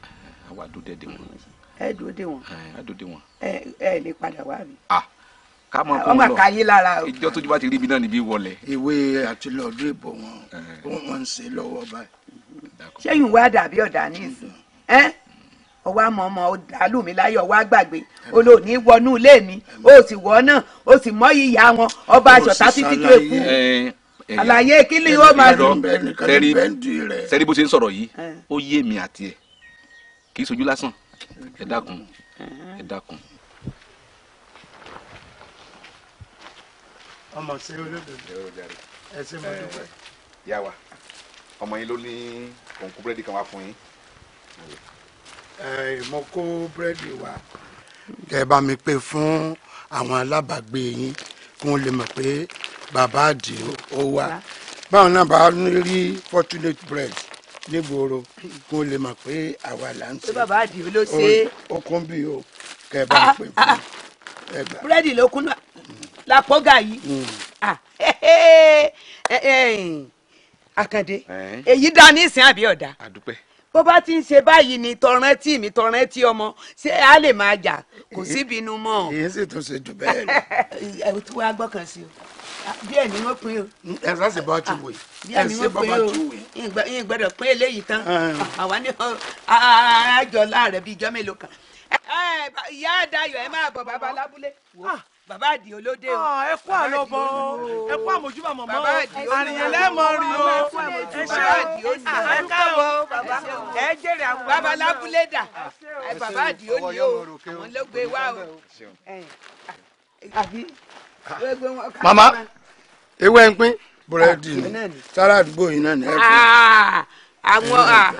S2: àwa dúdẹ́ dé wọn. ẹ dúdẹ́ wọn. ẹ wọn. ẹ ẹ lè padà wá mi. ah ká mọ kó lọ ìjọ tójú bá ti rí ibi náà níbi wọlé. ìwé àti lọ́ọ̀dún ìbò wọn wọn ń ṣe lọ́wọ́ báyìí. ṣéyìn wá dàbí ọ̀dà ní ìsìn ọwọ́ àmọ́ ọmọ ọ̀dàlùmí láyé ọwọ́ àgbàgbé olóòní wọnú ilé mi ó sì wọ́ náà ó sì mọ́ ìyá wọn ọba àṣọ̀tá títí tó kú àlàyé kí ni ó máa dùn. sẹ́rí bó ṣe ń sọ̀rọ̀ yìí ó yé mi àti ẹ̀ kì í sojú lásán ẹ dákun ẹ dákun. ọmọ sí olódodo ẹ ṣe mo dúpẹ́. yà wá ọmọ yín ló ní òǹkú búrẹ́dì kan wá fún yín. mo kó búrẹ́dì wá kẹ bá mi pè fún àwọn alábàágbé yín kí wọ́n lè mọ̀ pé bàbá àdìo ó wà báwọn náà bá rí fortunate bread nígboro kó lè mọ̀ pé àwa là ń ṣe. é. ó bí o kẹ bá mi pè fún ah, ah, ah. ẹgbàá. búrẹ́dì ló kún náà làpọ̀gà yìí àkàndé hmm. ah, eh, eh, eh, èyí dá ní ìsìn àbí ọ̀dà bó bá ti ń ṣe báyìí ni tọrẹntì mi tọrẹntì ọmọ ṣé a lè máa jà kò sí bínú mọ́. èyí sì tún ṣe jù bẹ́ẹ̀ lọ. ẹ ò tí wàá gbọ́kàn sí o díẹ̀ ah, ni wọ́n pín o. Hmm, ẹ sá sì bá ti ah, wò yìí. díẹ̀ ni wọ́n pín o ìyìn gbọ́dọ̀ pín eléyìí tán àwa ní àjọ láàrẹ̀ bíi ìjọ́ mélòó kan. ìyá àdáyọ̀ ẹ máa bọ̀ bàbá lábúlé bàbá ah, àdì olóde o. ẹ kú àlọbọ ẹ kú àmójúbà mọmọ o àrìyàn lẹmọ rí o ẹ ṣe ẹ káàbọ̀ ẹ jèrè àwọn bàbá lábúlé dà bàbá àdì ó ní o àwọn ló gbé wá o. màmá ewé ń pín búrẹ́dì ni sára àdúgbò yìí náà ní ẹ fún. Ah, àwọn ah,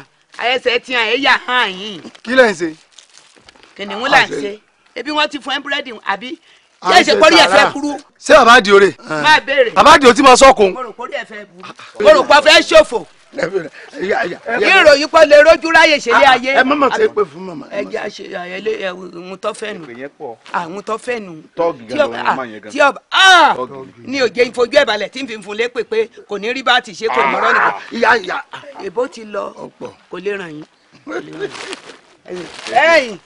S2: ẹsẹ̀ tí a yà hàn yìí. kí lẹ̀ ń ṣe. kìnìún là ń ṣe ebi wọn ti fún ẹ búrẹ́dì àbí ṣé ìṣe kọ́rí ẹ̀fẹ́ kúrú. ṣé bàbá di ore. máa béèrè. bàbá di o ti máa sọkun. mo rò kórè ẹ̀fẹ́ bu. mo rò pa fẹ́ ṣòfò. ìròyìn pọ̀ lè rójú ráyè ṣeré ayé. ẹ má máa ṣe pé fún màmá. ẹ jẹ́ àṣe àyẹlé ẹ̀hún tó fẹ́ nu. àwọn fẹ́ nu. tọ́ọ̀gì gan ló tí ọba ah! ni òjé ìfojú ẹ̀ balẹ̀ tí n fi fún lé pé pé kò ní rí bá ti ṣe kò mọ́rọ́ nìkan. Ah! ìyá ìyá. èbó ti lọ kò lè ràn yín. ẹ̀yìn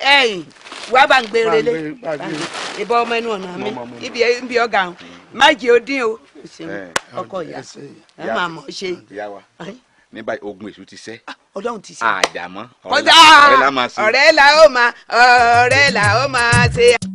S2: ẹ̀yìn wá bá ń gbé relé ọmọ ẹnu ọ̀nà mi ibi ọ̀gá ọ̀hún má ó dín o ọkọ ìyá ẹ máa mọ̀ ṣe. ní báyìí ogun èṣù ti sẹ́ ah, ọlọ́run ti sẹ́ àdàmọ́ ọ̀rẹ́ la ó máa ọ̀rẹ́ la ó máa ṣe.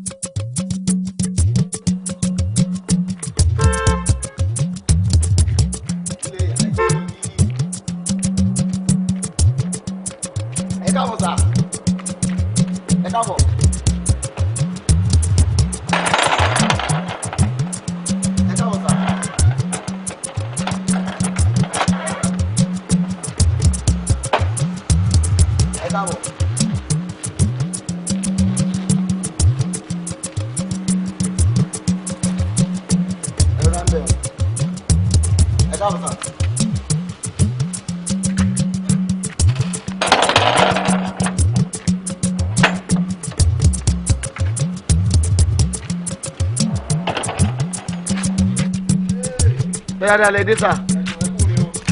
S2: dáadáa lẹ dé sà.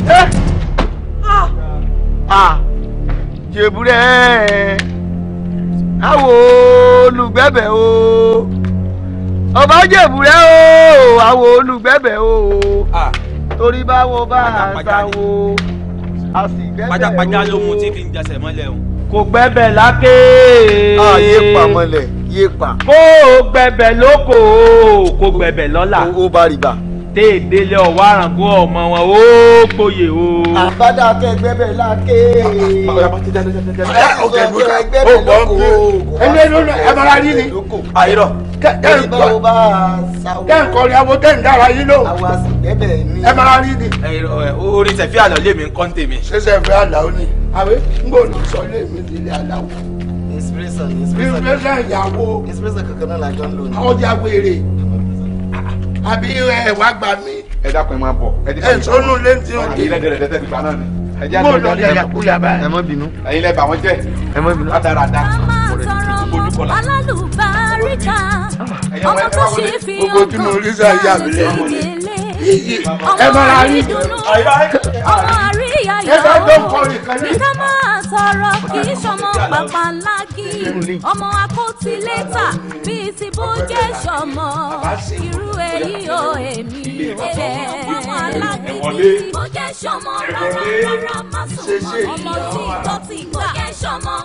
S2: Ah! Ah! jèbúrẹ́ àwọ̀ olùgbẹ́bẹ̀ o ọba jèbúrẹ́ o àwọ̀ olùgbẹ́bẹ̀ o ah! torí báwo bá a wo a sì gbẹ́bẹ̀ o. pajápajá ló mu tí fi ń jẹsẹ̀ mọ́lẹ̀ o. kò gbẹ́bẹ̀ lákè. ààyè pa mọ́lẹ̀ yé pa. kó o gbẹ̀bẹ̀ lóko o kò gbẹ̀bẹ̀ lọ́la. ó bá rí bá tẹ́ ìdílé ọ̀wá àràǹkó ọmọ wọn ó gbòye o. àbádá kẹgbẹ́ bẹ́ẹ̀ láké. ọ̀kẹ́gbẹ́ bẹ́ẹ̀ lóko. ẹni ẹni ọ̀nà ẹ̀bára yín ni. àyírọ̀ kẹ́ńkọ́rin àwọn kẹ́ńdára yín ló. ẹ̀bára yín ni. orin tẹ̀fí àlọ́ lèmi ń kọ́ńté mi. ṣẹṣẹ fẹ́ àlà ó ní. àwẹ ń gbọ́ ló sọ ilé mi nílé aláwọ̀. inspiration inspiration ìyàwó. inspiration kankan náà la jọ ń lò ní. ọjà wèrè àbí ẹ wá gbà mí. ẹ dákun ẹ máa bọ. ẹ sọnù lẹ́ntì òde. àbí lẹ́dẹ̀rẹ̀ tẹ́tẹ́ fipá náà ni. mo lọ lẹ yakuya báyìí. ẹ má bínú. ẹ̀yin lẹ bà ẹ má bínú. látara dá.
S1: alálùbáríkà ọmọ tó ṣe fi ọkọ gbogbo tunu oríṣi ayé àbílẹ̀ ẹ bá ra yín
S2: ọmọ
S1: àríyá yọ ẹ bá dọ́kọ̀ ìkànnì lọ́rọ̀ kì í ṣọmọ pàpà lágì ọmọ akótilétà bíi ti bójé ṣọmọ irú èyí o èmi ò jẹ́ ọmọ alágídí bójé ṣọmọ rárá rárá má sùn mọ́ ọmọ tí tó ti gbà bójé ṣọmọ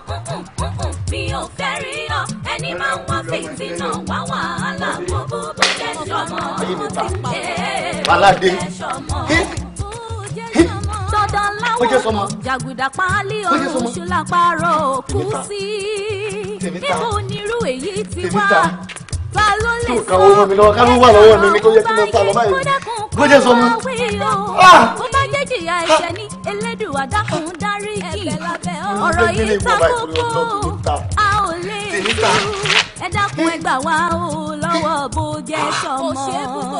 S1: mi ò fẹ́ rí ọ ẹni máa ń wá fìtì náà wá wàhálà bóbó bójé ṣọmọ ọmọ tí ń jẹ́ bójé ṣọmọ aláwọ̀ jàgùdà páálí ọ̀run ṣùlápàrọ̀ kú sí níbo nírú èyí ti wá ta ló lè sọ ọ̀rọ̀
S2: báyìí kó dákun kó wá wí
S1: o kó má jẹ́ jìyà ẹ̀ṣẹ̀ ní Elédùà dákun dárí ẹ̀bẹ̀ ọ̀rọ̀ yìí ta
S2: kókó
S1: a ò lè tú ẹ dákun ẹ gbà wá o lọ́wọ́ bó jẹ́ sọmọ.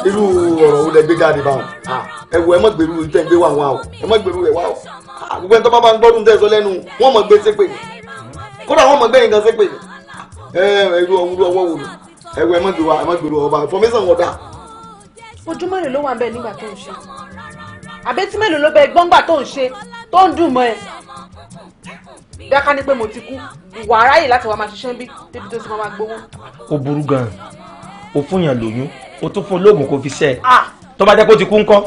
S2: irú ọ̀rọ̀ wo lẹ gbé jáde báwọn ẹ wo ẹ mọ̀ gbèrú tẹ̀ ń gbé wà wọn o ẹ mọ̀ gbèrú ẹ̀ wá o gbogbo ẹni tó bá bá ń gbọ́dún tẹ̀ sọ lẹ́nu wọ́n mọ̀ gbé sépè ní kódà wọ́n mọ̀ gbẹ̀yìn kan sépè ní ẹ irú ọwọ́ wo ni ẹ wo ẹ mọ̀ gbèrú ẹ mọ̀ gbèrú ọba information wọn ojú mélòó ló wà ń nígbà tó ń ṣe àbẹ́tí mélòó ló bẹ gbọ́ngbà tó ń ṣe tó ń dùn mọ́ ẹ dáká ní pé mo ti kú wà á ráyè láti wá máa ṣiṣẹ́ bí débi tó ti máa gbowó. ó burú gan-an ó fún yàn lóyún ó tún fún lóògùn kó fi ṣe é ah! tó bá jẹ́ kó ti kú ńkọ́.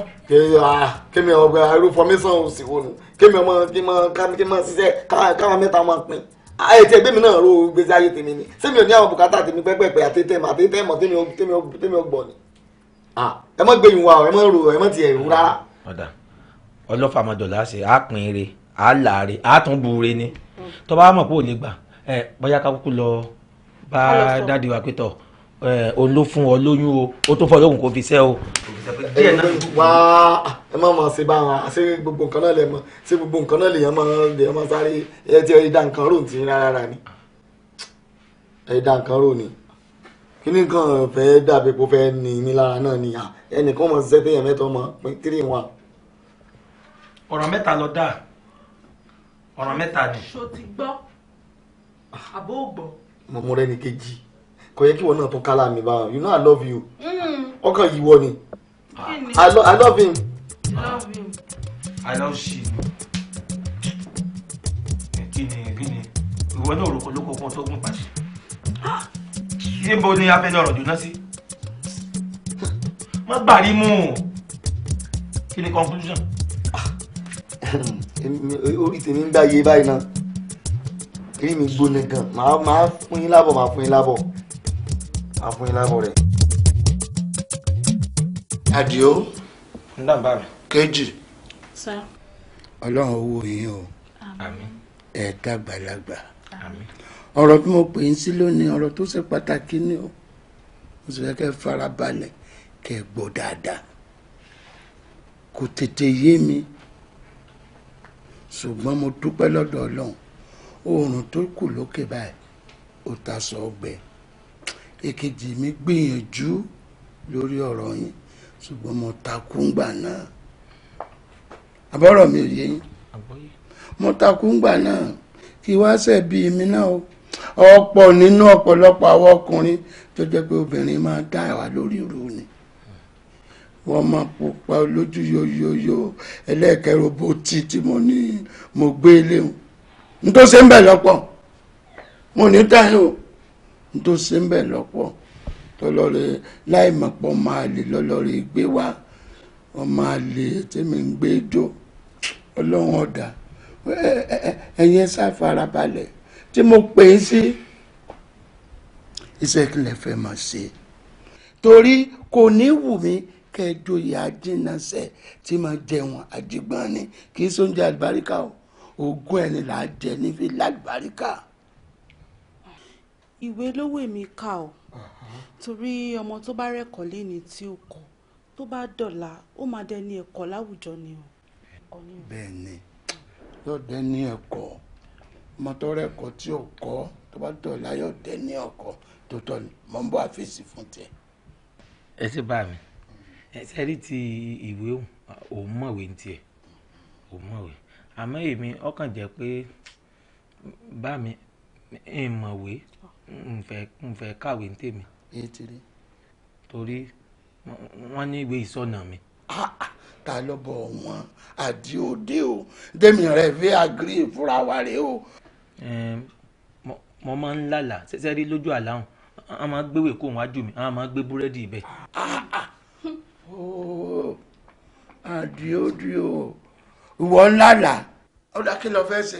S2: kémi ah, ọgbà arúfọmísàn òsì wo nù kémi ọmọ kí n máa ṣiṣẹ́ káwọn mẹ́ta máa pín ayé ah, tí ẹgbẹ́ mi náà ro gbèsè ayé tèmi ni sẹ́mi ò ní àwọn bùkátà tèmi pẹ́pẹ́pẹ́ àtẹ́tẹ́ mọ̀ àtẹ́tẹ́ mọ̀ tèmi ọgbọ̀n ni ẹ mọ̀ gbẹ̀yìn wa ẹ mọ̀ ro ẹ mọ̀ tiẹ̀ rú rárá. ọ̀dà ọlọ́fà mọ́dọ̀lá ṣe àpín ire àlàáre àtúnbù ire ni tó bá mọ̀ pé ò lè gbà ẹ bóyá ká lọ bá dáàdi wa pé tọ̀ òun fún ọ lóyún o ó tó fọ lóhùn kó fi sẹ́ o. wá ẹ má máa ṣe bá wọn ṣé gbogbo nǹkan náà lè mọ ṣé gbogbo nǹkan náà lèèyàn máa lèèyàn máa sáré ẹ ti ẹ dá nǹkan rò ní rárá ni ẹ dá nǹkan rò ni kí ni nǹkan fẹ́ dàbí kó fẹ́ ní mi lára náà ni ẹnìkan mọ̀ ṣiṣẹ́ tẹ̀yẹ̀ mẹ́tọ́ mọ̀ pé tírì wọn. ọ̀rọ̀ mẹ́ta lọ dáa ọ̀ràn mẹ́ta ni. ṣo ti gbọ́ àbó gbọ́. mọ̀mọ́ rẹ ni kejì kò yẹ kí wọn náà tún kálá mi báwọn you know i love you hmm. ọkàn yìí wọ ni i love him. i love she kí ni kí ni ìwọ náà rò kọlọ́kọ́ kan tó gún pàṣẹ níbo ni abẹ́lẹ̀ ọ̀rọ̀ jóná sí má gbàrí mú kí ni conclusion orí tèmi ń gbáyé báyìí náà rí mi gbóná gan màá fún yín lábọ̀ màá fún yín lábọ̀ màá fún yín lábọ̀ rẹ̀. àdìo. ń dà bá mi. kejì. sá. ọlọ́run owó yín o. àmín. ẹ dàgbàlagbà. àmín. ọ̀rọ̀ tí mo pè ń sí lónìí ọ̀rọ̀ tó ṣe pàtàkì ni o mo sì fẹ́ kẹ́ fara balẹ̀ kẹ́ gbọ́ dáadáa kò tètè yé mi ṣùgbọ́n mo dúpẹ́ lọ́dọ̀ ọlọ́run oòrùn tó kù lókè báyìí ó ta sọ ọgbẹ́ èkejì mi gbìyànjú lórí ọ̀rọ̀ yín ṣùgbọ́n mo takú ngbà náà àbọ̀rọ̀ mi ò yé yín mo takú ngbà náà kí wá ṣẹ̀ bí mi náà ọ̀pọ̀ nínú ọ̀pọ̀lọpọ̀ àwọn ọkùnrin tó jẹ́ pé obìnrin máa dá ìwà lórí ìrù ni wọ́n máa pupa lójú yoyoyo ẹlẹ́ẹ̀kẹ́rọ bó ti tí mo ní mo gbé e léwu n tó ṣe ń bẹ̀ lọ́pọ̀ mo ní táyọ̀ n tó ṣe ń bẹ̀ lọ́pọ̀ tọlọ́rẹ́ láì mọ̀ pọ̀ máa lè lọ́lọ́rẹ́ gbé wá ọmọ àlè tẹ́mi ń gbé jó ọlọ́run ọ̀dà ẹ̀yin ẹ̀ ṣàfarabalẹ̀ tí mo pè é sí iṣẹ́ kí lè fẹ́ máa ṣe torí kò ní wù mí kẹjọyè ajínasẹ tí máa jẹun àjígbọn ni kì í sóúnjẹ àlùbáríkà o ogún ẹni là á jẹ níbi lálùbáríkà. ìwé lówó mi kà o torí ọmọ tó bá rẹ́kọ̀ọ́ léni tí o kọ́ tó bá dọ̀la ó máa dẹni ẹ̀kọ́ láwùjọ ni o. bẹ́ẹ̀ ni yóò dẹni ẹ̀kọ́ ọmọ tó rẹ́kọ̀ọ́ tí o kọ́ tó bá dọ̀la yóò dẹni ẹ̀kọ́ tó tọ́ ni mọ̀ ń bọ́ àfẹ́sì fún tẹ. ẹ ti bá mi ẹsẹ rí ti ìwé òun mọ̀wé ní tiẹ̀ òun mọ̀wé àmọ́ èmi ọkàn jẹ́ pé bá mi ń mọ̀wé ń fẹ́ kàwé ní tèmi torí wọ́n ní ìwé ìsọ̀nà mi. ta ló bọ̀ wọ́n àdìódé o dèmi rẹ̀ fi àgírí fúra wa rè o. mo máa ń lálàá ṣẹṣẹ rí lójú àláhùn a máa gbéwèé kó wájú mi a máa gbé búrẹ́dì ibẹ̀. àdìódìó oh, ìwọ ńlá là ó dá kí lọ fẹ́ ṣe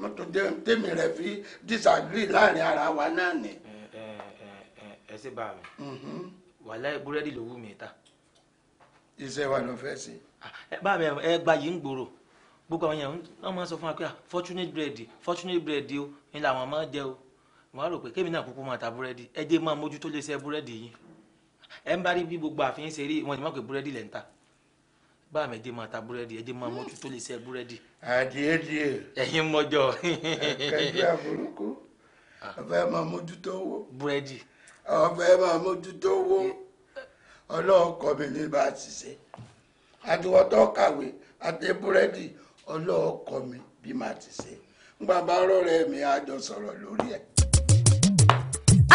S2: mọ́tò tèmi rẹ̀ fi disagree láàrin ara wa náà ni. ẹ ṣe bá mi mm-hmm. búrẹ́dì ló wù mí ta. iṣẹ́ wa lọ fẹ́ ṣe. mi ẹ gba yìí ń gbòòrò gbogbo àwọn sọ fún wa pé fortunate bread fortunate bread o ni làwọn máa jẹ o á rò pé náà kúkú máa ta búrẹ́dì ẹ jẹ́ máa lè ṣe búrẹ́dì yìí. ẹ ń bá rí bí gbogbo àfihàn ṣe rí wọn ti mọ̀ pé búrẹ́dì lẹ́ ń ta bá mi dé máa ta búrẹ́dì ẹ dé máa mọ́tò tó hmm. lè ṣe búrẹ́dì. àdìẹ díẹ. ẹ̀yin mọjọ. kẹjú àbúrúkú ah. ọbẹ̀ máa mójútó owó. búrẹ́dì. ọbẹ̀ máa mójútó owó ọlọ́ọ̀kọ́ mi ní bá a ti ṣe àtiwọ́tọ́ kàwé àti búrẹ́dì ọlọ́ọ̀kọ́ mi bí màá ti ṣe ń bàbá rọrẹ́ mi àjọ sọ̀rọ̀ lórí ẹ̀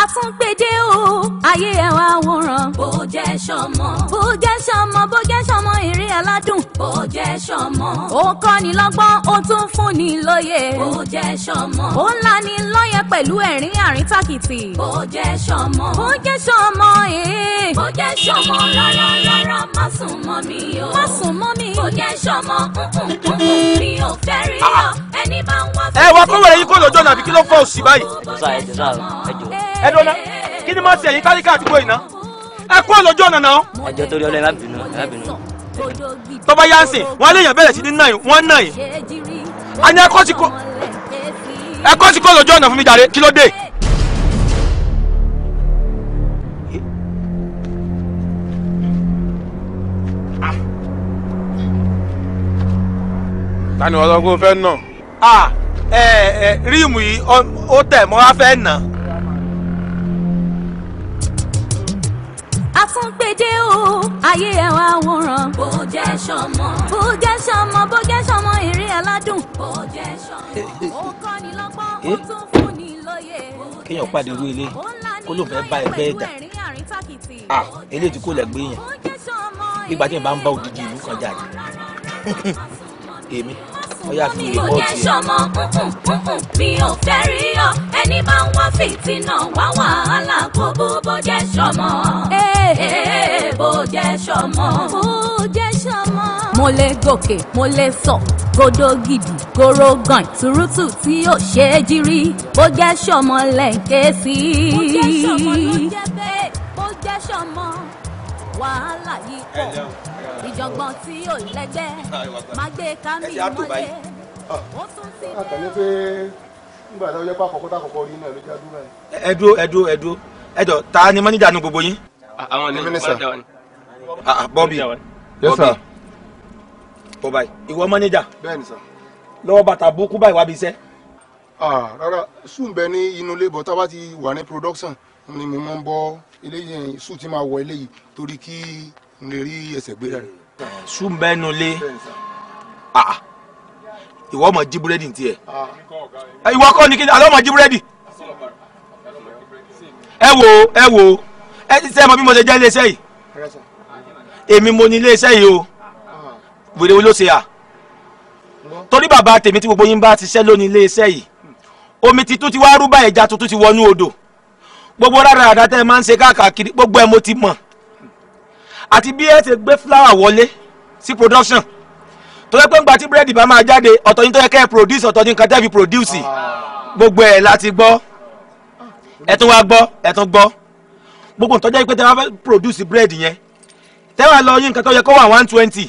S1: àtúngbèdè o ayé ẹ wá wòran. bó jẹ́ sọmọ. bó jẹ́ sọmọ bó jẹ́ sọmọ ìrí aládùn. bó jẹ́ sọmọ. ó kọ́ ni lọ́gbọ́n ó tún fún ni lóye. bó jẹ́ sọmọ. ó ń là ni pẹ̀lú ẹ̀rín àríntàkìtì. bó jẹ́ sọmọ. bó jẹ́ sọmọ ee. bó jẹ́ sọmọ rárá rárá má sùn mọ́ mi o. má sùn mọ́ mi. bó jẹ́ sọmọ mi ò fẹ́ rí ọ ah. ẹni bá ń wá. ẹ wá kó wẹ̀rẹ̀ yín
S2: kó lọ́jọ́ nàbí kí ló fọ́ òsì báyìí. ẹ ẹ dọ́nà kí ni máa ṣe ẹ̀yin tálíkà àdúgbò yìí ná ẹ kú ọlọ́jọ́ ọ̀nà náà. ẹjọ́ torí ọlọ́ ẹ má bínú ẹ má bínú. tọ́ba yá ń sìn wọ́n á léèyàn bẹ̀rẹ̀ sí ní náà yìí wọ́n náà yìí. a ní ẹkọ́ ti kọ́ ẹkọ́ ti kọ́ ọlọ́jọ́ ọ̀nà fún mi jàre kí ló dé. tani ọlọ́gbọ́n fẹ́ nà. Ah, ríìmù yìí ó tẹ̀ mọ́ wá fẹ́ nà.
S1: jẹ́ o ayé ẹ̀ wá wòran. bó jẹ́ sọmọ. bó jẹ́ sọmọ bó jẹ́ sọmọ èrè aládùn. bó jẹ́ sọmọ. Eh, eh, ó kọ́ ni lọ́gbọ́n ó eh, tún fún ni lóye. kéèyàn pàdé irú ilé kó ló fẹ́ bá ẹgbẹ́ ẹ̀dá à eléyìí tí kò lẹ́gbẹ́ yẹn gbígbà
S2: tí yẹn bá ń bá òdìdí ìlú kan jáde. èmi ọyá fi rìpọ́ọ̀tì
S1: ẹ̀. mi ò fẹ́ rí ọ ẹni máa ń wá fìtínà wá wàhálà kó bó bó jẹ́ sọmọ. bó jẹ́ sọmọ. bó jẹ́ sọmọ. mo lè gòkè mo lè sọ godo gidi goro gan turutu tí ó ṣe é jírí bó jẹ́ sọmọ lẹ́ńkẹ́ sí i. bó jẹ́ sọmọ ló jẹ́ bẹ́ẹ̀ bó jẹ́ sọmọ wàhálà yìí pọ̀ ìjọ̀gbọ̀n tí ò lẹ́gbẹ́ máa gbé kámi mọ́lé ah. ó tún
S2: ti dé. àtàlẹ́ pé nígbà tó yẹ pé àkọ́kọ́ tá àkọ́kọ́ rí náà ló já dúró ẹ̀. ẹ dúró ẹ dúró ẹ dúró ẹ jọ ta ni mọ́níjà nu gbogbo yín. àwọn ni mínísà bọ́bí bọ́bí ìwọ mọ́níjà lọ́wọ́ bàtà búkú báyìí wá bí iṣẹ́. Ah, rárá sùn bẹ ní inú labour tá a bá ti wà ní production ni mo máa ń bọ́ eléyìí sùn tí máa wọ eléyìí torí kí n lè rí ẹsẹ̀ gbé rẹ̀. sùn bẹ́ẹ̀ nu lé ah, ìwọ ọmọ jí búrẹ́dì tiẹ̀ ah. ìwọ kọ́ ni kí ni alọ́ ọmọ jí búrẹ́dì ẹ wo ẹ wo ẹ ti sẹ́ ẹ mọ bí mo ṣe jẹ́ iléeṣẹ́ yìí èmi mo ní iléeṣẹ́ yìí o ah. wèrè wo ló ṣe à torí bàbá tèmi tí gbogbo yín bá ti ṣẹ́ lónìí iléeṣẹ́ yìí omi titun ti wá rúbà ẹja tuntun ti wọnú odò gbogbo rárá àdá tẹ́ ẹ máa ń ṣe káàkiri gbogbo ẹ mo ti mọ̀ àti bí ẹ ti gbé fúláwà wọlé sí production tó yẹ pé ńgbà tí búrẹ́dì bá máa jáde ọ̀tọ̀ yín tó yẹ kẹ́ ẹ produce ọ̀tọ̀ yín kan tẹ́ fi produce ah. gbogbo ẹ̀ láti gbọ́ ẹ tún wá gbọ́ ẹ tún gbọ́ gbogbo nǹkan tó jẹ́ pé tẹ́ wá fẹ́ produce búrẹ́dì yẹn tẹ́ wá lọ yín nǹkan tó yẹ kó wà one twenty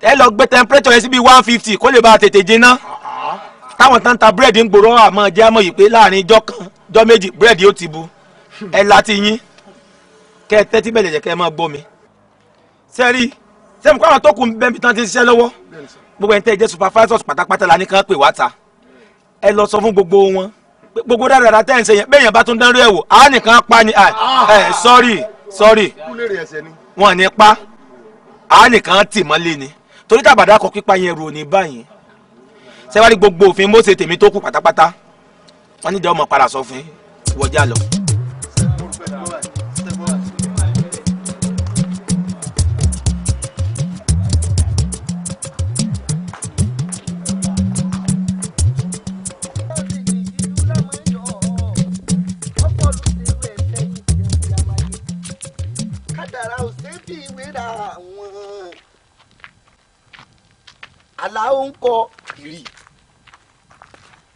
S2: ẹ lọ gbé temperature yẹn síbi one fifty kó lè bá a tètè jiná ah. táwọn tán ta búrẹ́dì ń gbòòrò àmọ́ jẹ́ àmọ́ yìí pé láàrin ijọ́ kan ijọ́ méjì búrẹ́dì ó ti bu ẹ láti yín kẹ ẹ tẹ́tí bẹ́ẹ̀ lè jẹ́ kẹ ẹ máa gbọ́ mi sẹ́rí sẹ́mi kó àwọn tó kù bẹ́ẹ̀ tán ti ṣiṣẹ́ lọ́wọ́ gbogbo ẹni tẹ́ ẹ jẹ́ supervisors pátápátá la ní kàn pè wá ta ẹ lọ sọ fún gbogbo wọn gbogbo dáadáa tẹ́ ẹ̀ ń ṣe yẹn bẹ́ẹ̀ yẹn bá tún dánrú ẹ̀ wò á nìkan pa ni ẹ sọ́rí sọ́rí wọn ní pa á nìkan tì mọ́lé ni torí tàbàdà kọ pípa yẹn rò ní báyìí sẹ́wárí gbogbo òfin Mósè tèmi tó kù pátápátá wọ́n ní ìjọba ọmọ padà sọ fún yín lọ. àlàó ń kọ ìrì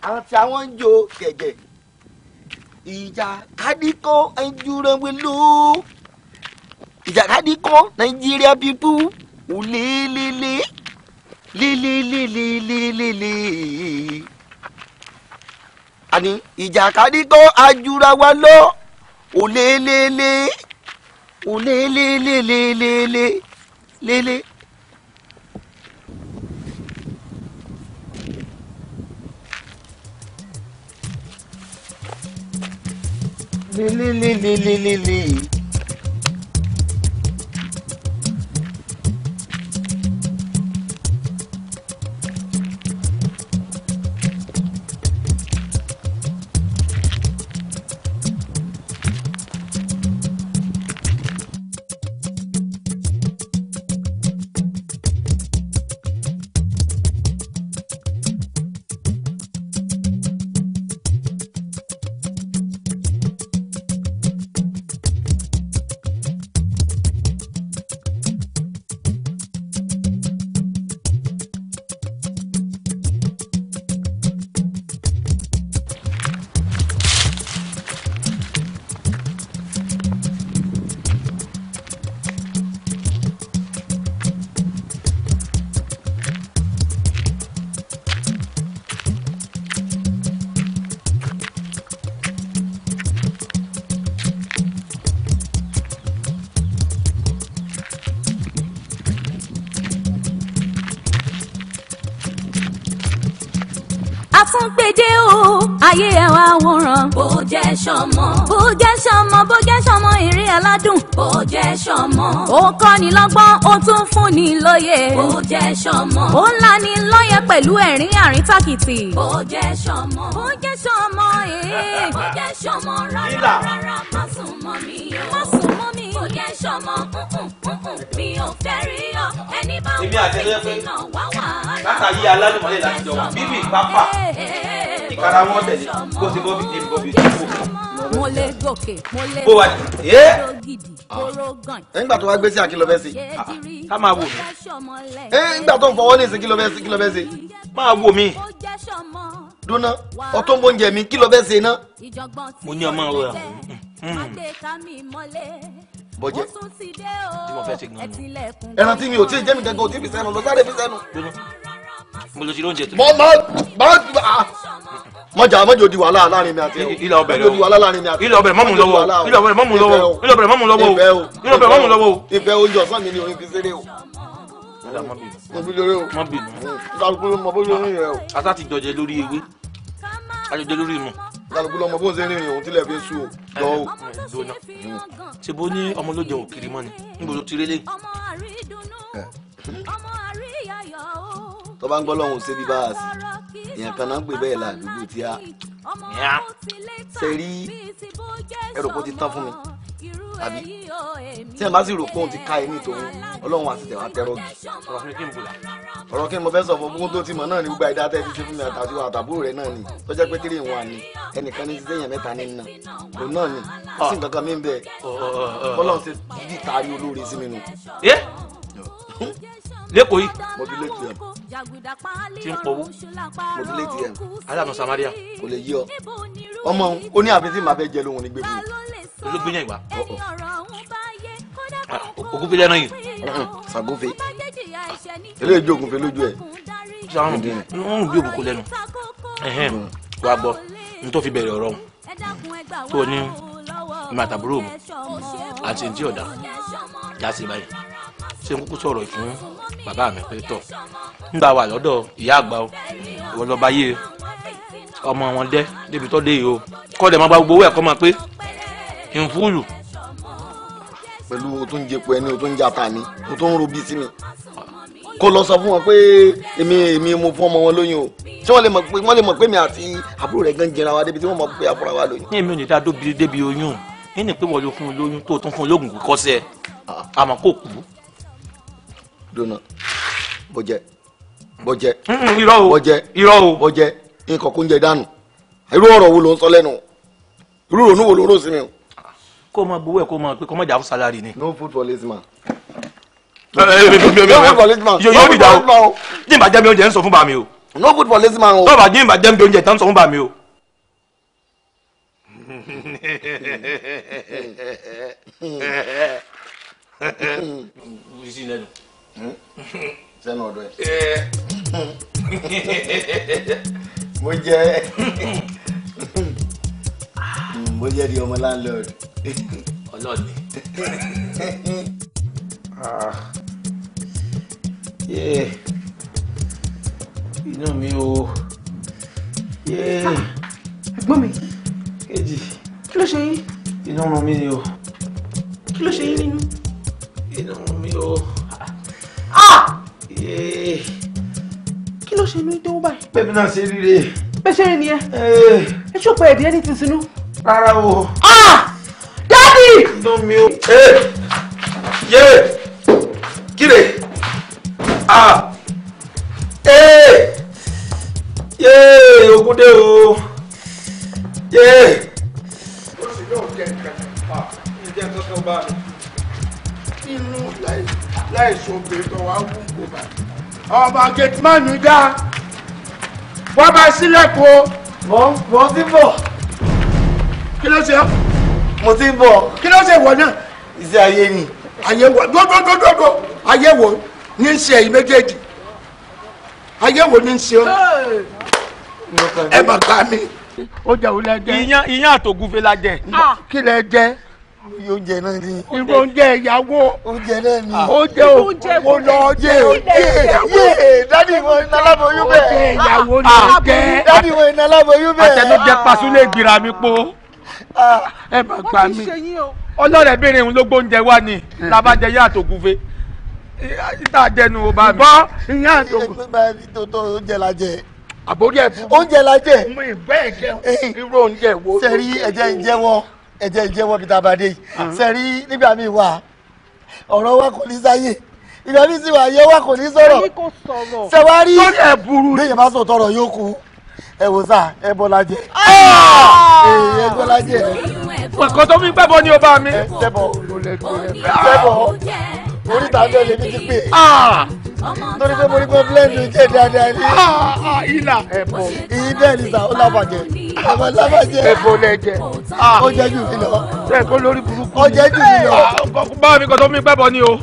S2: àwọn tí àwọn ń jó gẹ̀gẹ̀ ìjà kádíkó ń dúró wílú ìjà kádíkó nàìjíríà pípú wùlílílí lílílílílílí àní ìjà kádíkó ajúra wa lọ òlélélé òlélélélélélé lélé. lílílílílílí.
S1: ṣọmọ. bó jẹ́ ṣọmọ bó jẹ́ ṣọmọ ìrí aládùn. bó jẹ́ ṣọmọ. ó kọ́ ni lọ́gbọ́n ó tún fún ni lóye. bó jẹ́ ṣọmọ. ó ń là ni lóye pẹ̀lú ẹ̀rín àríntàkìtì. bó jẹ́ ṣọmọ. bó jẹ́ ṣọmọ ee. bó jẹ́ ṣọmọ rárá rárá má sùn mọ́ mi. má sùn mọ́ mi. bó jẹ́ ṣọmọ mi ò fẹ́ rí ọ. ẹni bá wọ́n ti ti náà wá wàhálà. látàrí
S2: alálùmọ́lẹ̀ láti jọ wá bíbí pápá
S1: ìkara tẹ̀lé
S2: bó ti bọ́ bí ti bọ́
S1: mo gòkè mo lè kóró gidi kóró gan.
S2: nígbà tó wá gbé sí àkìlọ bẹ́ẹ̀ sí ká máa wò mí. nígbà tó ń fọwọ́ lè sí kìlọ bẹ́ẹ̀ sí kìlọ bẹ́ẹ̀ sí máa wò mí. dúná ọtọ́ ń bóúnjẹ mi kìlọ bẹ́ẹ̀ sí iná.
S1: mo ní ọmọ rẹ bọjẹ tí mo fẹ́ ṣe gan ni
S2: ẹran tí mi ò tí ì jẹ́ mi gangan ò tí fi sẹ́nu lọ sáré fi sẹ́nu. mo lọ sí lóúnjẹ tó. mo máa máa mọ̀jà mọ̀jò di wàhálà láàrin mi àti ẹ̀ ilẹ̀ ọbẹ̀ lọ́wọ́ ilẹ̀ ọbẹ̀ mọ̀mú lọ́wọ́ ilẹ̀ ọbẹ̀ mọ̀mú lọ́wọ́ ilẹ̀ ọbẹ̀ mọ̀mú lọ́wọ́ ilẹ̀ ọbẹ̀ mọ̀mú lọ́wọ́. ìfẹ́ oúnjẹ ọ̀sán mi ni orin fi ṣeré o. mọ̀bí lórí o mọ̀bí kálukú ló mọ bó lórí rẹ o. ata ah, ti dọ̀jẹ̀ lórí ewé a ti dọ̀ lórí mu. kálukú ló mọ bó ń ṣe rìnrìn òun tilẹ̀ fi sùn o lọ o. ṣe bó ní ọmọ ló jẹun òkiri mọ́ ni níbo ló ti rélé. tọ́ bá ń gbọ́ lọ́hùn ṣe bí bá a sí èèyàn kan náà ń pè bẹ́ẹ̀ ládùúgbò tí a ṣe rí ẹrù ti tán fún mi àbí tí ẹ bá sì rò pé òun ti ká ẹni tòun ọlọ́run àti tẹ̀wá tẹ́rọ̀ gì. ọ̀rọ̀ kí n bùlà. ọ̀rọ̀ kí n mo fẹ́ sọ fún gbogbo tó ti mọ̀ náà ní gbogbo àìdá tẹ́ ṣe fún mi àtàwọn àtiwọ́ àtàbúrò rẹ̀ náà ni tó jẹ́ pé tírì wọn ni ẹnìkan ní ti dẹ́yìn mẹ́ta nínú náà òun náà ni ó sì kankan mí bẹ́ẹ̀ ọlọ́run ṣe dídì taari olóore sí mi nù lẹ́kọ̀ọ́ yìí. mo ti lé tiẹ̀. ti ń pọ̀wó.
S1: mo ti lé
S2: tiẹ̀. aláàánú samaria. kò lè yí ọ. ọmọ o ní àfi tí màá fẹ́ jẹ lóhun ní gbẹ̀mí. ló gbé yẹn ìgbà. Ah, ògúnfe lẹ́nu yìí. sàgúnfe. eléyìí ju ògúnfe lójú ẹ. sàrùn bí ògùn kò lẹ́nu. wàá gbọ́ n tó fi bẹ̀rẹ̀ ọ̀rọ̀ wọn tó ní màtàbúrò mu àti ntí ọ̀dà jáde báyìí ṣé n kúkú sọ̀rọ̀ ìfún bàbá mi pé tọ̀ nígbà wà lọ́dọ̀ ìyá àgbà o ìwọ lọ bá yé ọmọ wọn dẹ́ débi tọ́ dé yìí o kọ́ dẹ̀ máa bá gbogbo owó ẹ̀kọ́ máa pé n fúlù. pẹ̀lú o tún jẹ́ pẹ́ẹ́ni o tún jata ni o tún rubí sí mi kó lọ sọ fún wọn pé èmi èmi mo fún ọmọ wọn lóyún o tí wọ́n lè mọ̀ pé wọ́n lè mọ̀ pé mi àti àbúrò rẹ̀ gan jẹra wa débi tí wọ́n mọ̀ pé àbúrò wa lóyún. ní èmi ò ní dá dóbi débi oyún ní ni pé wọ́n ló fún un lóyún tó tún fún un lóògùn kíkọ́ sí kò kú dùnà bọ́jẹ́ bọ́jẹ́ irọ́ o bọ́jẹ́ irọ́ o bọ́jẹ́ nǹkan kó ń jẹ dànù irú ọ̀rọ̀ wo ló ń sọ lẹ́nu irú ìrònú wo ló ń rò sí mi o. kó o máa gbowó ẹ kó o máa pé kó o máa jà fún sálárì ni. no food policeman yóò rí ìjà o ní ìbàjẹ́ mi oúnjẹ ń sọ fún bàmí o. no food for lazy man o. tọ́ba ní ìbàjẹ́ mi oúnjẹ ń sọ fún bàmí o. yìí sẹ́nu ọ̀dọ́ ẹ̀. Eh. mo jẹ́ mo jẹ́ di ọmọ landlord. ọlọ́ọ̀ni. Ah. inú mi o. ẹ̀gbọ́n mi. kejì. kí ló ṣe yín. inú ọmọ mi ni o. kí ló ṣe yín nínú. inú mi o kí ló ṣe inú ìdánwò báyìí. bẹ́ẹ̀ mi náà ṣe rí rè. bẹ́ẹ̀ ṣe rí nìyẹn. ẹ eh. ṣó pẹ́ ẹ̀dí ẹni ti sinú. rárá o. dádì. inú mi ò. yé kíre ah. eh. yé ogunde o yé. ó sì lóun jẹ́ nǹkan kan. Ah, ǹjẹ́ nǹkan kan bá mi sínú láìsùn obìnrin tó wà wú kó bá ọba gẹtìmánù dá wọ́n bá sílẹ̀kùn. mo mo ti bọ̀. kí ló ṣe ọ́. mo ti bọ̀. kí ló ṣe wọ̀ náà. iṣẹ́ ayé mi. àyẹ̀wò dódódódó àyẹ̀wò ní í ṣe ẹ̀yìn méjèèjì àyẹ̀wò ní í ṣe ọ́ ẹ mà gbà mí. ó jẹ́ òun lẹ jẹ́. iyán iyán àtògùn la jẹ. kí lẹ jẹ oúnjẹ náà ni. irú oúnjẹ ìyàwó. oúnjẹ náà ni. oúnjẹ kò lọ jẹ oúnjẹ yé dádì wọn iná láboyún bẹ́ẹ̀. oúnjẹ ìyàwó ni ó jẹ. dádì wọn iná láboyún bẹ́ẹ̀. àtẹnujẹ pasúlẹ̀ gbìrà mi po. Ah. ẹ bá gbà mí ọlọ́rẹ̀ẹ́bìnrin òun ló gbóúnjẹ wá ni hmm. làbájẹ yá àtògùnfe ìta jẹnu o bá mi. bọ́ ìyá àtògùn. tó oúnjẹ la jẹ. àbórí ẹ̀ fún mi. oúnjẹ la jẹ. mo ì bẹ́ẹ̀ jẹun. irú oúnjẹ wo. sẹ́rí ẹ̀jẹ̀ ń jẹ́wọ́ ẹ jẹ́ ìjẹ́wọ́ bíi tabadé sẹ́rí nígbà míì wà ọ̀rọ̀ wa kò ní sáyé ìgbà míì sì wà ayé wa kò ní sọ̀rọ̀ sẹ́wárí lẹ́yìn bá sọ tọrọ yóò kú ẹ wò sá ẹ bọ́lá jẹ ah! ẹ bọ́lá jẹ. kò tó fi gbẹ́bọ ní ọba mi. ẹ sẹ́bọ̀ sẹ́bọ̀ orí tàjọ lè ní ti pè ah! torí pé mo ní pé blend ike dáadáa ni. ìlà ah, ah, ẹ̀bùn. ìyí bẹ́ẹ̀ ni sà ó lábàjẹ́ àmọ́ lábàjẹ́. ẹ̀bùn lẹ jẹ. ó jẹ́ jù mí lọ. ṣe kó lórí burúkú. ó jẹ́ jù mí lọ. báwo ni kò tó mi gbẹ́bọ ni o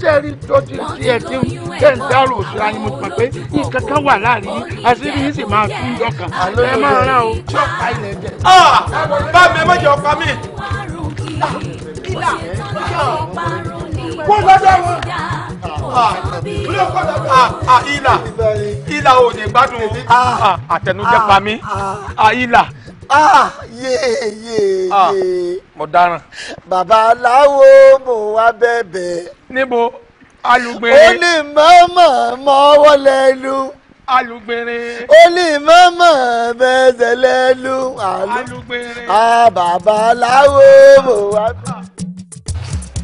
S2: ṣe rí tó ti ti ẹ ti ṣe ń dárò òṣèré ayé mo pè pé nǹkan kan wà láàrin yín àṣírí yín sì máa tún yọkàn ẹ máa rán o. bá mi ẹ má jẹ́ ọ̀pá mi kìlà ila, lọ́dọ̀ wọn. Ilà ilà ò ní gbádùn ah, ah, àtẹnujẹ pa mí. Ah, ilà. Mo dáràn. Bàbá aláwo mo wá bẹ̀bẹ̀. Níbo alùgbèrè. Ó ní mọ́mọ́ mọ́ wọlé lu alugbere. ó lè mọ́mọ́ bẹ́sẹ̀ lẹ́nu. alugbere. a bàbá aláwo bò wá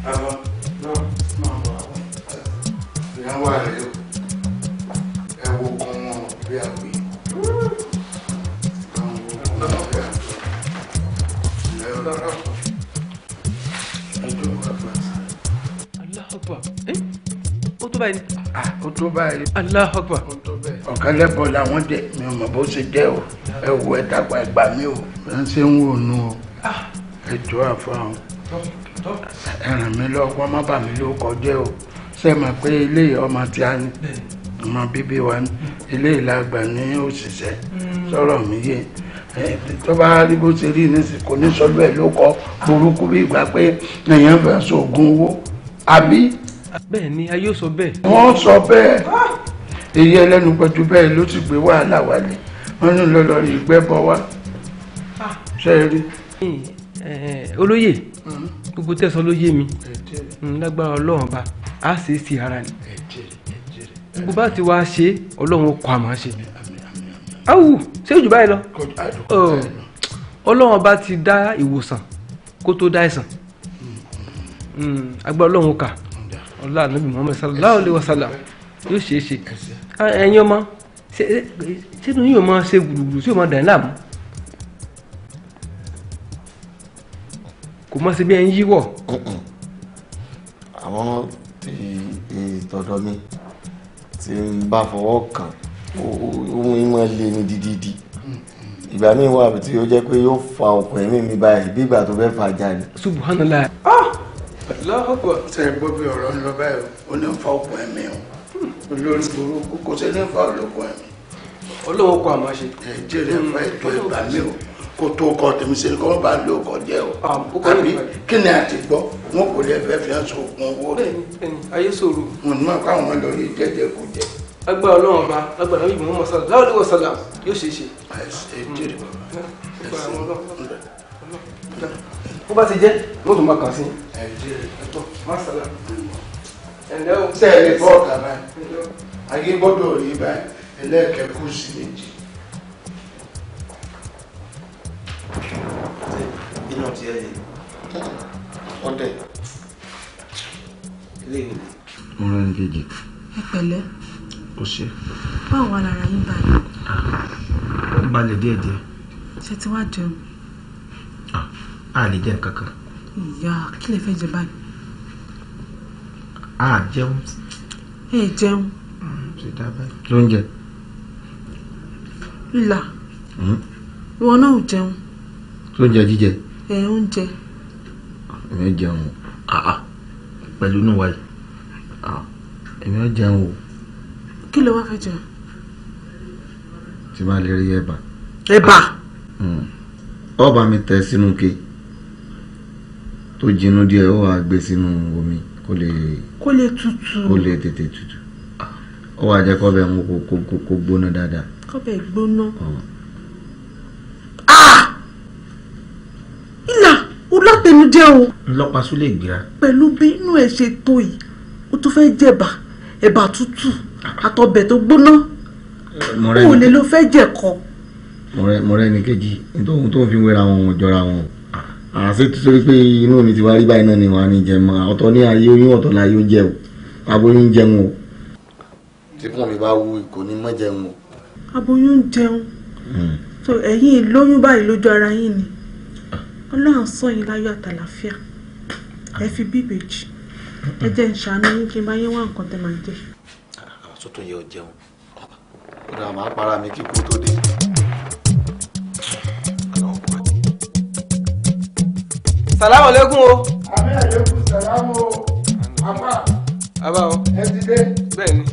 S2: ìyàwó rẹ̀ yóò ẹ wo kan wọn bí àgbè. ó tó báyìí. ó tó báyìí. Allahu Akbar. ọ̀kan lẹ́bọ̀ làwọn dẹ̀ mi ò mọ̀ bó ṣe jẹ́ o ẹ wo ẹ dàgbà ẹgbà mi o. ẹ ń ṣe ń wò nù o ah. ẹ jọ àfa o ẹ̀ràn mi lọ́wọ́ má bà mí lórúkọ jẹ́ o ṣe mọ̀ pé ilé ọmọ tí a ní ọmọ bíbí wa ní hmm. ilé ìlàgbà ní òṣìṣẹ́ hmm. sọ̀rọ̀ mi yé tó bá rí bó ṣe rí nísìnyí kò ní sọ́dọ̀ ẹ̀ ló kọ́ burúkú bí ìgbà pé èèyàn fẹ́ sóògùn owó àbí. bẹ́ẹ̀ ni a yóò sọ bẹ́ẹ̀. wọ́n sọ bẹ́ẹ̀ èyí ẹlẹ́nu pẹ̀tù bẹ́ẹ̀ ló ti gbé wàhálà wálé wọ́n ní lọ́lọ́ ìgbẹ́ bọ̀ wá ah. ṣe é rí. olóyè. Mm -hmm gbogbo tẹ́ sọ ló yé mi hmm, lágbára ọlọ́run bá a ṣe é sí ara ni gbogbo bá ti wá ṣe ọlọ́run ó kọ́ àmọ́ ṣe
S1: awu ṣé òjò báyìí lọ oh,
S2: ọlọ́run bá ti dá ìwòsàn kó tó dá ìsàn hmm. hmm, agbára ọlọ́run kà ọlá ànábì muhammed sallallahu alayhi wa sallam yóò ṣe é ṣe ah, ẹ̀yin ọmọ ṣé inú yóò máa ṣe gbùdùgbùdù tí yóò máa dàn láàmú. kò mọ̀ sí bí ẹ ń yíwọ̀. àwọn tí ìtọ̀dọ̀ mi ti ń bá fọwọ́ kàn ohun ìmọ̀ lé ní dídídí ìgbà míì wà tí ó jẹ́ pé yóò fa ọkọ̀ ẹ̀mí mi báyìí bí ìgbà tó fẹ́ fa jáde. subhanallah. Ah! lọ́kọ̀ tẹ̀ gbọ́ bí ọ̀rọ̀ ń lọ báyìí ó ní fa ọkọ̀ ẹ̀mí o olórí burúkú kò sí ní fa ọlọ́kọ̀ ẹ̀mí. olówó kọ àmọ́ ṣe. ẹ jẹ́rìí ẹ̀fọ́ ẹ̀tọ́ ìgbà mi o kó tó kọ tèmi sí kọ́ ló kọ jẹ́ o ah, àbí kí ni àti gbọ́ wọn kò lè fẹ́ fi hàn sóògùn owó rẹ̀. ayé sòrò. wọn ni wọn kọ àwọn lọ rí jẹjẹ kó jẹ. agbára Ọlọ́run ọba agbára yìí mọ sálà láwọn olówó sálà yóò ṣe é ṣe. ẹ jẹrìí hmm. bàbá bó bá ti jẹ́ ló tún máa kàn sí. ẹ ẹtọ má sálà. ẹ ǹlẹ́ o. sẹ́ẹ̀lì bọ́ọ̀ kàbáyé ayé gbọ́dọ̀ rí báyìí ẹlẹ́ẹ̀kẹ́ sí méjì. inú ti ẹ yẹ ọdẹ ilé ìwé. mo rán ẹni kejì. ẹ pẹ̀lẹ́. ó ṣe. báwo wà lára yín báyìí. Ah, ó ń balẹ̀ díẹ̀díẹ̀. ṣé ti wá jẹun. Ah, a lè jẹ nǹkan kan. ìyá kí lè fẹ́ jẹ báyìí. a jẹun. ẹ jẹun. Hmm, ṣe dábàá ló ń jẹ. ìlà hmm. ìwọ náà ò jẹun lóúnjẹ jíjẹ. ẹ oúnjẹ. èmi ò jẹun àá pẹ̀lú inú wa yìí èmi ò jẹun o. kí ló wá fẹ́ jẹun. tí máa lè rí ẹ̀bà. ẹ̀bà. ọba hmm. mi tẹ sínú ke tó jinú díẹ̀ ó wàá gbé sínú omi kó lè. kó lè tutù. kó lè tètè tutù ó wàá jẹ́ kọ́bẹ̀ mú kó gbóná dáadáa. kọ́bẹ̀ gbóná. Hmm tẹnu jẹ́ o. ńlọpa súlẹ̀ ìgbéra. pẹ̀lú bí inú ẹ̀ ṣe tó yìí ó tún fẹ́ jẹ̀bà ẹ̀bà tútù àtọbẹ̀ tó gbóná ó lè ló fẹ́ jẹ̀kọ. mọ̀rẹ́ ni kejì nítorí tó ń fi wéra wọn jọra wọn àṣé títorí pé inú mi ti wá rí báyìí náà ni wàá ní jẹun ọ̀tọ̀ ní ayé oyún ọ̀tọ̀ láyé oúnjẹ o aboyún jẹun o. tí fún mi bá wú kò ní mọ́ jẹun o. aboyún jẹun hmm. ẹ̀yin lóyún báyìí lójú ara yín ni ọlọ́run sọ yín láyọ̀ àtàlàfíà ẹ fi bíbèjì ẹ jẹ́ ń ṣàánú yín kí n bá yín wá nǹkan tẹ́ máa jẹ. àtúntò tó yẹ ọ jẹun ó dáa máa para mi kí tó dé. sàlámù alẹ́kùn o. àmì àlékún sàlámù o. àmà. àbá o. ẹ ti dé. bẹ́ẹ̀ ni.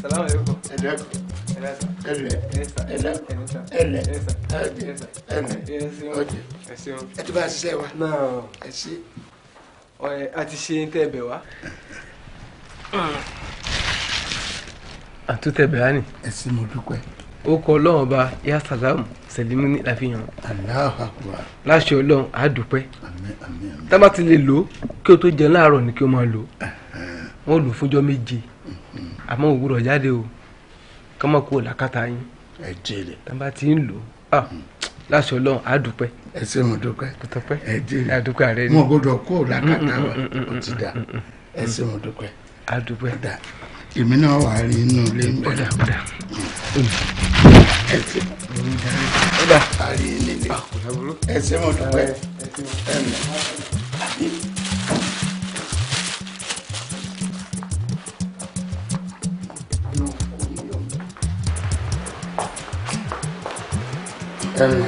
S2: sàlámù alẹ́kùn. ẹ dẹ́kun ẹlẹ ẹlẹ ẹlẹ ẹlẹ ọjẹ ẹ ti bá a ṣiṣẹ́ wa ẹ ṣe. ọ̀rẹ́ a ti ṣe ń tẹ̀bẹ̀ wá. àtúntẹ̀bẹ̀ á nì. ẹ sì mo dúpẹ́. ó kọ ọlọ́run ọba yá sàlámù sẹ̀límù ní àfihàn. Allahu Akbar. láṣẹ ọlọ́run á dúpẹ́. àmín àmín àmín. tá a bá ti lè lò ó kí o tó jẹun láàárọ̀ ni kí o máa lò ó. wọ́n lò ó fúnjọ́ méje àmọ́ òwúrọ̀ jáde o kọ́ mọ̀ kúrò lákàtà yín. ẹ jèrè. tá a bá ti ń lò ó ah, hmm. láṣọ Ọlọ́run á ẹ ṣe mo dúpẹ́. kò tọpẹ́ ẹ jèrè a dúpẹ́ rẹ ni. mo gbọ́dọ̀ kúrò hmm, hmm, lákàtà wa ó ti dà ẹ ṣe mo dúpẹ́. a dúpẹ́. ó dà èmi náà wà á inú ilé ń bẹ̀. ó ẹ ṣe mo dúpẹ́. ó dà a rí inú ilé. Ah, ẹ ṣe mo dúpẹ́. ẹ ṣe mo dúpẹ́. ẹ̀rù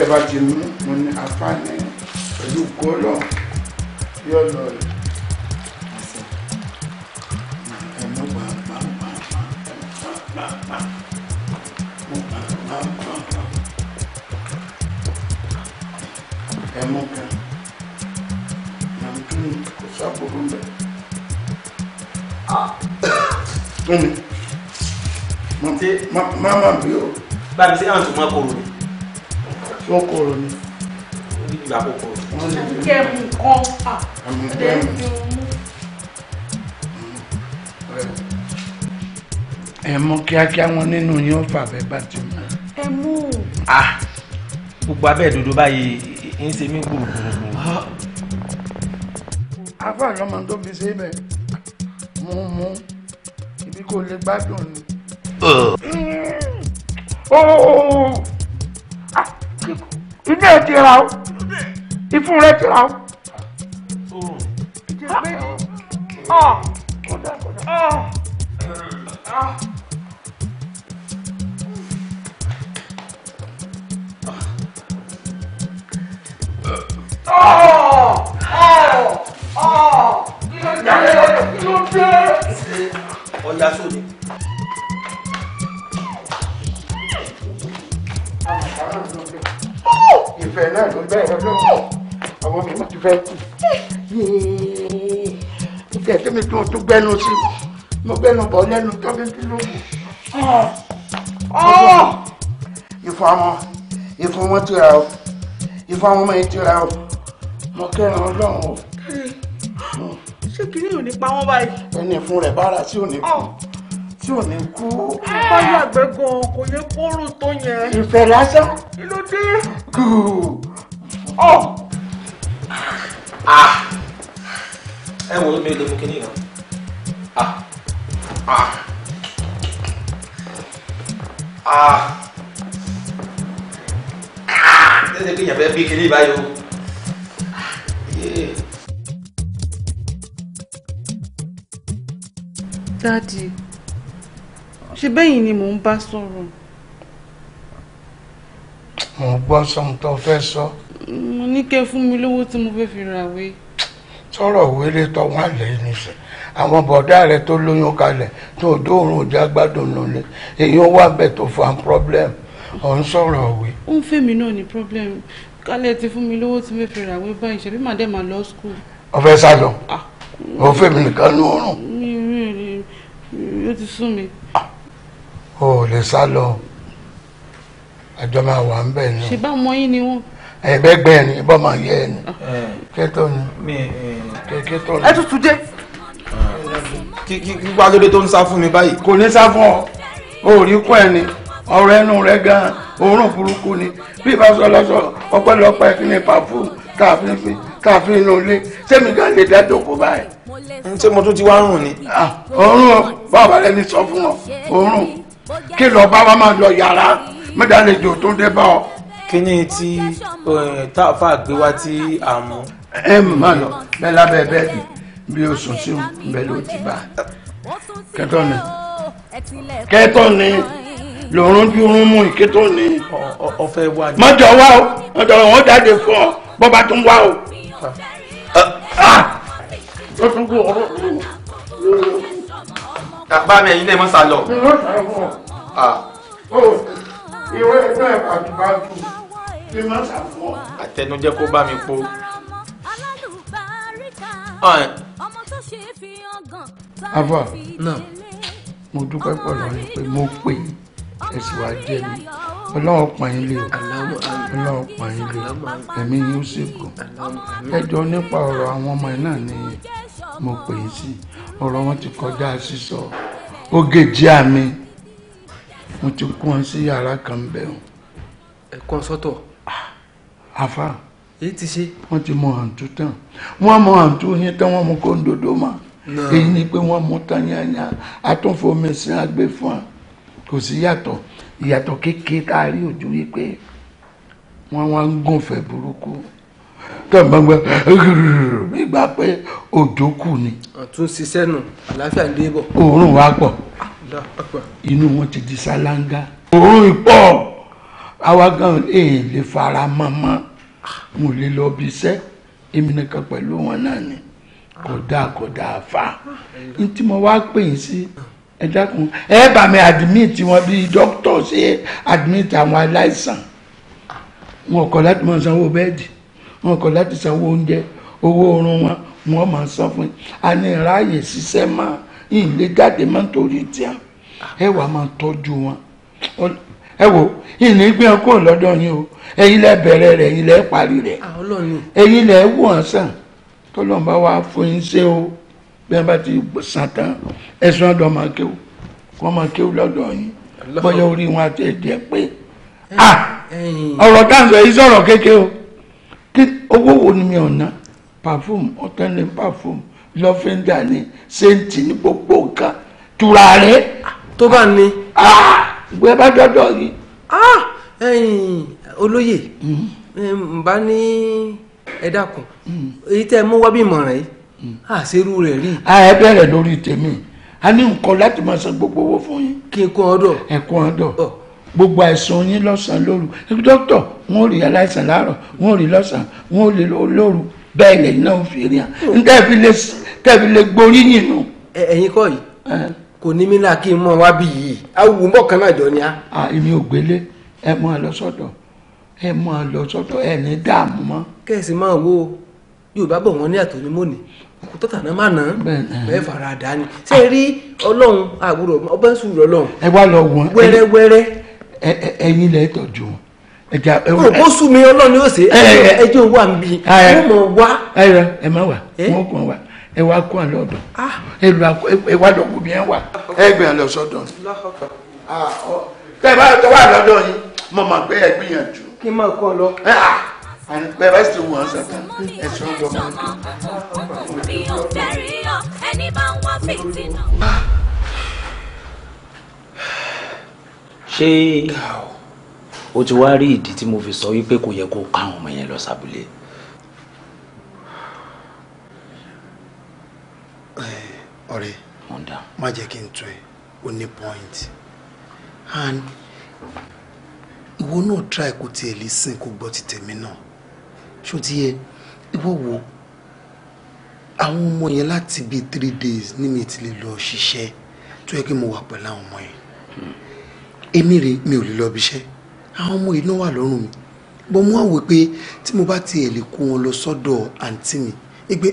S2: ẹ bá ti mú mo ní afáàní pẹ̀lú gbólọ yóò lọ rẹ̀ ẹ̀mú pàápàá ẹ̀mú kan nàmdúnú kò sábòrò mbẹ. Mami, mama bi o bá mi sí àwọn tó mọ́ kóró ni. wọ́n kóró ni. ó ní ìgbà kókó. kẹ́ ẹ̀ mú kán à ẹ̀ mú. ẹ mú kíákíá wọn nínú yín ó fà bẹ́ẹ̀ bá ti mọ́. ẹ mú. gbogbo abẹ́ ìdodo báyìí ń ṣe mí gbùrùgbùrù. afa lọmọ tó fi ṣe bẹ mú mú ibi kò lè gbádùn ni ilé ẹ ti ra o ìfún rẹ ti ra o. Oh! Oh!
S3: Oh!
S2: Kí ló dé? Kí ló dé? Ọ̀yà sóde. ìfẹ́ náà ló bẹ́ẹ̀ lọ́wọ́ ọmọ mi mo ti fẹ́ kú ìfẹ́ tí mi tún tún gbẹ́nu sí mo gbẹ́nu bọ̀ lẹ́nu tó mi fi lóògùn. Ah! Ah! ìfọ̀ ọmọ ìfọ̀ ọmọ ti ra o ìfọ̀ ọmọ yìí ti ra o mo kẹ́ran ọlọ́run o. ṣé kiri ò ní pa wọ́n báyìí. ẹni fún rẹ̀ bára sí òní kù tí ò ní kú. Ah. bá yàgbẹ́ gan kò yẹ kóró tó yẹn. ìfẹ́ lásán. kí ló dé. gùù. ọ. Ah. Ah. ẹ wo ló mi lè mú kinní náà. lẹ́sẹ̀ kí yàgbẹ́ bí kinní báyìí o. Daddy ṣe bẹ́yìn ni mò ń bá sọ̀rọ̀. mo gbọ́ sọ́n tó fẹ́ sọ. mo ní kẹ́ fún mi lówó tí mo fẹ́ fi ra wé. sọ̀rọ̀ wéré tó wà lẹ́yìn nìṣẹ́ àwọn bọ̀dá rẹ tó lóyún kalẹ̀ tó dóorùn òjá gbádùn nulẹ̀ èyí ó wà bẹ̀ tó fa problem ò ń sọ̀rọ̀ wé. ó ń fẹ́ mi náà ní problem kálẹ̀ ti fún mi lówó tí mo fi ra wé báyìí ṣe bí màdé màá lọ school. ọ̀fẹ́ sálọ òfin ah. mi nìkan ní oorun. mi ò rí rí rí ó ti sún mi o ò lè sá lọ àjọ máa wà ń bẹ̀ ni. ṣùgbọ́n ọmọ yín ni wọ́n. ẹ̀bẹ́ gbẹ́ ni ìbọn máa yẹ ẹ ni eh. kẹ́tọ́ ni eh. kẹ́tọ́ ni. ẹ tutù dé. kí kí kí wàá lóde tó ń sá fún mi báyìí. kò ní sá fún ọ o ò rí kọ́ ẹ ni ọ̀rọ̀ ẹnu rẹ gan òórùn burúkú ni bí ìbáṣọ lọ́sọ ọpẹ́lọpẹ́ kí ni pàfúù tá a fi ń fi tá a fi ń nu ilé gan lè dá báyìí. ṣé mo tún ti wá rùn ni. ọ̀run ah, bàbá rẹ ni sọ fún ọ ọ̀run kí lọ bá wa máa lọ yàrá mẹ́tàlejò tó dé bá ọ. kí ni tí táàfà gbé wá tí a mú. ẹ mọ̀ máa lọ bẹ́ẹ̀ lábẹ́ bẹ́ẹ̀dì bí o sùn sí bẹ́ẹ̀ ló ti bá kẹtọ́ ni kẹtọ́ ni lòrún bí orun mú ìkẹtọ́ ni. ọfẹ wa ni. mọjọ wa o mọjọ wọn jáde fún ọ bọba tún wá o. Ah! ó tún kú ọ̀rọ̀ bá mi ẹ̀yin náà mọ́ sá lọ. ìwé ẹgbẹ́ ìpàdùbàdù ni mọ́ sá fún ọ. àtẹnujẹ kó bá mi po. àbá náà mo dúpẹ́ pọ̀ lọ́rùn pé mo pè é ẹ̀sìn wa jẹ́ mi ọlọ́run pọ̀ yín lé o ọlọ́run pọ̀ yín lé o ẹ̀mí yín ó sì ẹjọ́ nípa ọ̀rọ̀ àwọn ọmọ yìí náà ni mo pè é sí ọ̀rọ̀ wọn ti kọjá sísọ ó gèjì àmì mo ti kún wọn sí yàrá kan bẹ̀ wọn. ẹ̀kọ́ sọ́tọ̀. Ah, àfa. èyí ti ṣe. wọ́n ti mọ àǹtú tán wọ́n mọ àǹtú yín tán wọ́n mú kó ń dodo mà èyí ni pé wọ́n mú tán yányá atúnfọmí sí agbé fún wa kò sí yàtọ̀ ìyàtọ̀ kékeré tá a rí ojú wípé wọ́n wá ń gùnfẹ̀ burúkú kàngbọ̀ngbọ̀n gbígbà pé òjò kù ni. ọ̀tún ṣiṣẹ́ nù àlàáfíà ń dé bọ̀. òórùn wa pọ̀ inú wọn ti di ṣáláńgá. òórùn ìpọ̀ àwa gan èèyàn lè fara mọ́mọ́ mo lè lọ bí iṣẹ́ èmi nìkan pẹ̀lú wọn náà ni kódà kódà fa n tí mo wá pè yín sí ẹ dákun ẹ bá mi admit wọn bí dókítà ṣe admit àwọn aláìsàn wọn kọ̀ láti mọ̀ sanwó bẹ́ẹ̀dì wọn kọ̀ láti sanwó oúnjẹ owó oorun wọn wọn máa san fún yín a ní ráàyè ṣiṣẹ́ mọ́ yìí lè jáde mọ́ nítorí tíá ẹ wàá máa tọ́jú wọn ẹ wò ìní gbé ọkọ lọ́dọ̀ yín o ẹ̀yin lẹ bẹ̀rẹ̀ rẹ̀ ẹ̀yin lẹ parí rẹ̀ ah, ẹ̀yin lẹ wò wọn sàn tọlọmọba wa fún yín ṣe o bí wọn bá ti sàn tán ẹsùn ọ̀dọ̀ máa kéwò wọn máa kéwò lọ́dọ̀ yín bóyá orí wọn àti ẹdẹ pé ah, ọ̀rọ̀ táǹsọ yìí sọ̀rọ̀ kékeré o owó wo ni mi ò ná perfume ọ̀tẹ́ ní perfume lọ́fíńdà ní sẹ́ǹtì ní gbogbo nǹkan tùràrí. Ah, tó bá ní. Ah, ìgbẹ́ bá dọ́dọ̀ yìí. Ah, olóyè hmm. n bá ní ẹ dákun hmm. èyí tẹ́ ẹ mú wá bí ìmọ̀ràn yìí àṣírú hmm. rẹ̀ rí. ẹ bẹ̀rẹ̀ lórí tèmi a ní nǹkan láti máa san gbogbo owó fún yín. kí n kún ọdọ. ẹ kún ọdọ. gbogbo àìsàn yín lọ́sàn-án lóru dókítà wọn ò rí aláìsàn láàárọ̀ wọn ò rí lọ́sàn-án wọn ò rí lóru bẹ́ẹ̀ lẹ́yìn náà fi rí à ń hmm. tẹ́ẹ̀fi lè gborí yìí kò ní mí náà kí n wá bí yìí kan náà jọ ni a. èmi ò gbélé ẹ mọ lọ sọdọ ẹ mọ lọ sọdọ ẹ dààmú mọ. kẹ́sì máa wo yorùbá bọ̀ wọ́n ní nà fara dání ṣé rí ọlọ́run ẹ̀yin lẹ tọ́jú wọn ẹja ẹ wọ. kó sùn mi ọlọ́run ni ó ṣe é ẹjọ́ wà ń bí wọ́n mọ̀ wá. ẹ ẹ má wà eh? wọ́n kàn wá ẹ wá kó àlọ́ ọ̀dọ̀ ah. ẹ lu àkó ẹ wá dọ̀kú mi ẹ wà ẹ gbìyànjú ah, lọ sọ́dọ̀ tẹ bá tọwọ́ àlọ́dọ̀ yín mo mọ̀ pé ẹ gbìyànjú. kí n máa kọ́ ọ lọ. bẹ́ẹ̀ eh, ah, bá sì wọ́n sọ̀tàn ẹ sọ ọjọ́ kan tó.
S1: mi ò fẹ́ rí ọ ẹni bá ń wá fìtì náà.
S2: ṣé o ti wá rí ìdí tí mo fi sọ wípé kò yẹ kó káwọn ọmọ yẹn lọ sábúlé. Eh, ọ̀rẹ́ má jẹ́ kí n tún ẹ o ní point and ìwọ náà try kó tiẹ̀ lè sìn kó gbọ́ ti tèmi náà ṣó ti yẹ ìwọ wo àwọn ọmọ yẹn láti bíi three days ní mi ti lè lọ ṣiṣẹ́ tó yẹ kí mo wà pẹ̀lú àwọn ọmọ yẹn. Hmm èmi rè mi ò lè lọ ibiṣẹ́ àwọn ọmọ iná wà lọ́rùn mi bọ́ mú àwò pé tí mo bá tiẹ̀ lè kó wọn lọ sọ́dọ̀ àǹtí mi ẹ pé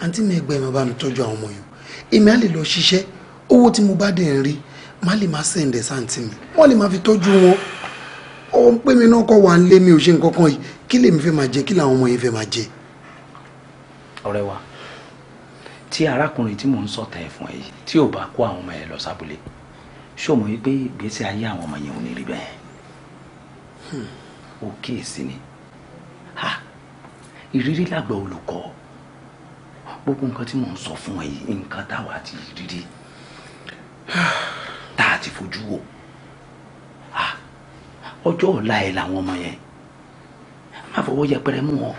S2: àǹtí mi ẹgbẹ́ mi bá mi tọ́jú àwọn ọmọ yìí èmi á lè lọ ṣiṣẹ́ owó tí mo bá dẹ̀ ń rí má lè má sẹ̀ǹdẹ̀ sáǹtì mi wọ́n lè má fi tọ́jú wọn ọ̀hún pé mi náà kọ́ wà ń lé mi ò ṣe nǹkan kan yìí kí lèmi fẹ́ máa jẹ kí làwọn ọmọ yẹn fẹ́ máa jẹ. ọ̀rẹ́ wa tí arákùnrin tí mò ń sọ̀tẹ̀ fún ẹ yìí tí ò bá kó àwọn ọmọ ẹ lọ sábúlé ṣọmọ yìí pé ìgbésí ayé àwọn ọmọ yẹn ò ní rí bẹ́ẹ̀ hmm. ó kíyèsí ni ha ìrírí làgbà olùkọ́ gbogbo nǹkan tí mò ń sọ fún ẹ yìí nǹkan táwa ti rírí tá a ti fojú wò ọjọ́ ọ̀la ẹ̀ làwọn ọmọ yẹn má fọwọ́ yẹpẹrẹ mú wọn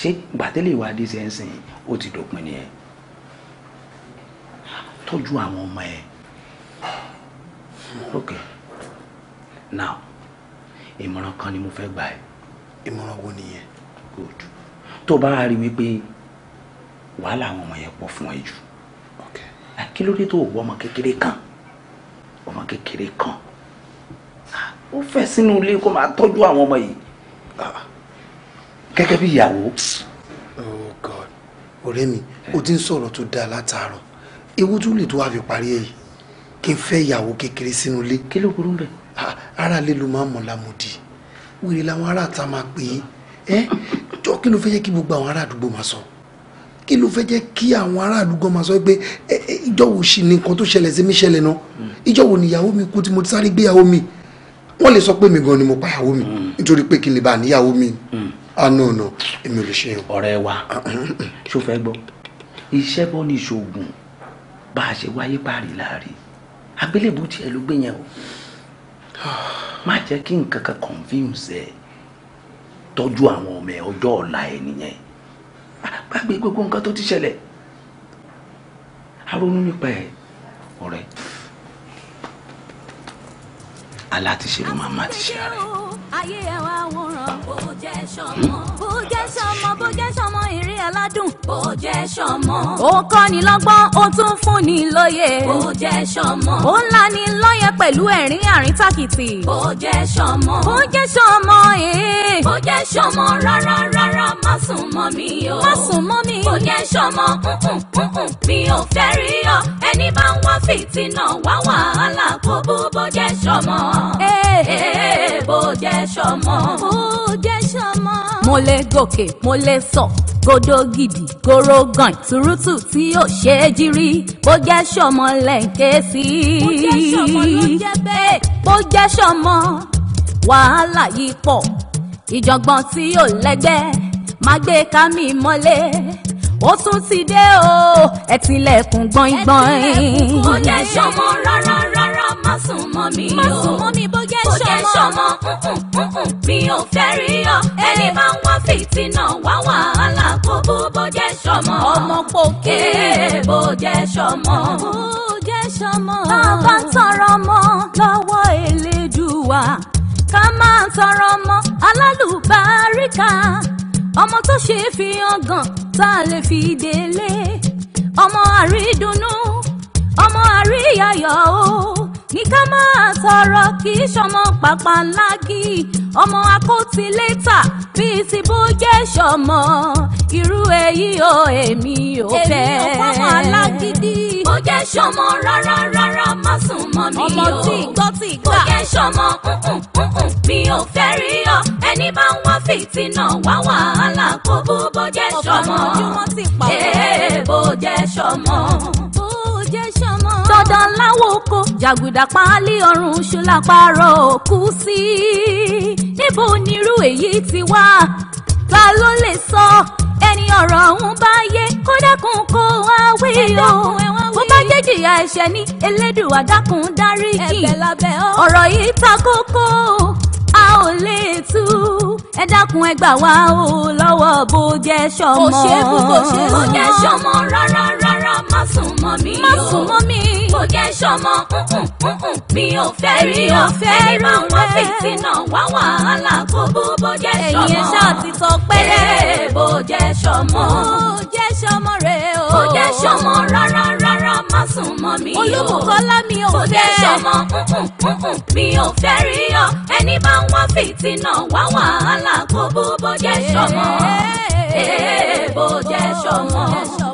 S2: ṣé gbàtẹ́lẹ̀ ìwádìí ṣe ń sìn ó ti dópin nìyẹn tọ́jú àwọn ọmọ ẹ̀ ok now ìmọ̀ràn kan ni mo fẹ́ gbà ẹ́. ìmọ̀ràn wo nìyẹn. good tó bá rí wípé wàhálà àwọn ọmọ yẹn pọ̀ fún ẹ jù kí ló dé tó wọ ọmọ kékeré kan ọmọ kékeré kan ó fẹ́ sínú ilé kó máa tọ́jú àwọn ọmọ yìí gẹ́gẹ́ bí ìyàwó. oh god ọ̀rẹ́ mi o ti ń sọ̀rọ̀ tó dáa látàárọ̀ ewu tún lè tó wá fi parí ẹ̀ kí n fẹ́ ìyàwó kékeré sínú ilé. kí ló burú bẹ́ẹ̀. ara ilé ló máa ń mọ̀ lámòdì wèrè làwọn ará ta máa pè é ẹ jọ kí ló fẹ́ jẹ́ kí gbogbo àwọn ará àdúgbò máa sọ kí ló fẹ́ jẹ́ kí àwọn ará àdúgbò máa sọ pé ìjọ wo sì ni nǹkan tó ṣẹlẹ̀ sí mi ṣẹlẹ̀ náà ìjọ wo ni ìyàwó mi kú tí mo ti sáré gbéyàwó mi wọ́n lè sọ pé mi gan ni mo pa ìyàwó mi mm. nítorí pé kí n lè bá níyàwó mi àná mm. ah, ọ̀nà èmi ò lè ṣe. ọ̀rẹ́ wa ṣó fẹ́ gbọ́ iṣẹ́ bọ́ ní ìṣòògùn bá a ṣe wáyé pàrí láàrin àgbélébù tiẹ̀ ló gbé yẹn o má jẹ́ kí nǹkan kan confuse ẹ tọ́jú àwọn ọmọ ẹ ọjọ́ ọ̀la ẹ nìyẹn gbàgbé ah, gbogbo nǹkan tó ti ṣẹlẹ̀ aronú nípa ẹ ọ̀rẹ́ aláàtìṣe ló máa má
S1: ti ṣe ara bó jẹ́ sọmọ bó jẹ́ sọmọ ìrí ẹ̀ ládùn. bó jẹ́ sọmọ. ó kọ́ ni lọ́gbọ́n ó tún fún ni lóye. bó jẹ́ sọmọ. ó ń là ni lóye pẹ̀lú ẹ̀rín àríntàkìtì. bó jẹ́ sọmọ. bó jẹ́ sọmọ ee. Eh. bó jẹ́ sọmọ rárá rárá má sùn mọ́ mi o. má sùn mọ́ mi. bó jẹ́ sọmọ mi ò fẹ́ rí ọ ẹni bá ń wá fìtínà wá wàhálà kó bó bó jẹ́ sọmọ. ee eh. eh, bó jẹ́ sọmọ jẹ́ mo lè gòkè mo lè sọ godo gidi gorogan turutu tí ó ṣe é jírí bó jẹ́ sọmọ lẹ́ǹkẹ́ sí i. bó jẹ́ sọmọ ló jẹ́ eh, bẹ́ẹ̀. bó jẹ́ sọmọ wàhálà yìí pọ̀ ìjọ̀gbọ̀n tí ò lẹ́gbẹ́ má gbé kámi mọ́lé ó tún ti dé o ẹ tilẹ̀kùn gbọ̀ngbọ̀n. ẹ tilẹ̀kùn kò jẹ́ sọmọ rárá rárá má sùn mọ́ mi o kò jẹ́ sọmọ mi ò fẹ́ rí ọ ẹni máa ń wá fìtínà wá wàhálà kó bó bó jẹ́ sọmọ ọmọ pòkè bó jẹ́ sọmọ bó jẹ́ sọmọ. bàbá ń tọrọ ọmọ lọ́wọ́ Elédùwà ká máa tọrọ ọmọ alálùbáríkà ọmọ tó ṣe é fi ọgàn tá a lè fi délé ọmọ àrídùnnú ọmọ àríyáyọ o ní ká máa sọ̀rọ̀ kì í ṣọmọ pàpà lágì ọmọ akótilétà bíi ti bó jẹ́ ṣọmọ irú èyí o èmi ò fẹ́. èmi ò fọmọ alágídí. bó jẹ́ ṣọmọ rárá rárá má sùn mọ́ mi o. ọmọ tí gbọ́ tí gbà. bó jẹ́ ṣọmọ mi ò fẹ́ rí ọ ẹni bá ń wá fìtínà wá wàhálà kó bú bó jẹ́ ṣọmọ. ọ̀pọ̀ ojúmọ́ ti pa. bó jẹ́ ṣọmọ ọ̀dọ̀ láwọn oko jàgùdà páálí ọ̀run ṣọlá parọ́ òkú sí níbo onírú èyí ti wá ta ló lè sọ ẹni ọ̀rọ̀ ọ̀hún bá yé kó dákun kó wá o bó bá jẹ́ jìyà ẹ̀ṣẹ̀ ní Elédùà dákun dáríjì ọ̀rọ̀ yìí ta kókó ò lè tú ẹ dákun ẹ gbà wá o lọ́wọ́ bó jẹ́ sọmọ. kò ṣe é kú kò ṣe é kú. bó jẹ́ sọmọ rárá rárá má sùn mọ́ mi o. má sùn mọ́ mi. bó jẹ́ sọmọ mi ò fẹ́ rí o. fẹ́ rí o. máa wá fìtínà wá wàhálà kó bó bó jẹ́ sọmọ. ẹ̀yin ṣáà ti sọ pẹ́rẹ́. bó jẹ́ sọmọ. bó jẹ́ sọmọ rẹ̀ o. bó jẹ́ sọmọ rárá rárá má sùn mọ́ mi o. olúbùkọ́lá mi ò fẹ́. kò dé sọmọ mi ò fẹ́ rí ọ ẹni bá ń wá fìtínà wá wàhálà kó bó bó jẹ́ sọmọ bó jẹ́ sọmọ.